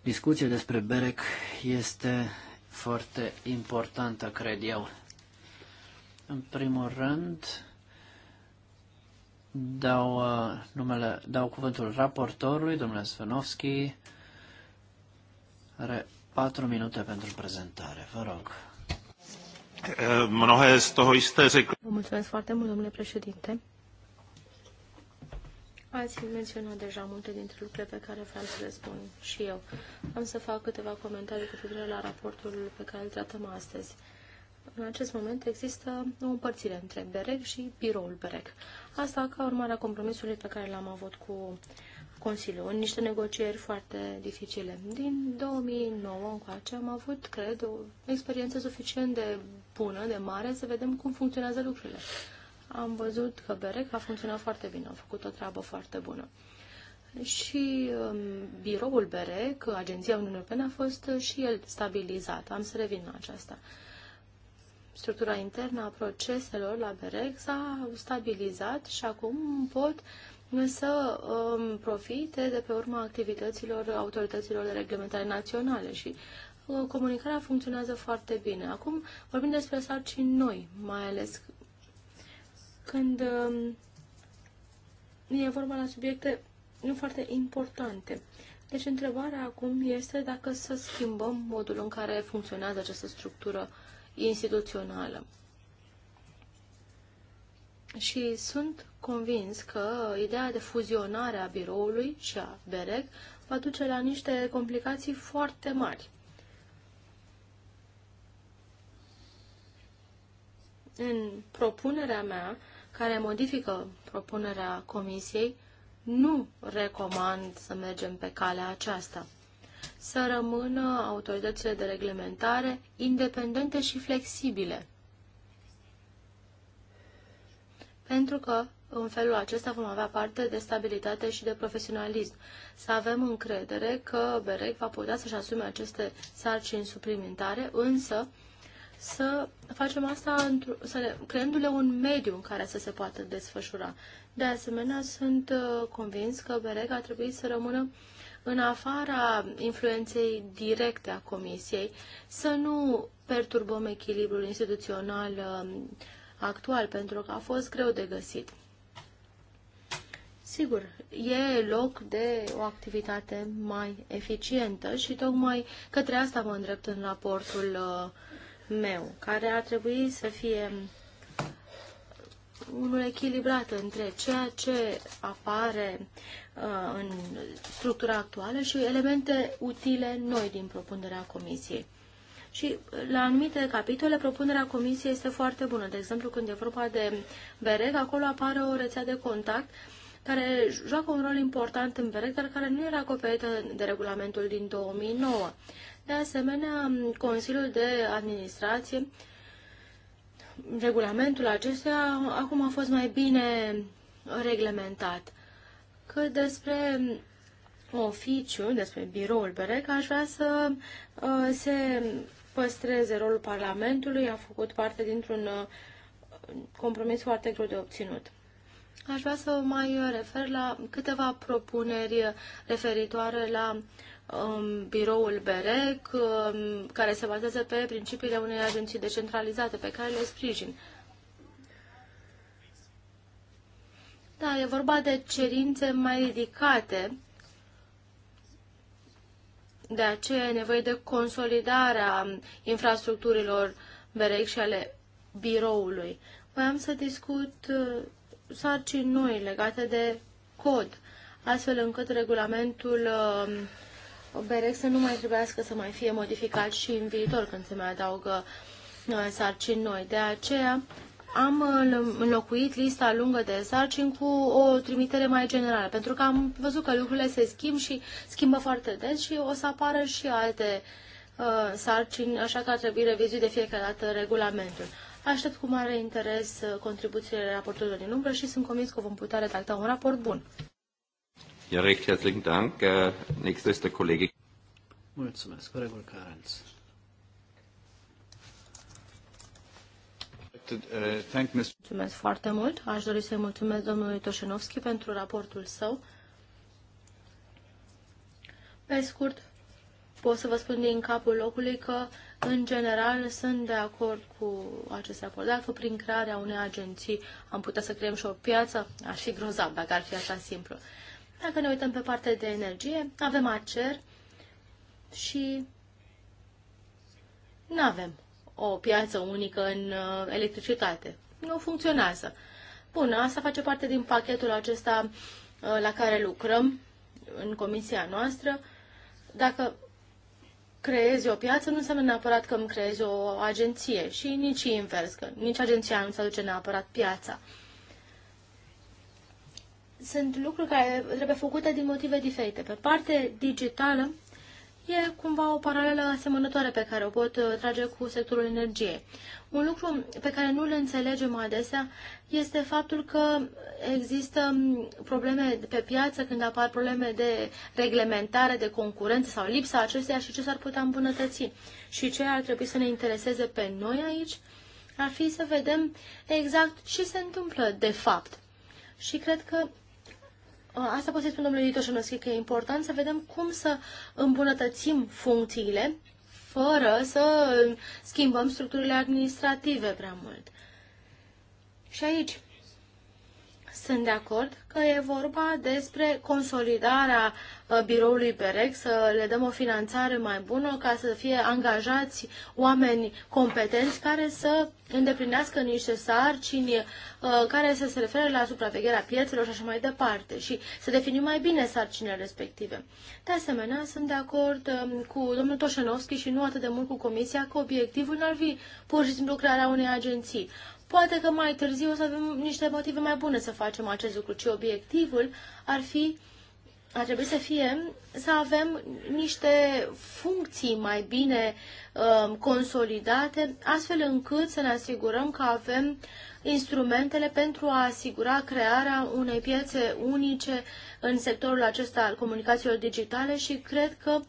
discuția despre BEREC este foarte importantă, cred eu. În primul rând, dau, uh, numele, dau cuvântul raportorului, domnule Svenovski, are patru minute pentru prezentare. Vă rog. Eh, Vă mulțumesc foarte mult, domnule președinte. Ați menționat deja multe dintre lucrurile pe care vreau să le spun și eu. Am să fac câteva comentarii cu privire la raportul pe care îl tratăm astăzi în acest moment există o împărțire între BEREC și biroul BEREC. Asta ca urmare a compromisului pe care l-am avut cu Consiliul, niște negocieri foarte dificile. Din 2009 încoace am avut, cred, o experiență suficient de bună, de mare, să vedem cum funcționează lucrurile. Am văzut că BEREC a funcționat foarte bine, a făcut o treabă foarte bună. Și um, biroul BEREC, Agenția Uniunii Europene, a fost și el stabilizat. Am să revin la aceasta. Uh, structura internă a proceselor la BEREC s-a stabilizat și acum pot să um, profite de pe urma activităților autorităților de reglementare naționale și uh, comunicarea funcționează foarte bine. Acum vorbim despre sarcini noi, mai ales când um, e vorba la subiecte nu foarte importante. Deci întrebarea acum este dacă să schimbăm modul în care funcționează această structură instituțională. Și sunt convins că ideea de fuzionare a biroului și a BEREC va duce la niște complicații foarte mari. În propunerea mea, care modifică propunerea Comisiei, nu recomand să mergem pe calea aceasta să rămână autoritățile de reglementare independente și flexibile. Pentru că în felul acesta vom avea parte de stabilitate și de profesionalism. Să avem încredere că BEREC va putea să-și asume aceste sarcini suplimentare, însă să facem asta creându-le un mediu în care să se poată desfășura. De asemenea, sunt uh, convins că BEREC a trebui să rămână în afara influenței directe a Comisiei, să nu perturbăm echilibrul instituțional um, actual, pentru că a fost greu de găsit. Sigur, e loc de o activitate mai eficientă și tocmai către asta mă îndrept în raportul uh, meu, care ar trebui să fie um, unul echilibrat între ceea ce apare Uh, în structura actuală și elemente utile noi din propunerea Comisiei. Și la anumite capitole propunerea Comisiei este foarte bună. De exemplu, când e vorba de BEREC, acolo apare o rețea de contact care joacă un rol important în BEREC, dar care nu era acoperită de regulamentul din 2009. De asemenea, Consiliul de Administrație, regulamentul acesta acum a fost mai bine reglementat cât despre oficiu, despre biroul BEREC, aș vrea să uh, se păstreze rolul Parlamentului, a făcut parte dintr-un uh, compromis foarte greu de obținut. Aș vrea să mai refer la câteva propuneri referitoare la um, biroul BEREC, um, care se bazează pe principiile unei agenții decentralizate pe care le sprijin. Da, e vorba de cerințe mai ridicate. De aceea e nevoie de consolidarea infrastructurilor berechi și ale biroului. am să discut uh, sarcini noi legate de cod, astfel încât regulamentul uh, BEREC să nu mai trebuiască să mai fie modificat și în viitor când se mai adaugă uh, sarcini noi. De aceea am înlocuit lista lungă de sarcini cu o trimitere mai generală, pentru că am văzut că lucrurile se schimb și schimbă foarte des și o să apară și alte uh, sarcini, așa că ar trebui revizuit de fiecare dată regulamentul. Aștept cu mare interes uh, contribuțiile raportorilor din umbră și sunt convins că vom putea redacta un raport bun. Ja, recht herzlichen Dank. Äh, nächster ist der Kollege. Mulțumesc, colegul Carenț. Uh, mulțumesc foarte mult. Aș dori să-i mulțumesc domnului Toșenovski pentru raportul său. Pe scurt, pot să vă spun din capul locului că, în general, sunt de acord cu acest raport. Dacă prin crearea unei agenții am putea să creăm și o piață, ar fi grozav dacă ar fi așa simplu. Dacă ne uităm pe partea de energie, avem acer și nu avem o piață unică în uh, electricitate. Nu funcționează. Bun, asta face parte din pachetul acesta uh, la care lucrăm în comisia noastră. Dacă creezi o piață, nu înseamnă neapărat că îmi creezi o agenție și nici invers, că nici agenția nu se aduce neapărat piața. Sunt lucruri care trebuie făcute din motive diferite. Pe parte digitală, E cumva o paralelă asemănătoare pe care o pot uh, trage cu sectorul energiei. Un lucru pe care nu le înțelegem adesea este faptul că există probleme pe piață când apar probleme de reglementare, de concurență sau lipsa acesteia și ce s-ar putea îmbunătăți. Și ce ar trebui să ne intereseze pe noi aici ar fi să vedem exact ce se întâmplă de fapt. Și cred că Asta pot să-i spun domnului Ditoșănăschi că e important să vedem cum să îmbunătățim funcțiile fără să schimbăm structurile administrative prea mult. Și aici sunt de acord că e vorba despre consolidarea Uh, biroului PEREC, să le dăm o finanțare mai bună ca să fie angajați oameni competenți care să îndeplinească niște sarcini uh, care să se refere la supravegherea piețelor și așa mai departe și să definim mai bine sarcinile respective. De asemenea, sunt de acord um, cu domnul Toșenovski și nu atât de mult cu Comisia că obiectivul n-ar fi pur și simplu crearea unei agenții. Poate că mai târziu o să avem niște motive mai bune să facem acest lucru, ci obiectivul ar fi uh, ar trebui să fie să avem niște funcții mai bine um, consolidate, astfel încât să ne asigurăm că avem instrumentele pentru a asigura crearea unei piețe unice în sectorul acesta al comunicațiilor digitale și cred că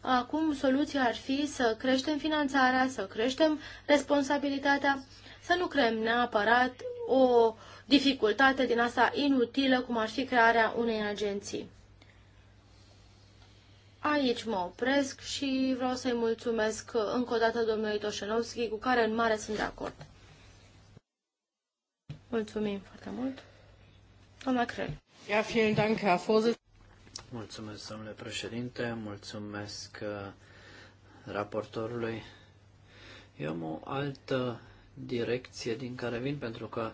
acum soluția ar fi să creștem finanțarea, să creștem responsabilitatea, să nu creăm neapărat o dificultate din asta inutilă, cum ar fi crearea unei agenții. Aici mă opresc și vreau să-i mulțumesc încă o dată domnului Toșenovski, cu care în mare sunt de acord. Mulțumim foarte mult. Doamna Crel. Ja, vielen Dank, Herr Vorsitz. Mulțumesc, domnule președinte, mulțumesc uh, raportorului. Eu am o altă direcție din care vin, pentru că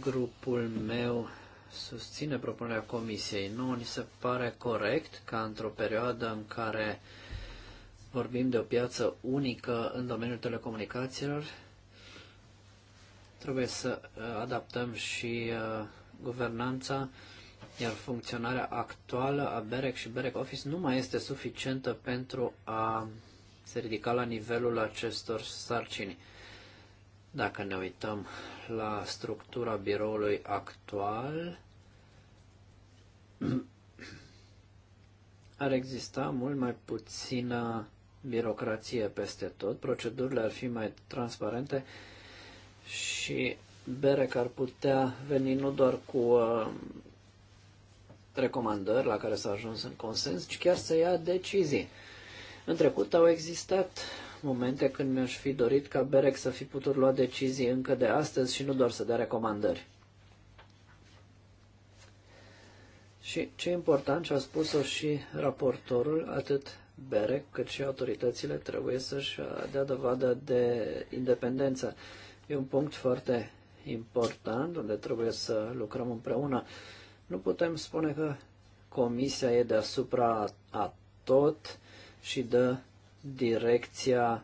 grupul meu susține propunerea Comisiei. Nu ni se pare corect ca într-o perioadă în care vorbim de o piață unică în domeniul telecomunicațiilor, trebuie să uh, adaptăm și uh, guvernanța, iar funcționarea actuală a BEREC și BEREC Office nu mai este suficientă pentru a se ridica la nivelul acestor sarcini. Dacă ne uităm la structura biroului actual, ar exista mult mai puțină birocrație peste tot, procedurile ar fi mai transparente și Berec ar putea veni nu doar cu uh, recomandări la care s-a ajuns în consens, ci chiar să ia decizii. În trecut au existat momente când mi-aș fi dorit ca BEREC să fi putut lua decizii încă de astăzi și nu doar să dea recomandări. Și ce important, ce a spus-o și raportorul, atât BEREC cât și autoritățile trebuie să-și dea dovadă de independență. E un punct foarte important unde trebuie să lucrăm împreună. Nu putem spune că comisia e deasupra a tot și dă direcția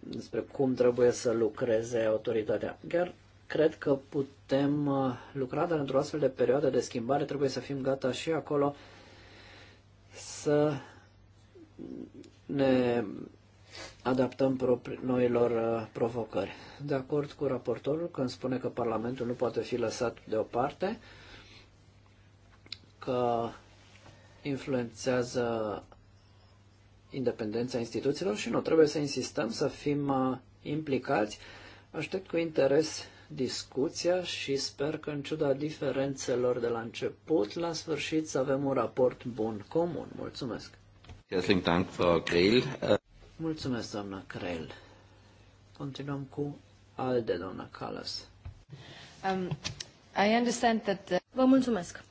despre cum trebuie să lucreze autoritatea. Chiar cred că putem uh, lucra, dar într-o astfel de perioadă de schimbare trebuie să fim gata și acolo să ne adaptăm noilor uh, provocări. De acord cu raportorul când spune că Parlamentul nu poate fi lăsat deoparte, că influențează independența instituțiilor și nu trebuie să insistăm să fim uh, implicați. Aștept cu interes discuția și sper că în ciuda diferențelor de la început, la sfârșit să avem un raport bun comun. Mulțumesc! Herzlichen Dank, Frau Krell. Mulțumesc, doamna Krell. Continuăm cu ALDE, doamna Calas. Um, I understand that the... Vă mulțumesc.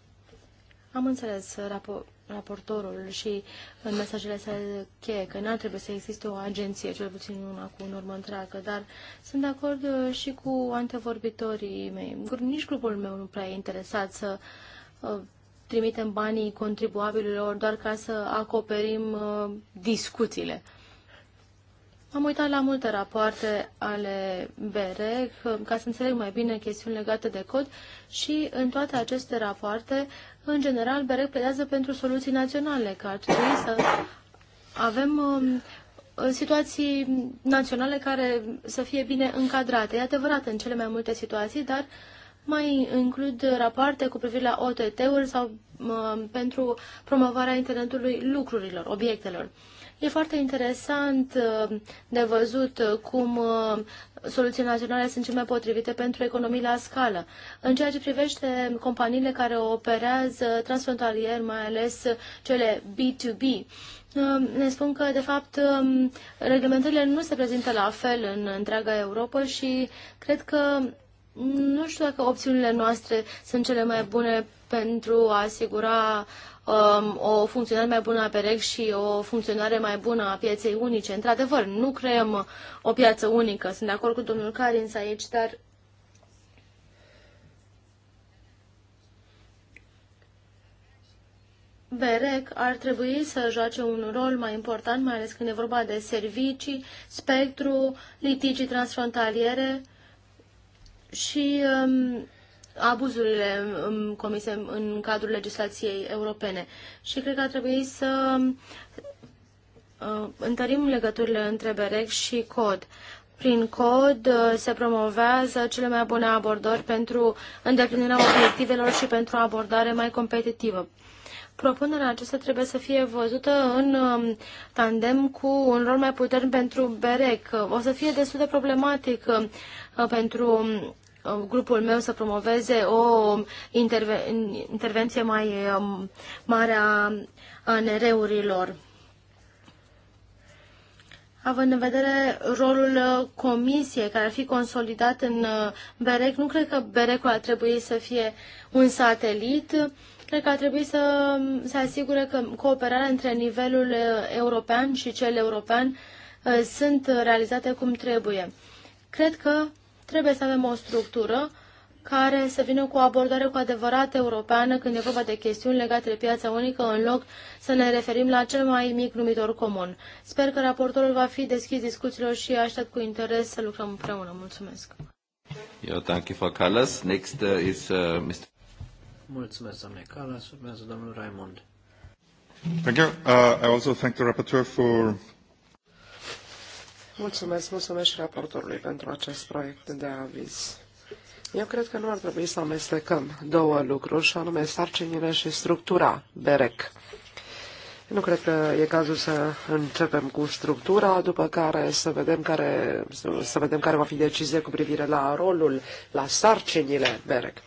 Am înțeles rapo- raportorul și în mesajele sale cheie că n-ar trebui să existe o agenție, cel puțin una cu normă întreagă, dar sunt de acord uh, și cu antevorbitorii mei. Nici grupul meu nu prea e interesat să uh, trimitem banii contribuabililor doar ca să acoperim uh, discuțiile. Am uitat la multe rapoarte ale BEREC ca să înțeleg mai bine chestiuni legate de cod și în toate aceste rapoarte în general, BEREC pledează pentru soluții naționale, că ar trebui să avem um, situații naționale care să fie bine încadrate. E adevărat în cele mai multe situații, dar mai includ rapoarte cu privire la OTT-uri sau um, pentru promovarea internetului lucrurilor, obiectelor. E foarte interesant um, de văzut cum soluții naționale sunt cele mai potrivite pentru economii la scală. În ceea ce privește companiile care operează transfrontalier, mai ales cele B2B, um, ne spun că, de fapt, um, reglementările nu se prezintă la fel în întreaga Europa și cred că nu știu dacă opțiunile noastre sunt cele mai bune pentru a asigura um, o funcționare mai bună a PEREC și o funcționare mai bună a pieței unice. Într-adevăr, nu creăm o piață unică. Sunt de acord cu domnul Carins aici, dar BEREC ar trebui să joace un rol mai important, mai ales când e vorba de servicii, spectru, litigii transfrontaliere și um, abuzurile comise în cadrul legislației europene. Și cred că ar trebui să uh, întărim legăturile între BEREC și COD. Prin cod uh, se promovează cele mai bune abordări pentru îndeplinirea obiectivelor și pentru o abordare mai competitivă. Propunerea aceasta trebuie să fie văzută în um, tandem cu un rol mai puternic pentru BEREC. O să fie destul de problematic uh, pentru um, grupul meu să promoveze o interve- intervenție mai um, mare a ANR-urilor. Având în vedere rolul uh, comisiei care ar fi consolidat în uh, BEREC, nu cred că BEREC-ul ar trebui să fie un satelit. Cred că ar trebui să um, se asigure că cooperarea între nivelul uh, european și cel european sunt realizate cum trebuie. Cred că Trebuie să avem o structură care să vină cu o abordare cu adevărat europeană când e vorba de chestiuni legate de piața unică, în loc să ne referim la cel mai mic numitor comun. Sper că raportorul va fi deschis discuțiilor și aștept cu interes să lucrăm împreună. Mulțumesc! Eu you for Callas. Next uh, is uh, Mr. Mulțumesc, doamne Callas. Urmează domnul Raimond. Thank you. Uh, I also thank the rapporteur for Mulțumesc, mulțumesc și raportorului pentru acest proiect de aviz. Eu cred că nu ar trebui să amestecăm două lucruri, și anume sarcinile și structura BEREC. Nu cred că e cazul să începem cu structura, după care să vedem care, să vedem care va fi decizie cu privire la rolul, la sarcinile BEREC.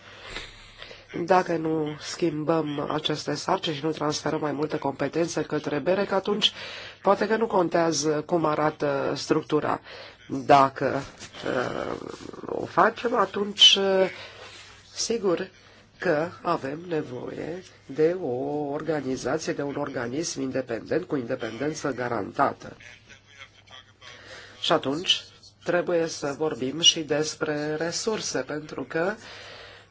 Dacă nu schimbăm aceste sarcini și nu transferăm mai multe competențe către BEREC, atunci poate că nu contează cum arată structura. Dacă uh, o facem, atunci uh, sigur că avem nevoie de o organizație, de un organism independent, cu independență garantată. Și atunci trebuie să vorbim și despre resurse, pentru că uh,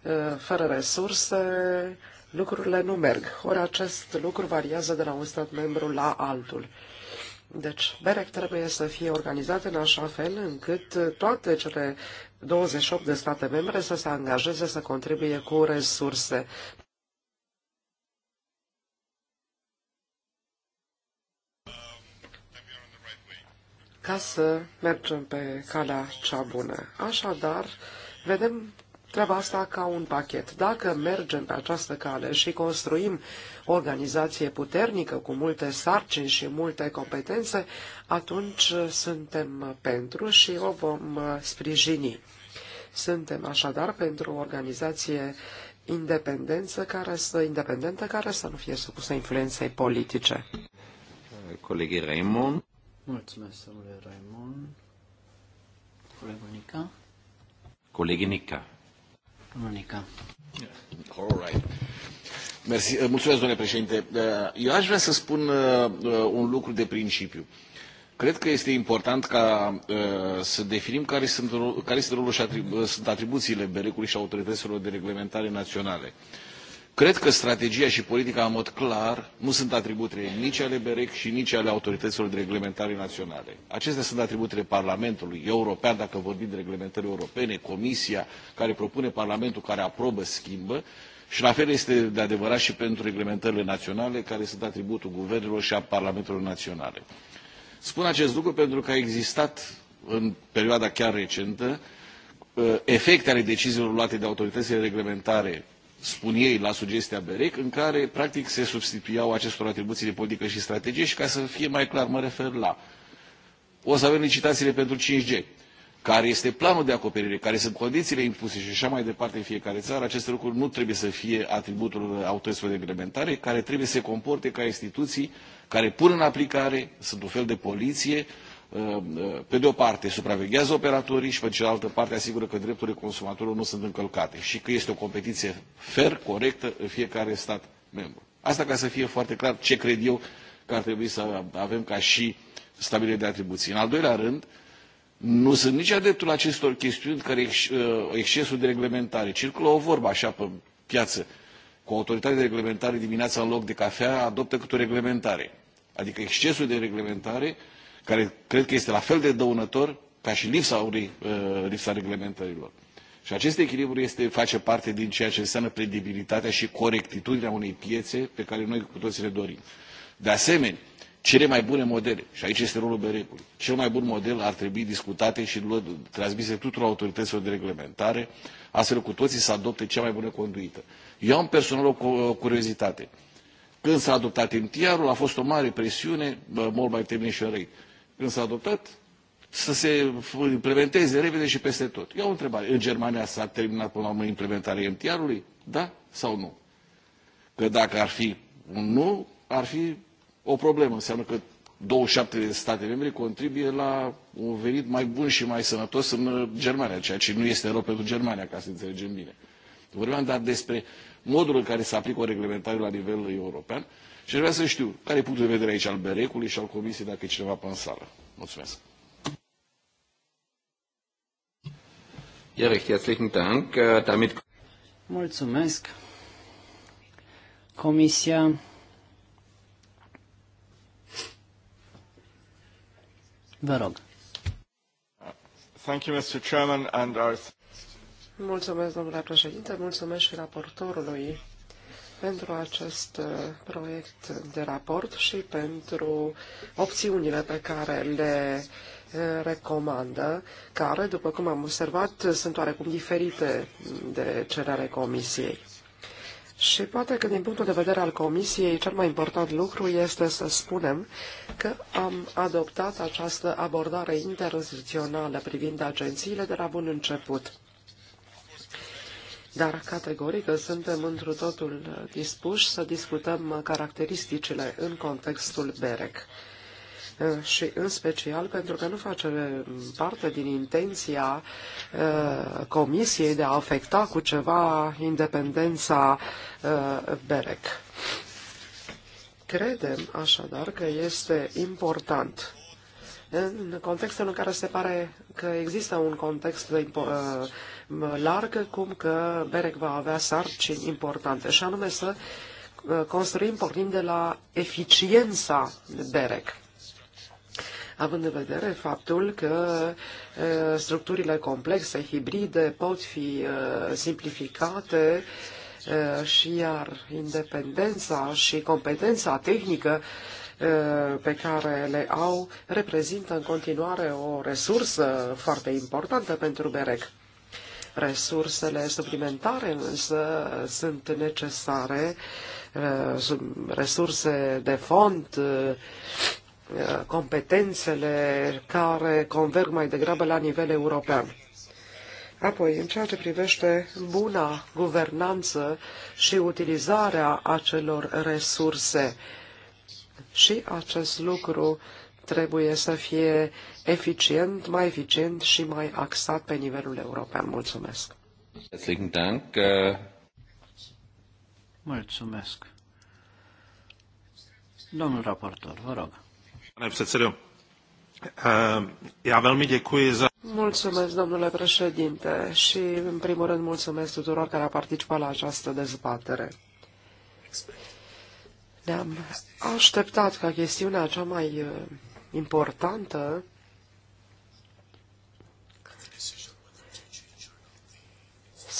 Eh, fără resurse, lucrurile nu merg. Ori acest lucru variază de la un stat membru la altul. Deci, BEREC trebuie să fie organizat în așa fel încât toate cele 28 de state membre să se angajeze să contribuie cu resurse. ca să mergem pe calea cea bună. Așadar, vedem treaba asta ca un pachet. Dacă mergem pe această cale și construim o organizație puternică cu multe sarcini și multe competențe, atunci uh, suntem pentru și o vom uh, sprijini. Suntem așadar pentru o organizație independență care să, independentă care să nu fie supusă influenței politice. Colegii Raymond. Mulțumesc, domnule Raymond. Colegul Nica. Colegii Nica. Monica. All right. Mersi. Eh, mulțumesc, domnule președinte. Eh, eu aș vrea să spun eh, un lucru de principiu. Cred că este important ca să definim care, sunt, care este rolul și atribu sunt atribuțiile berec și autorităților de reglementare naționale. Cred că strategia și politica, în mod clar, nu sunt atributele nici ale BEREC și nici ale autorităților de reglementare naționale. Acestea sunt atributele Parlamentului European, dacă vorbim de reglementări europene, Comisia care propune, Parlamentul care aprobă, schimbă, și la fel este de adevărat și pentru reglementările naționale, care sunt atributul guvernelor și a parlamentelor naționale. Spun acest lucru pentru că a existat în perioada chiar recentă uh, efecte ale deciziilor luate de autoritățile reglementare spun ei, la sugestia BEREC, în care practic se substituiau acestor atribuții de politică și strategie și ca să fie mai clar, mă refer la o să avem licitațiile pentru 5G, care este planul de acoperire, care sunt condițiile impuse și așa mai departe în fiecare țară, aceste lucruri nu trebuie să fie atributul autorităților de reglementare, care trebuie să se comporte ca instituții care pun în aplicare, sunt un fel de poliție, Uh, uh, pe de o parte supraveghează operatorii și pe cealaltă parte asigură că drepturile consumatorilor nu sunt încălcate și că este o competiție fair, corectă în fiecare stat membru. Asta ca să fie foarte clar ce cred eu că ar trebui să avem ca și stabilire de atribuții. În al doilea rând, nu sunt nici adeptul acestor chestiuni care ex, uh, excesul de reglementare. Circulă o vorbă așa pe piață cu autoritatea de reglementare dimineața în loc de cafea adoptă câte o reglementare. Adică excesul de reglementare uh, care cred că este la fel de dăunător ca și lipsa, uh, lipsa reglementărilor. Și acest echilibru este, face parte din ceea ce înseamnă predibilitatea și corectitudinea unei piețe pe care noi cu toții le dorim. De asemenea, cele mai bune modele, și aici este rolul Berecului, cel mai bun model ar trebui discutate și transmise tuturor autorităților de reglementare, astfel cu toții să adopte cea mai bună conduită. Eu am personal o curiozitate. Când s-a adoptat MTR-ul, a fost o mare presiune, uh, mult mai temne și răi când s-a adoptat, să se implementeze repede și peste tot. Eu o întrebare. În Germania s-a terminat până la urmă implementarea MTR-ului? Da sau nu? Că dacă ar fi un nu, ar fi o problemă. Înseamnă că 27 de state membre contribuie la un venit mai bun și mai sănătos în Germania, ceea ce nu este rău pentru Germania, ca să înțelegem bine. Vorbeam dar despre modul în care se aplică o reglementare la nivel european și aș vrea să știu care e punctul de vedere aici al Berecului și al Comisiei, dacă e cineva pe în sală. Mulțumesc. Uh, mulțumesc. Comisia Vă rog. Thank you, Mr. Chairman, and our... Mulțumesc, domnule președinte, mulțumesc și raportorului pentru acest uh, proiect de raport și pentru opțiunile pe care le uh, recomandă, care, după cum am observat, sunt oarecum diferite de cele ale Comisiei. Și poate că din punctul de vedere al Comisiei, cel mai important lucru este să spunem că am adoptat această abordare interinstituțională privind agențiile de la bun început dar categoric suntem întru totul dispuși să discutăm caracteristicile în contextul BEREC și în special pentru că nu face parte din intenția uh, Comisiei de a afecta cu ceva independența uh, BEREC. Credem așadar că este important în contextul în care se pare că există un context de, uh, largă, cum că BEREC va avea sarcini importante, și anume să uh, construim pornind de la eficiența BEREC având în vedere faptul că uh, structurile complexe, hibride, pot fi uh, simplificate și iar independența și competența tehnică pe care le au reprezintă în continuare o resursă foarte importantă pentru BEREC. Resursele suplimentare însă sunt necesare, uh, resurse de fond, uh, competențele care converg mai degrabă la nivel european. Apoi, în ceea ce privește buna guvernanță și utilizarea acelor resurse, și acest lucru trebuie să fie eficient, mai eficient și mai axat pe nivelul european. Mulțumesc! Uh, mulțumesc! Domnul raportor, vă rog. Pane předsedo, eh, velmi děkuji za... Mulțumesc, domnule președinte, și în primul rând mulțumesc tuturor care au participat la această dezbatere. Ne-am așteptat ca chestiunea cea mai eh, importantă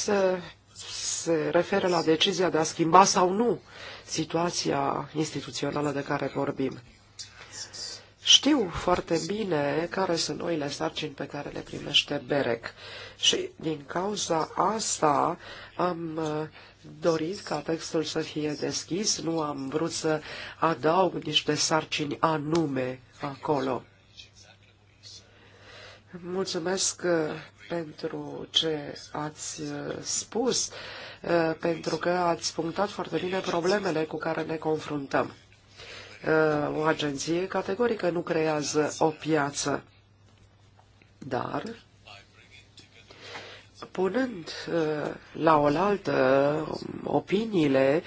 se, se referă la decizia de a schimba sau nu situația instituțională de care vorbim. Știu foarte bine care sunt noile sarcini pe care le primește BEREC și din cauza asta am uh, dorit ca textul să fie deschis, nu am vrut să adaug niște sarcini anume acolo. Mulțumesc uh, pentru ce ați uh, spus, uh, pentru că ați punctat foarte bine problemele cu care ne confruntăm. Uh, o agenție categorică nu creează o piață, dar punând la oaltă um, opiniile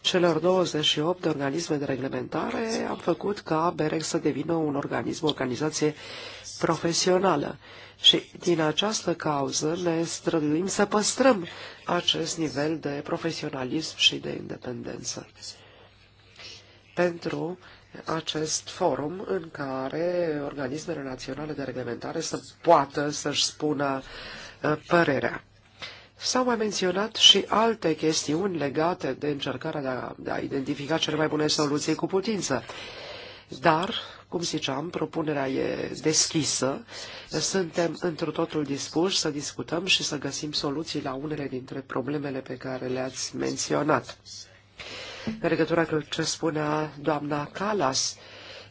celor 28 de organisme de reglementare, am făcut ca BEREC să devină un organism, o organizație uh, profesională. Și din această cauză ne străduim să păstrăm acest nivel de profesionalism și de independență. Pentru acest forum în care organismele naționale de reglementare să poată să-și spună uh, părerea. S-au mai menționat și alte chestiuni legate de încercarea de a, de a identifica cele mai bune soluții cu putință. Dar cum ziceam, propunerea e deschisă. Suntem într totul dispuși să discutăm și să găsim soluții la unele dintre problemele pe care le-ați menționat. În legătură cu ce spunea doamna Calas,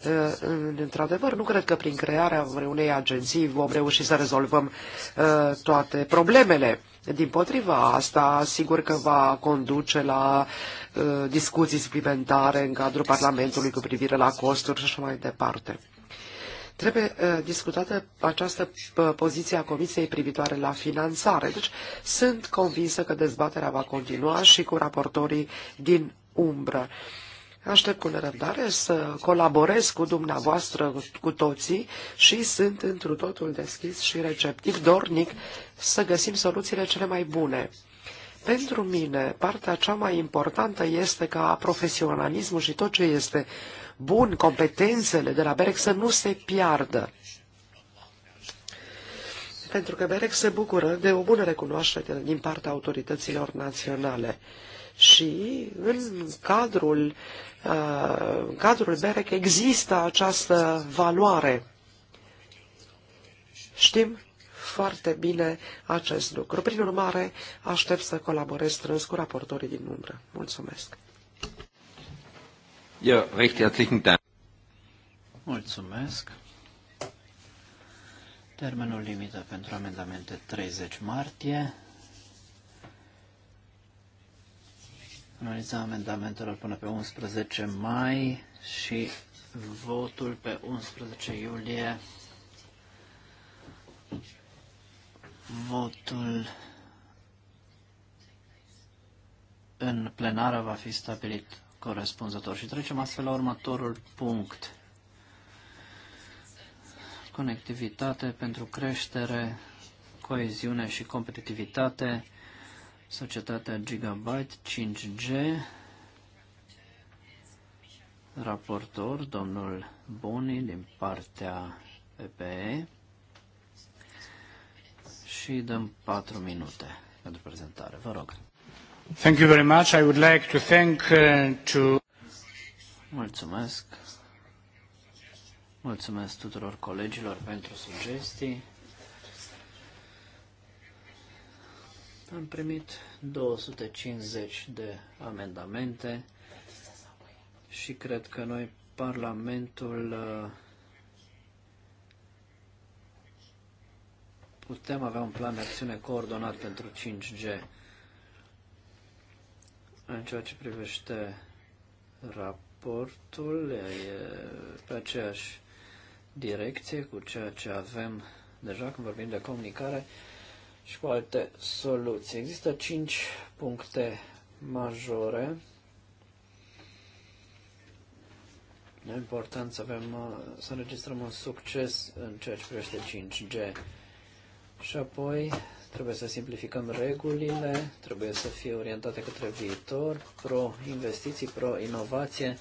uh, într-adevăr, nu cred că prin crearea unei agenții vom reuși să rezolvăm uh, toate problemele. Din potriva asta, sigur că va conduce la uh, discuții suplimentare în cadrul Parlamentului cu privire la costuri și așa mai departe. Trebuie uh, discutată această uh, poziție a Comisiei privitoare la finanțare. Deci sunt convinsă că dezbaterea va continua și cu raportorii din umbră. Uh, Aștept cu nerăbdare să colaborez cu dumneavoastră, cu toții și sunt întru totul deschis și receptiv, dornic să găsim soluțiile cele mai bune. Pentru mine, partea cea mai importantă este ca profesionalismul și tot ce este bun, competențele de la BEREC să nu se piardă. Pentru că BEREC se bucură de o bună recunoaștere din partea autorităților naționale și în cadrul, uh, în cadrul BEREC există această valoare. Știm foarte bine acest lucru. Prin urmare, aștept să colaborez strâns cu raportorii din umbră. Mulțumesc! recht herzlichen Dank. Mulțumesc. Termenul limită pentru amendamente 30 martie. analiza amendamentelor până pe 11 mai și votul pe 11 iulie. Votul în plenară va fi stabilit corespunzător. Și trecem astfel la următorul punct. Conectivitate pentru creștere, coeziune și competitivitate societatea Gigabyte 5G, raportor, domnul Boni, din partea PPE, și dăm 4 minute pentru prezentare. Vă rog. Thank you very much. I would like to thank uh, to Mulțumesc. Mulțumesc tuturor colegilor pentru sugestii. Am primit 250 de amendamente și cred că noi, Parlamentul, uh, putem avea un plan de acțiune coordonat pentru 5G. În ceea ce privește raportul, e pe aceeași direcție cu ceea ce avem deja când vorbim de comunicare și cu alte soluții. Există 5 puncte majore. E important să avem, să înregistrăm un succes în ceea ce privește 5G. Și apoi trebuie să simplificăm regulile, trebuie să fie orientate către viitor, pro-investiții, pro-inovație.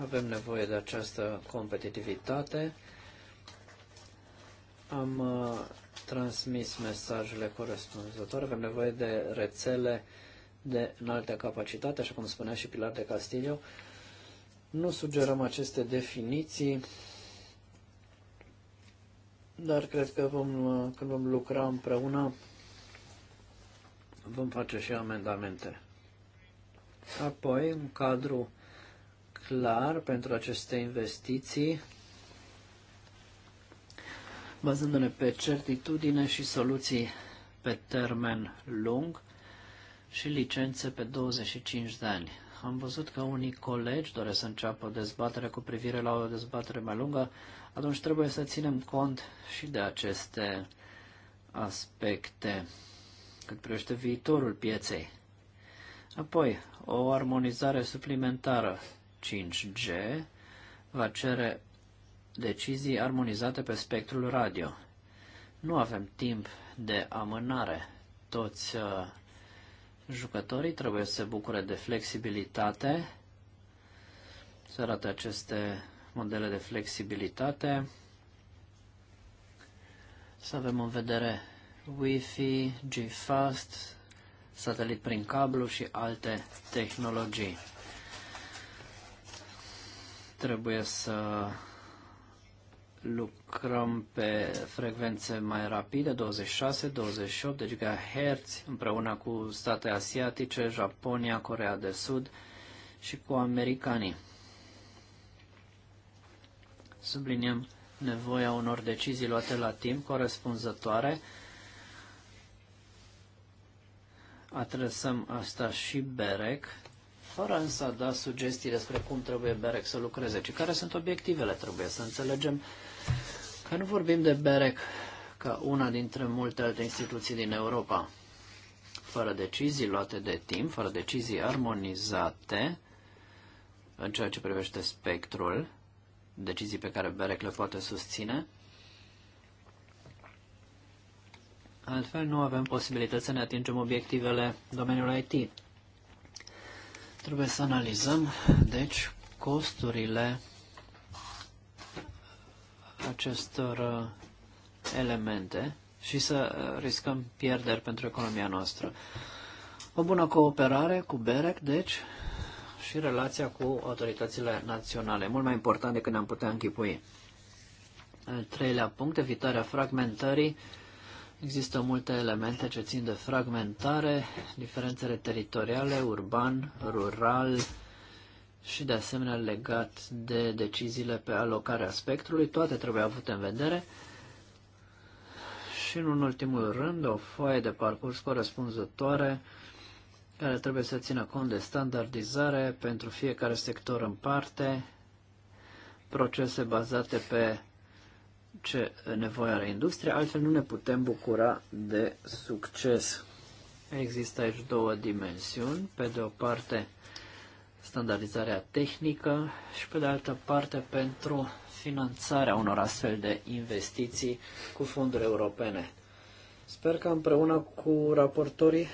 Avem nevoie de această competitivitate am uh, transmis mesajele corespunzătoare. Avem nevoie de rețele de înaltă capacitate, așa cum spunea și Pilar de Castillo. Nu sugerăm aceste definiții, dar cred că vom, uh, când vom lucra împreună, vom face și amendamente. Apoi, un cadru clar pentru aceste investiții bazându-ne pe certitudine și soluții pe termen lung și licențe pe 25 de ani. Am văzut că unii colegi doresc să înceapă o dezbatere cu privire la o dezbatere mai lungă, atunci trebuie să ținem cont și de aceste aspecte cât privește viitorul pieței. Apoi, o armonizare suplimentară 5G va cere decizii armonizate pe spectrul radio. Nu avem timp de amânare. Toți uh, jucătorii trebuie să se bucure de flexibilitate, să arate aceste modele de flexibilitate, să avem în vedere Wi-Fi, G-Fast, satelit prin cablu și alte tehnologii. Trebuie să lucrăm pe frecvențe mai rapide, 26-28 de GHz, împreună cu state asiatice, Japonia, Corea de Sud și cu americanii. Subliniem nevoia unor decizii luate la timp corespunzătoare. Adresăm asta și BEREC, fără însă a da sugestii despre cum trebuie BEREC să lucreze, ci care sunt obiectivele. Trebuie să înțelegem că nu vorbim de BEREC ca una dintre multe alte instituții din Europa. Fără decizii luate de timp, fără decizii armonizate în ceea ce privește spectrul, decizii pe care BEREC le poate susține, altfel nu avem posibilități să ne atingem obiectivele domeniului IT. Trebuie să analizăm, deci, costurile acestor uh, elemente și să uh, riscăm pierderi pentru economia noastră. O bună cooperare cu BEREC, deci, și relația cu autoritățile naționale, mult mai important decât ne-am putea închipui. Al treilea punct, evitarea fragmentării Există multe elemente ce țin de fragmentare, diferențele teritoriale, urban, rural și de asemenea legat de deciziile pe alocarea spectrului. Toate trebuie avute în vedere. Și în ultimul rând, o foaie de parcurs corespunzătoare care trebuie să țină cont de standardizare pentru fiecare sector în parte, procese bazate pe ce nevoie are industria, altfel nu ne putem bucura de succes. Există aici două dimensiuni. Pe de o parte, standardizarea tehnică și pe de altă parte pentru finanțarea unor astfel de investiții cu fonduri europene. Sper că împreună cu raportorii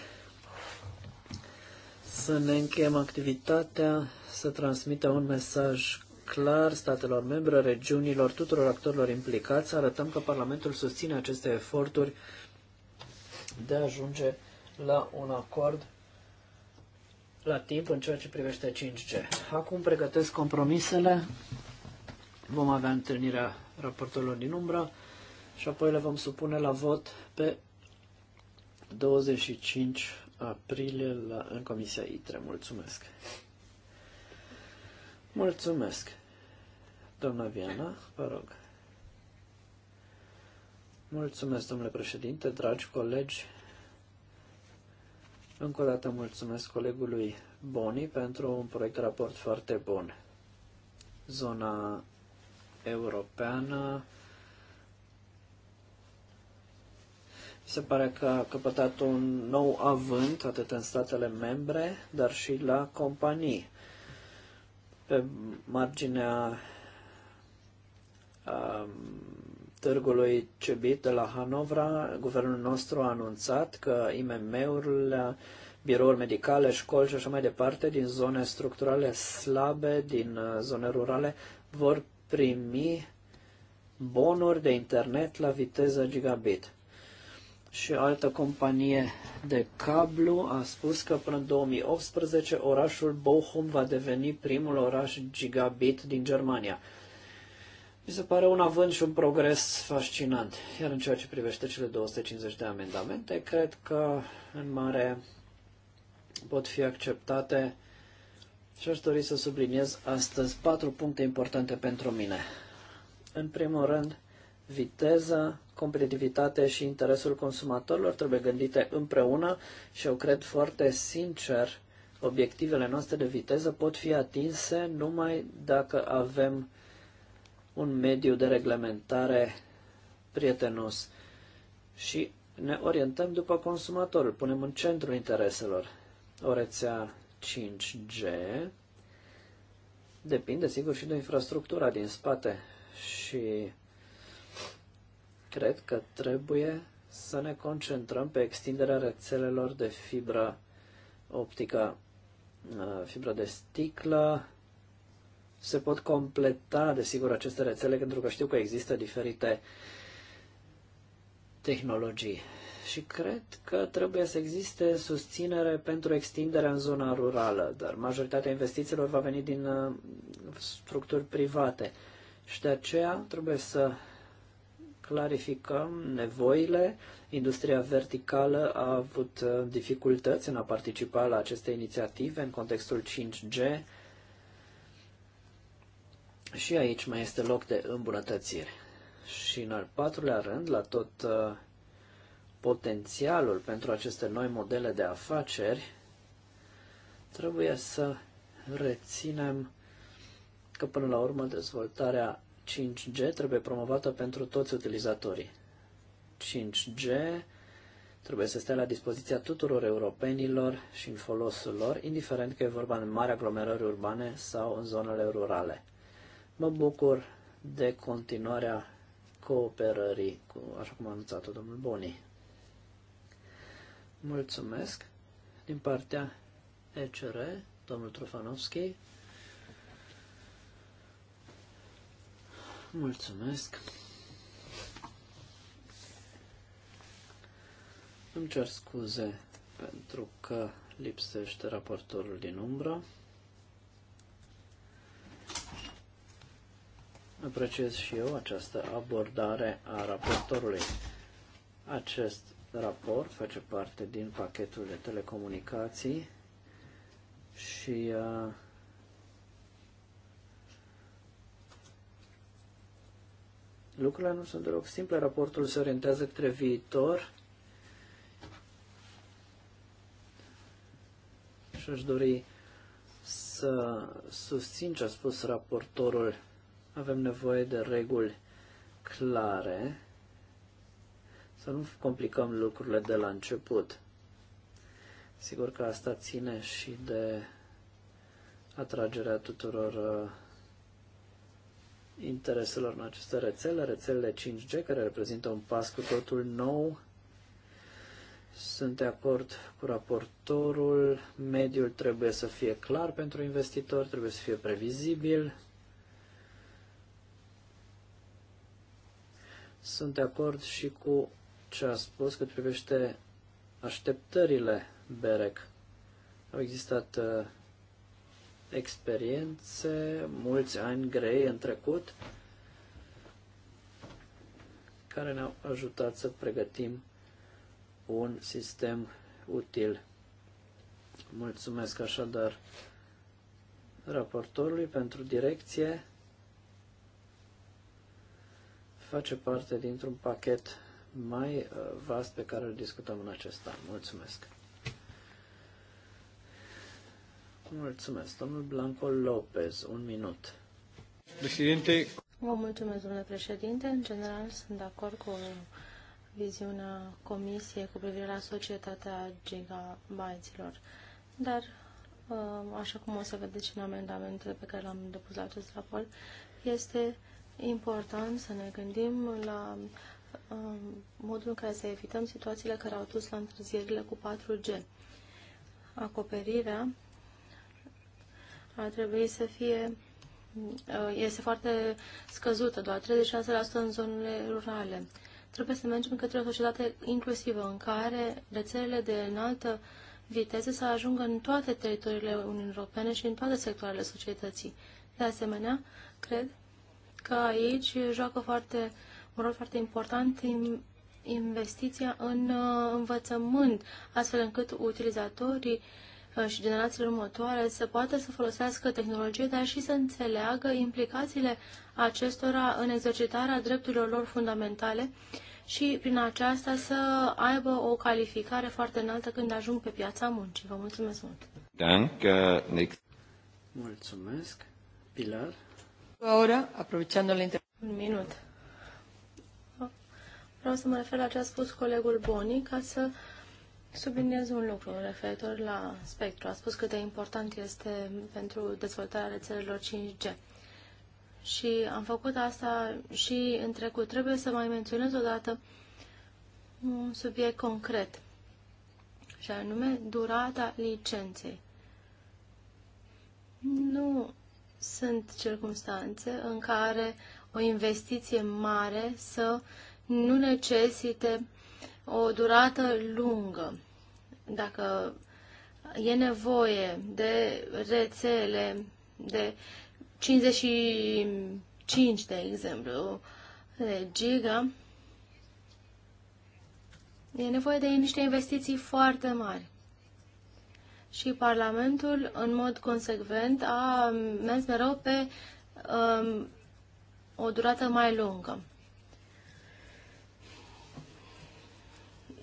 să ne încheiem activitatea, să transmită un mesaj clar statelor membre, regiunilor, tuturor actorilor implicați, arătăm că Parlamentul susține aceste eforturi de a ajunge la un acord la timp în ceea ce privește 5G. Acum pregătesc compromisele, vom avea întâlnirea raportorilor din umbră și apoi le vom supune la vot pe 25 aprilie la, în Comisia ITRE. Mulțumesc! Mulțumesc! Doamna Viana, vă rog. Mulțumesc, domnule președinte, dragi colegi. Încă o dată mulțumesc colegului Boni pentru un proiect de raport foarte bun. Zona europeană se pare că a căpătat un nou avânt atât în statele membre, dar și la companii. Pe marginea Um, târgului Cebit de la Hanovra, guvernul nostru a anunțat că IMM-urile, birouri medicale, școli și așa mai departe, din zone structurale slabe, din uh, zone rurale, vor primi bonuri de internet la viteză gigabit. Și o altă companie de cablu a spus că până în 2018 orașul Bochum va deveni primul oraș gigabit din Germania. Mi se pare un avânt și un progres fascinant. Iar în ceea ce privește cele 250 de amendamente, cred că în mare pot fi acceptate și aș dori să subliniez astăzi patru puncte importante pentru mine. În primul rând, viteză, competitivitate și interesul consumatorilor trebuie gândite împreună și eu cred foarte sincer obiectivele noastre de viteză pot fi atinse numai dacă avem un mediu de reglementare prietenos și ne orientăm după consumatorul, punem în centrul intereselor. O rețea 5G depinde, sigur, și de infrastructura din spate și cred că trebuie să ne concentrăm pe extinderea rețelelor de fibra optică, uh, fibra de sticlă, se pot completa, desigur, aceste rețele, pentru că știu că există diferite tehnologii. Și cred că trebuie să existe susținere pentru extinderea în zona rurală, dar majoritatea investițiilor va veni din uh, structuri private. Și de aceea trebuie să clarificăm nevoile. Industria verticală a avut uh, dificultăți în a participa la aceste inițiative în contextul 5G și aici mai este loc de îmbunătățiri. Și în al patrulea rând, la tot uh, potențialul pentru aceste noi modele de afaceri, trebuie să reținem că până la urmă dezvoltarea 5G trebuie promovată pentru toți utilizatorii. 5G trebuie să stea la dispoziția tuturor europenilor și în folosul lor, indiferent că e vorba de mari aglomerări urbane sau în zonele rurale. Mă bucur de continuarea cooperării, cu, așa cum a anunțat-o domnul Boni. Mulțumesc din partea ECR, domnul Trufanovski. Mulțumesc. Îmi cer scuze pentru că lipsește raportorul din umbră. Apreciez și eu această abordare a raportorului. Acest raport face parte din pachetul de telecomunicații și uh, lucrurile nu sunt deloc simple. Raportul se orientează către viitor și aș dori să susțin ce a spus raportorul avem nevoie de reguli clare, să nu complicăm lucrurile de la început. Sigur că asta ține și de atragerea tuturor uh, intereselor în aceste rețele, rețelele 5G, care reprezintă un pas cu totul nou. Sunt de acord cu raportorul, mediul trebuie să fie clar pentru investitori, trebuie să fie previzibil, Sunt de acord și cu ce a spus cât privește așteptările BEREC. Au existat uh, experiențe, mulți ani grei în trecut, care ne-au ajutat să pregătim un sistem util. Mulțumesc așadar raportorului pentru direcție face parte dintr-un pachet mai uh, vast pe care îl discutăm în acest an. Mulțumesc! Mulțumesc, domnul Blanco Lopez, un minut. Președinte. Vă mulțumesc, domnule președinte. În general, sunt de acord cu viziunea comisiei cu privire la societatea gigabaiților. Dar, uh, așa cum o să vedeți și în amendamentele pe care le-am depus la acest raport, este important să ne gândim la um, modul în care să evităm situațiile care au dus la întârzierile cu 4G. Acoperirea ar trebui să fie uh, este foarte scăzută, doar 36% în zonele rurale. Trebuie să mergem către o societate inclusivă în care rețelele de înaltă viteză să ajungă în toate teritoriile Uniunii Europene și în toate sectoarele societății. De asemenea, cred că aici joacă foarte, un rol foarte important investiția în uh, învățământ, astfel încât utilizatorii uh, și generațiile următoare să poată să folosească tehnologie, dar și să înțeleagă implicațiile acestora în exercitarea drepturilor lor fundamentale și prin aceasta să aibă o calificare foarte înaltă când ajung pe piața muncii. Vă mulțumesc mult! Danke, Nick. Mulțumesc, Pilar. Ahora, aprovechando la Un minut. Vreau să mă refer la ce a spus colegul Boni ca să subliniez un lucru referitor la spectru. A spus cât de important este pentru dezvoltarea rețelelor 5G. Și am făcut asta și în trecut. Trebuie să mai menționez odată un subiect concret, și anume durata licenței. Nu sunt circunstanțe în care o investiție mare să nu necesite o durată lungă. Dacă e nevoie de rețele de 55, de exemplu, de giga, e nevoie de niște investiții foarte mari și Parlamentul, în mod consecvent, a mers mereu pe um, o durată mai lungă.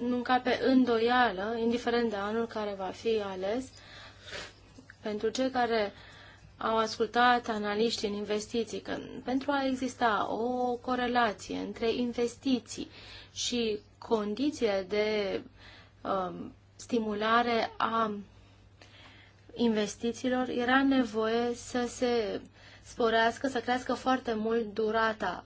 Nu ca pe îndoială, indiferent de anul care va fi ales, pentru cei care au ascultat analiștii în investiții că pentru a exista o corelație între investiții și condițiile de um, stimulare a investițiilor, era nevoie să se sporească, să crească foarte mult durata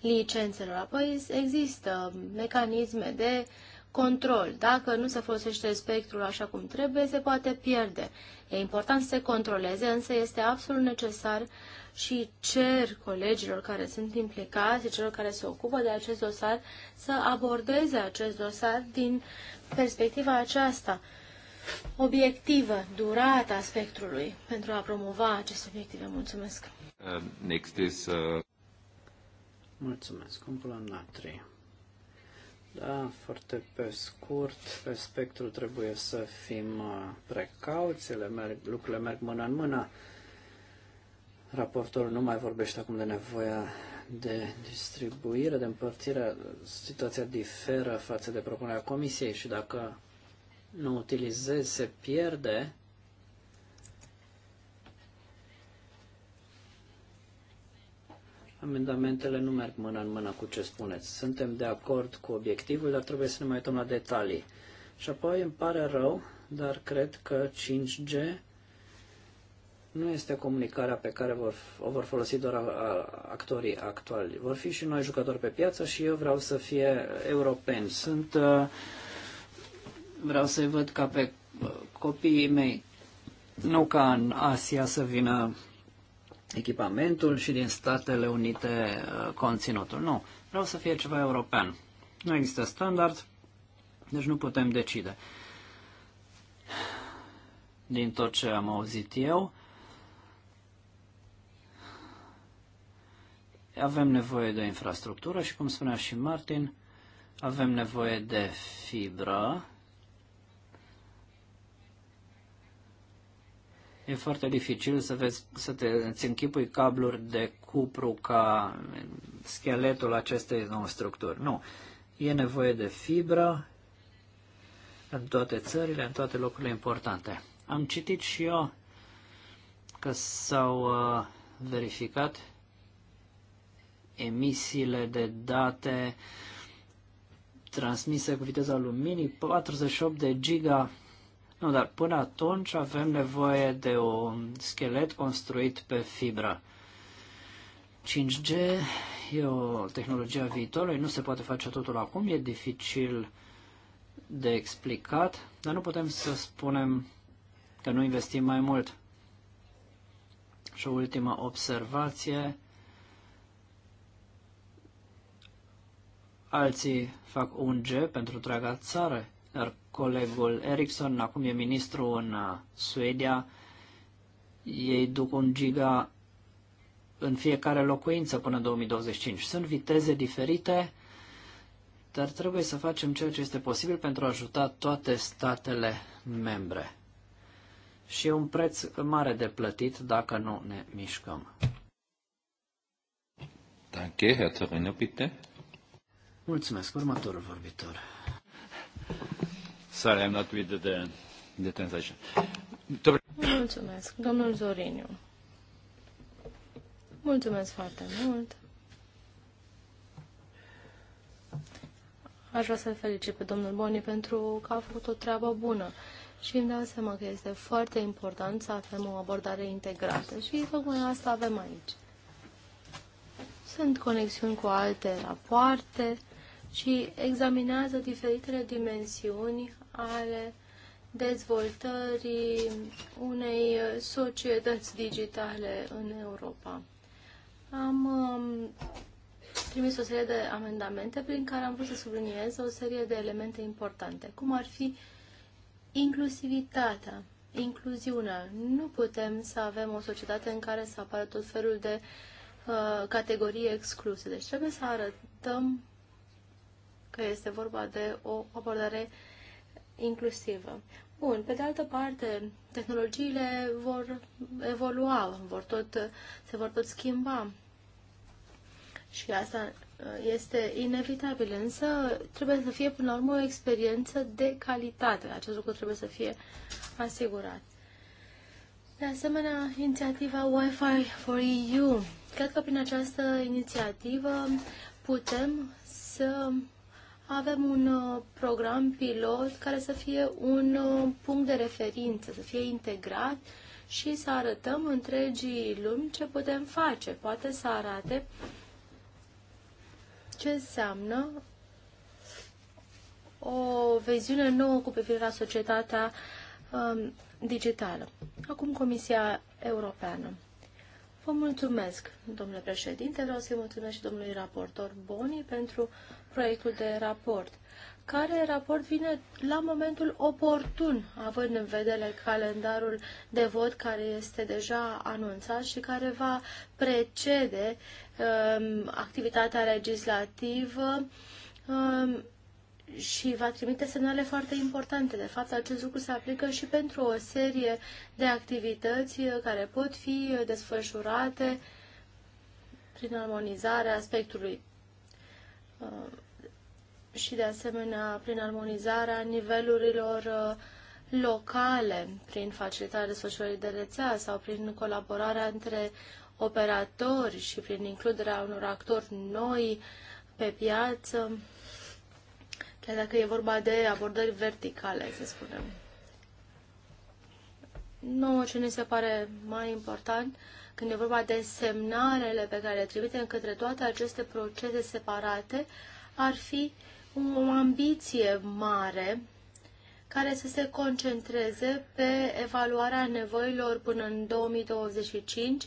licențelor. Apoi există mecanisme de control. Dacă nu se folosește spectrul așa cum trebuie, se poate pierde. E important să se controleze, însă este absolut necesar și cer colegilor care sunt implicați, celor care se ocupă de acest dosar, să abordeze acest dosar din perspectiva aceasta obiectivă, durata spectrului pentru a promova aceste obiective. Mulțumesc! Uh, next is, uh... Mulțumesc! plan la 3. Da, foarte pe scurt, pe spectru trebuie să fim uh, precauți, merg, lucrurile merg mână în mână. Raportorul nu mai vorbește acum de nevoia de distribuire, de împărțire. Situația diferă față de propunerea comisiei și dacă nu utilizez, se pierde. Amendamentele nu merg mână în mână cu ce spuneți. Suntem de acord cu obiectivul, dar trebuie să ne mai uităm la detalii. Și apoi îmi pare rău, dar cred că 5G nu este comunicarea pe care vor, o vor folosi doar a, a, actorii actuali. Vor fi și noi jucători pe piață și eu vreau să fie europeni. Sunt uh, vreau să-i văd ca pe uh, copiii mei, nu ca în Asia să vină echipamentul și din Statele Unite uh, conținutul. Nu, vreau să fie ceva european. Nu există standard, deci nu putem decide. Din tot ce am auzit eu, avem nevoie de infrastructură și, cum spunea și Martin, avem nevoie de fibră E foarte dificil să, vezi, să te, îți închipui cabluri de cupru ca scheletul acestei nou structuri. Nu. E nevoie de fibră în toate țările, în toate locurile importante. Am citit și eu că s-au uh, verificat emisiile de date transmise cu viteza luminii, 48 de giga nu, dar până atunci avem nevoie de un schelet construit pe fibra. 5G e o tehnologie a viitorului, nu se poate face totul acum, e dificil de explicat, dar nu putem să spunem că nu investim mai mult. Și o ultimă observație. Alții fac un g pentru întreaga țară. Iar colegul Ericsson acum e ministru în uh, Suedia. Ei duc un giga în fiecare locuință până în 2025. Sunt viteze diferite, dar trebuie să facem ceea ce este posibil pentru a ajuta toate statele membre. Și e un preț mare de plătit dacă nu ne mișcăm. Danke, Herr Torino, bitte. Mulțumesc, următorul vorbitor. Sorry, I'm not with the, the translation. Mulțumesc. Domnul Zoriniu. Mulțumesc foarte mult. Aș vrea să-l felicit pe domnul Boni pentru că a făcut o treabă bună și îmi dau seama că este foarte important să avem o abordare integrată și tocmai asta avem aici. Sunt conexiuni cu alte rapoarte și examinează diferitele dimensiuni ale dezvoltării unei societăți digitale în Europa. Am um, trimis o serie de amendamente prin care am vrut să subliniez o serie de elemente importante, cum ar fi inclusivitatea, incluziunea. Nu putem să avem o societate în care să apară tot felul de uh, categorii excluse. Deci trebuie să arătăm că este vorba de o abordare uh, inclusivă. Bun, pe de altă parte, tehnologiile vor evolua, vor tot, se vor tot schimba. Și asta uh, este inevitabil, însă trebuie să fie până la urmă o experiență de calitate. Acest lucru trebuie să fie asigurat. De asemenea, inițiativa Wi-Fi for EU. Cred că prin această inițiativă putem să avem un uh, program pilot care să fie un uh, punct de referință, să fie integrat și să arătăm întregii lumi ce putem face. Poate să arate ce înseamnă o viziune nouă cu privire la societatea um, digitală. Acum Comisia Europeană. Vă mulțumesc, domnule președinte, vreau să-i mulțumesc și domnului raportor Boni pentru proiectul de raport, care raport vine la momentul oportun, având în vedere calendarul de vot care este deja anunțat și care va precede um, activitatea legislativă um, și va trimite semnale foarte importante. De fapt, acest lucru se aplică și pentru o serie de activități uh, care pot fi uh, desfășurate prin armonizarea aspectului Uh, și de asemenea prin armonizarea nivelurilor uh, locale, prin facilitarea desfășurării de rețea sau prin colaborarea între operatori și prin includerea unor actori noi pe piață, chiar dacă e vorba de abordări verticale, să spunem. Nu, ce ne se pare mai important, uh, când e vorba de semnalele pe care le trimitem către toate aceste procese separate, ar fi o ambiție mare care să se concentreze pe evaluarea nevoilor până în 2025.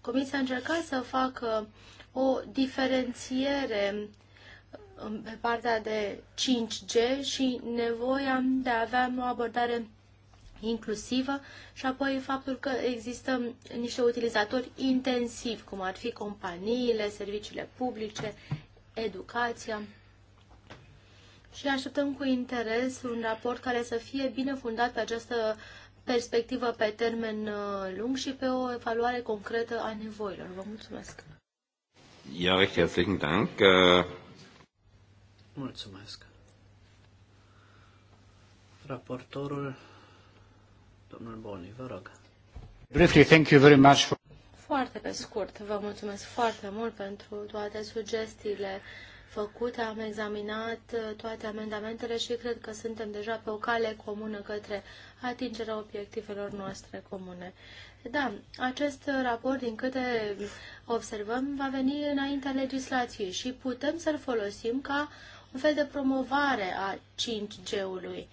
Comisia a încercat să facă o diferențiere um, pe partea de 5G și nevoia de a avea o abordare inclusivă și apoi faptul că există niște utilizatori intensivi, cum ar fi companiile, serviciile publice, educația. Și așteptăm cu interes un raport care să fie bine fundat pe această perspectivă pe termen uh, lung și pe o evaluare concretă a nevoilor. Vă mulțumesc! Ja, recht herzlichen Dank. Uh. Mulțumesc. Raportorul Domnul Boni, vă rog. Briefly, thank you very much for... Foarte pe scurt, vă mulțumesc foarte mult pentru toate sugestiile făcute, am examinat uh, toate amendamentele și cred că suntem deja pe o cale comună către atingerea obiectivelor noastre comune. Da, acest raport, din câte observăm, va veni înaintea legislației și putem să-l folosim ca un fel de promovare a 5G-ului.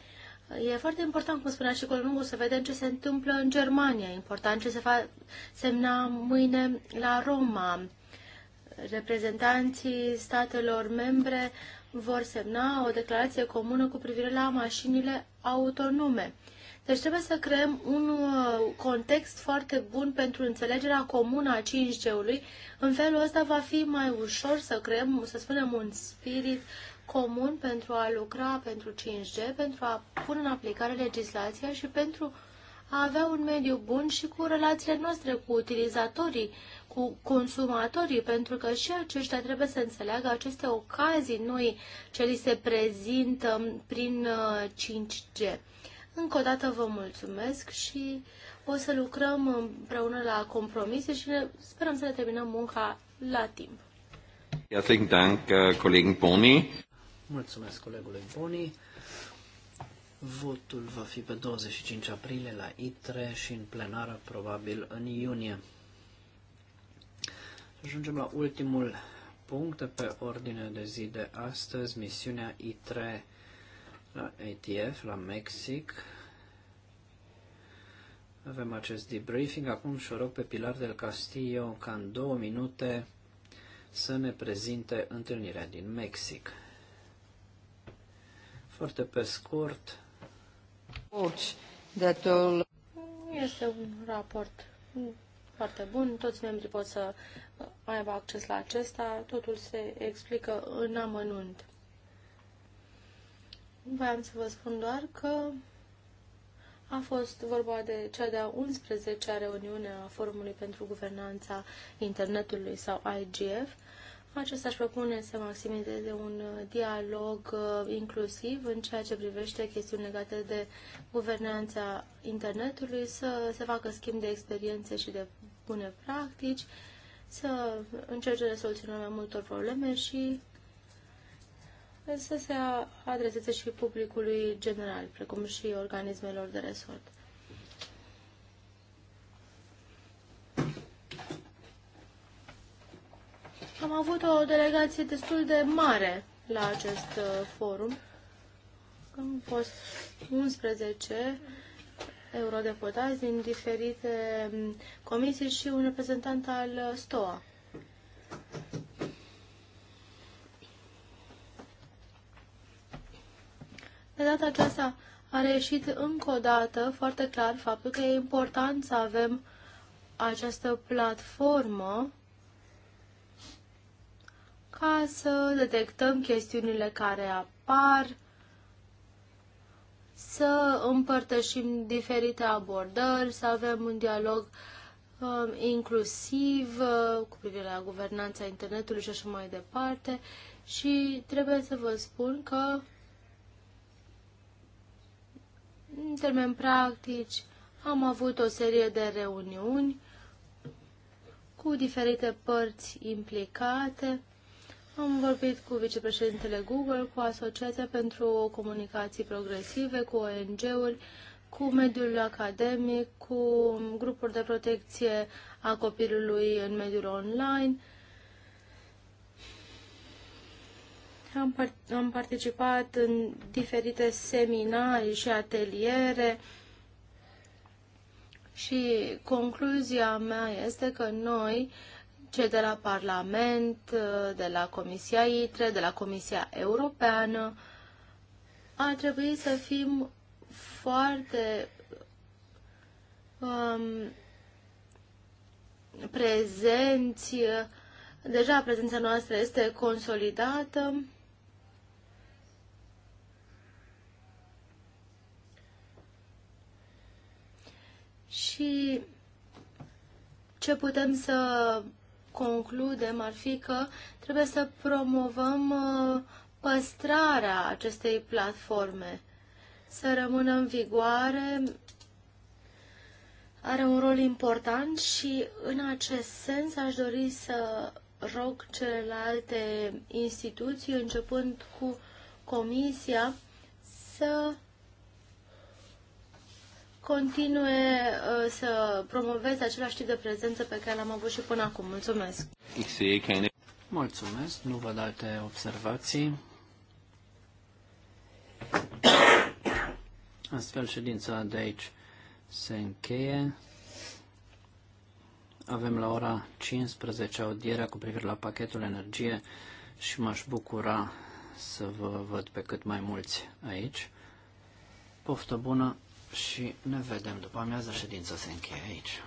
E foarte important, cum spunea și Columbu, să vedem ce se întâmplă în Germania. E important ce se va semna mâine la Roma. Reprezentanții statelor membre vor semna o declarație comună cu privire la mașinile autonome. Deci trebuie să creăm un uh, context foarte bun pentru înțelegerea comună a 5G-ului. În felul ăsta va fi mai ușor să creăm, să spunem, un spirit uh, comun pentru a lucra pentru 5G, pentru a pune în aplicare legislația și pentru a avea un mediu bun și cu relațiile noastre cu utilizatorii, cu consumatorii, pentru că și aceștia trebuie să înțeleagă aceste ocazii noi ce li se prezintă prin 5G. Uh, Încă o dată vă mulțumesc și o să lucrăm împreună la compromise și sperăm să ne terminăm munca la timp. Herzlichen Dank, uh, Kollegen Boni. Mulțumesc colegului Boni. Votul va fi pe 25 aprilie la ITRE și în plenară probabil în iunie. Ajungem la ultimul punct pe ordine de zi de astăzi, misiunea ITRE la ATF, la Mexic. Avem acest debriefing. Acum și rog pe Pilar del Castillo ca în două minute să ne prezinte întâlnirea din Mexic. Foarte pe scurt. Este un raport foarte bun, toți membrii pot să aibă acces la acesta, totul se explică în amănunt. Vreau să vă spun doar că a fost vorba de cea de-a 11-a reuniune a Forumului pentru Guvernanța Internetului sau IGF, acesta își propune să maximizeze un uh, dialog uh, inclusiv în ceea ce privește chestiuni legate de guvernanța internetului, să se facă schimb de experiențe și de bune practici, să încerce rezolvionarea multor probleme și să se adreseze și publicului general, precum și organismelor de resort. Am avut o delegație destul de mare la acest uh, forum. Am fost 11 eurodeputați din diferite um, comisii și un reprezentant al uh, STOA. De data aceasta a reieșit încă o dată foarte clar faptul că e important să avem această platformă acasă, să detectăm chestiunile care apar, să împărtășim diferite abordări, să avem un dialog um, inclusiv uh, cu privire la guvernanța internetului și așa mai departe. Și trebuie să vă spun că în termeni practici am avut o serie de reuniuni cu diferite părți implicate am vorbit cu vicepreședintele Google, cu Asociația pentru Comunicații Progresive, cu ONG-uri, cu mediul academic, cu grupuri de protecție a copilului în mediul online. Am, par- am participat în diferite seminarii și ateliere și concluzia mea este că noi, uh, cei de la Parlament, de la Comisia ITRE, de la Comisia Europeană, ar trebui să fim foarte um, prezenți. Deja prezența noastră este consolidată. Și ce putem să concludem ar fi că trebuie să promovăm uh, păstrarea acestei platforme, să rămână în vigoare, are un rol important și în acest sens aș dori să rog celelalte instituții, începând cu Comisia, să continue uh, să promoveze același tip de prezență pe care l-am avut și până acum. Mulțumesc! Mulțumesc, nu văd alte observații. Astfel ședința de aici se încheie. Avem la ora 15 audierea cu privire la pachetul energie și m-aș bucura să vă văd pe cât mai mulți aici. Poftă bună! și ne vedem după amiază. Ședința se încheie aici.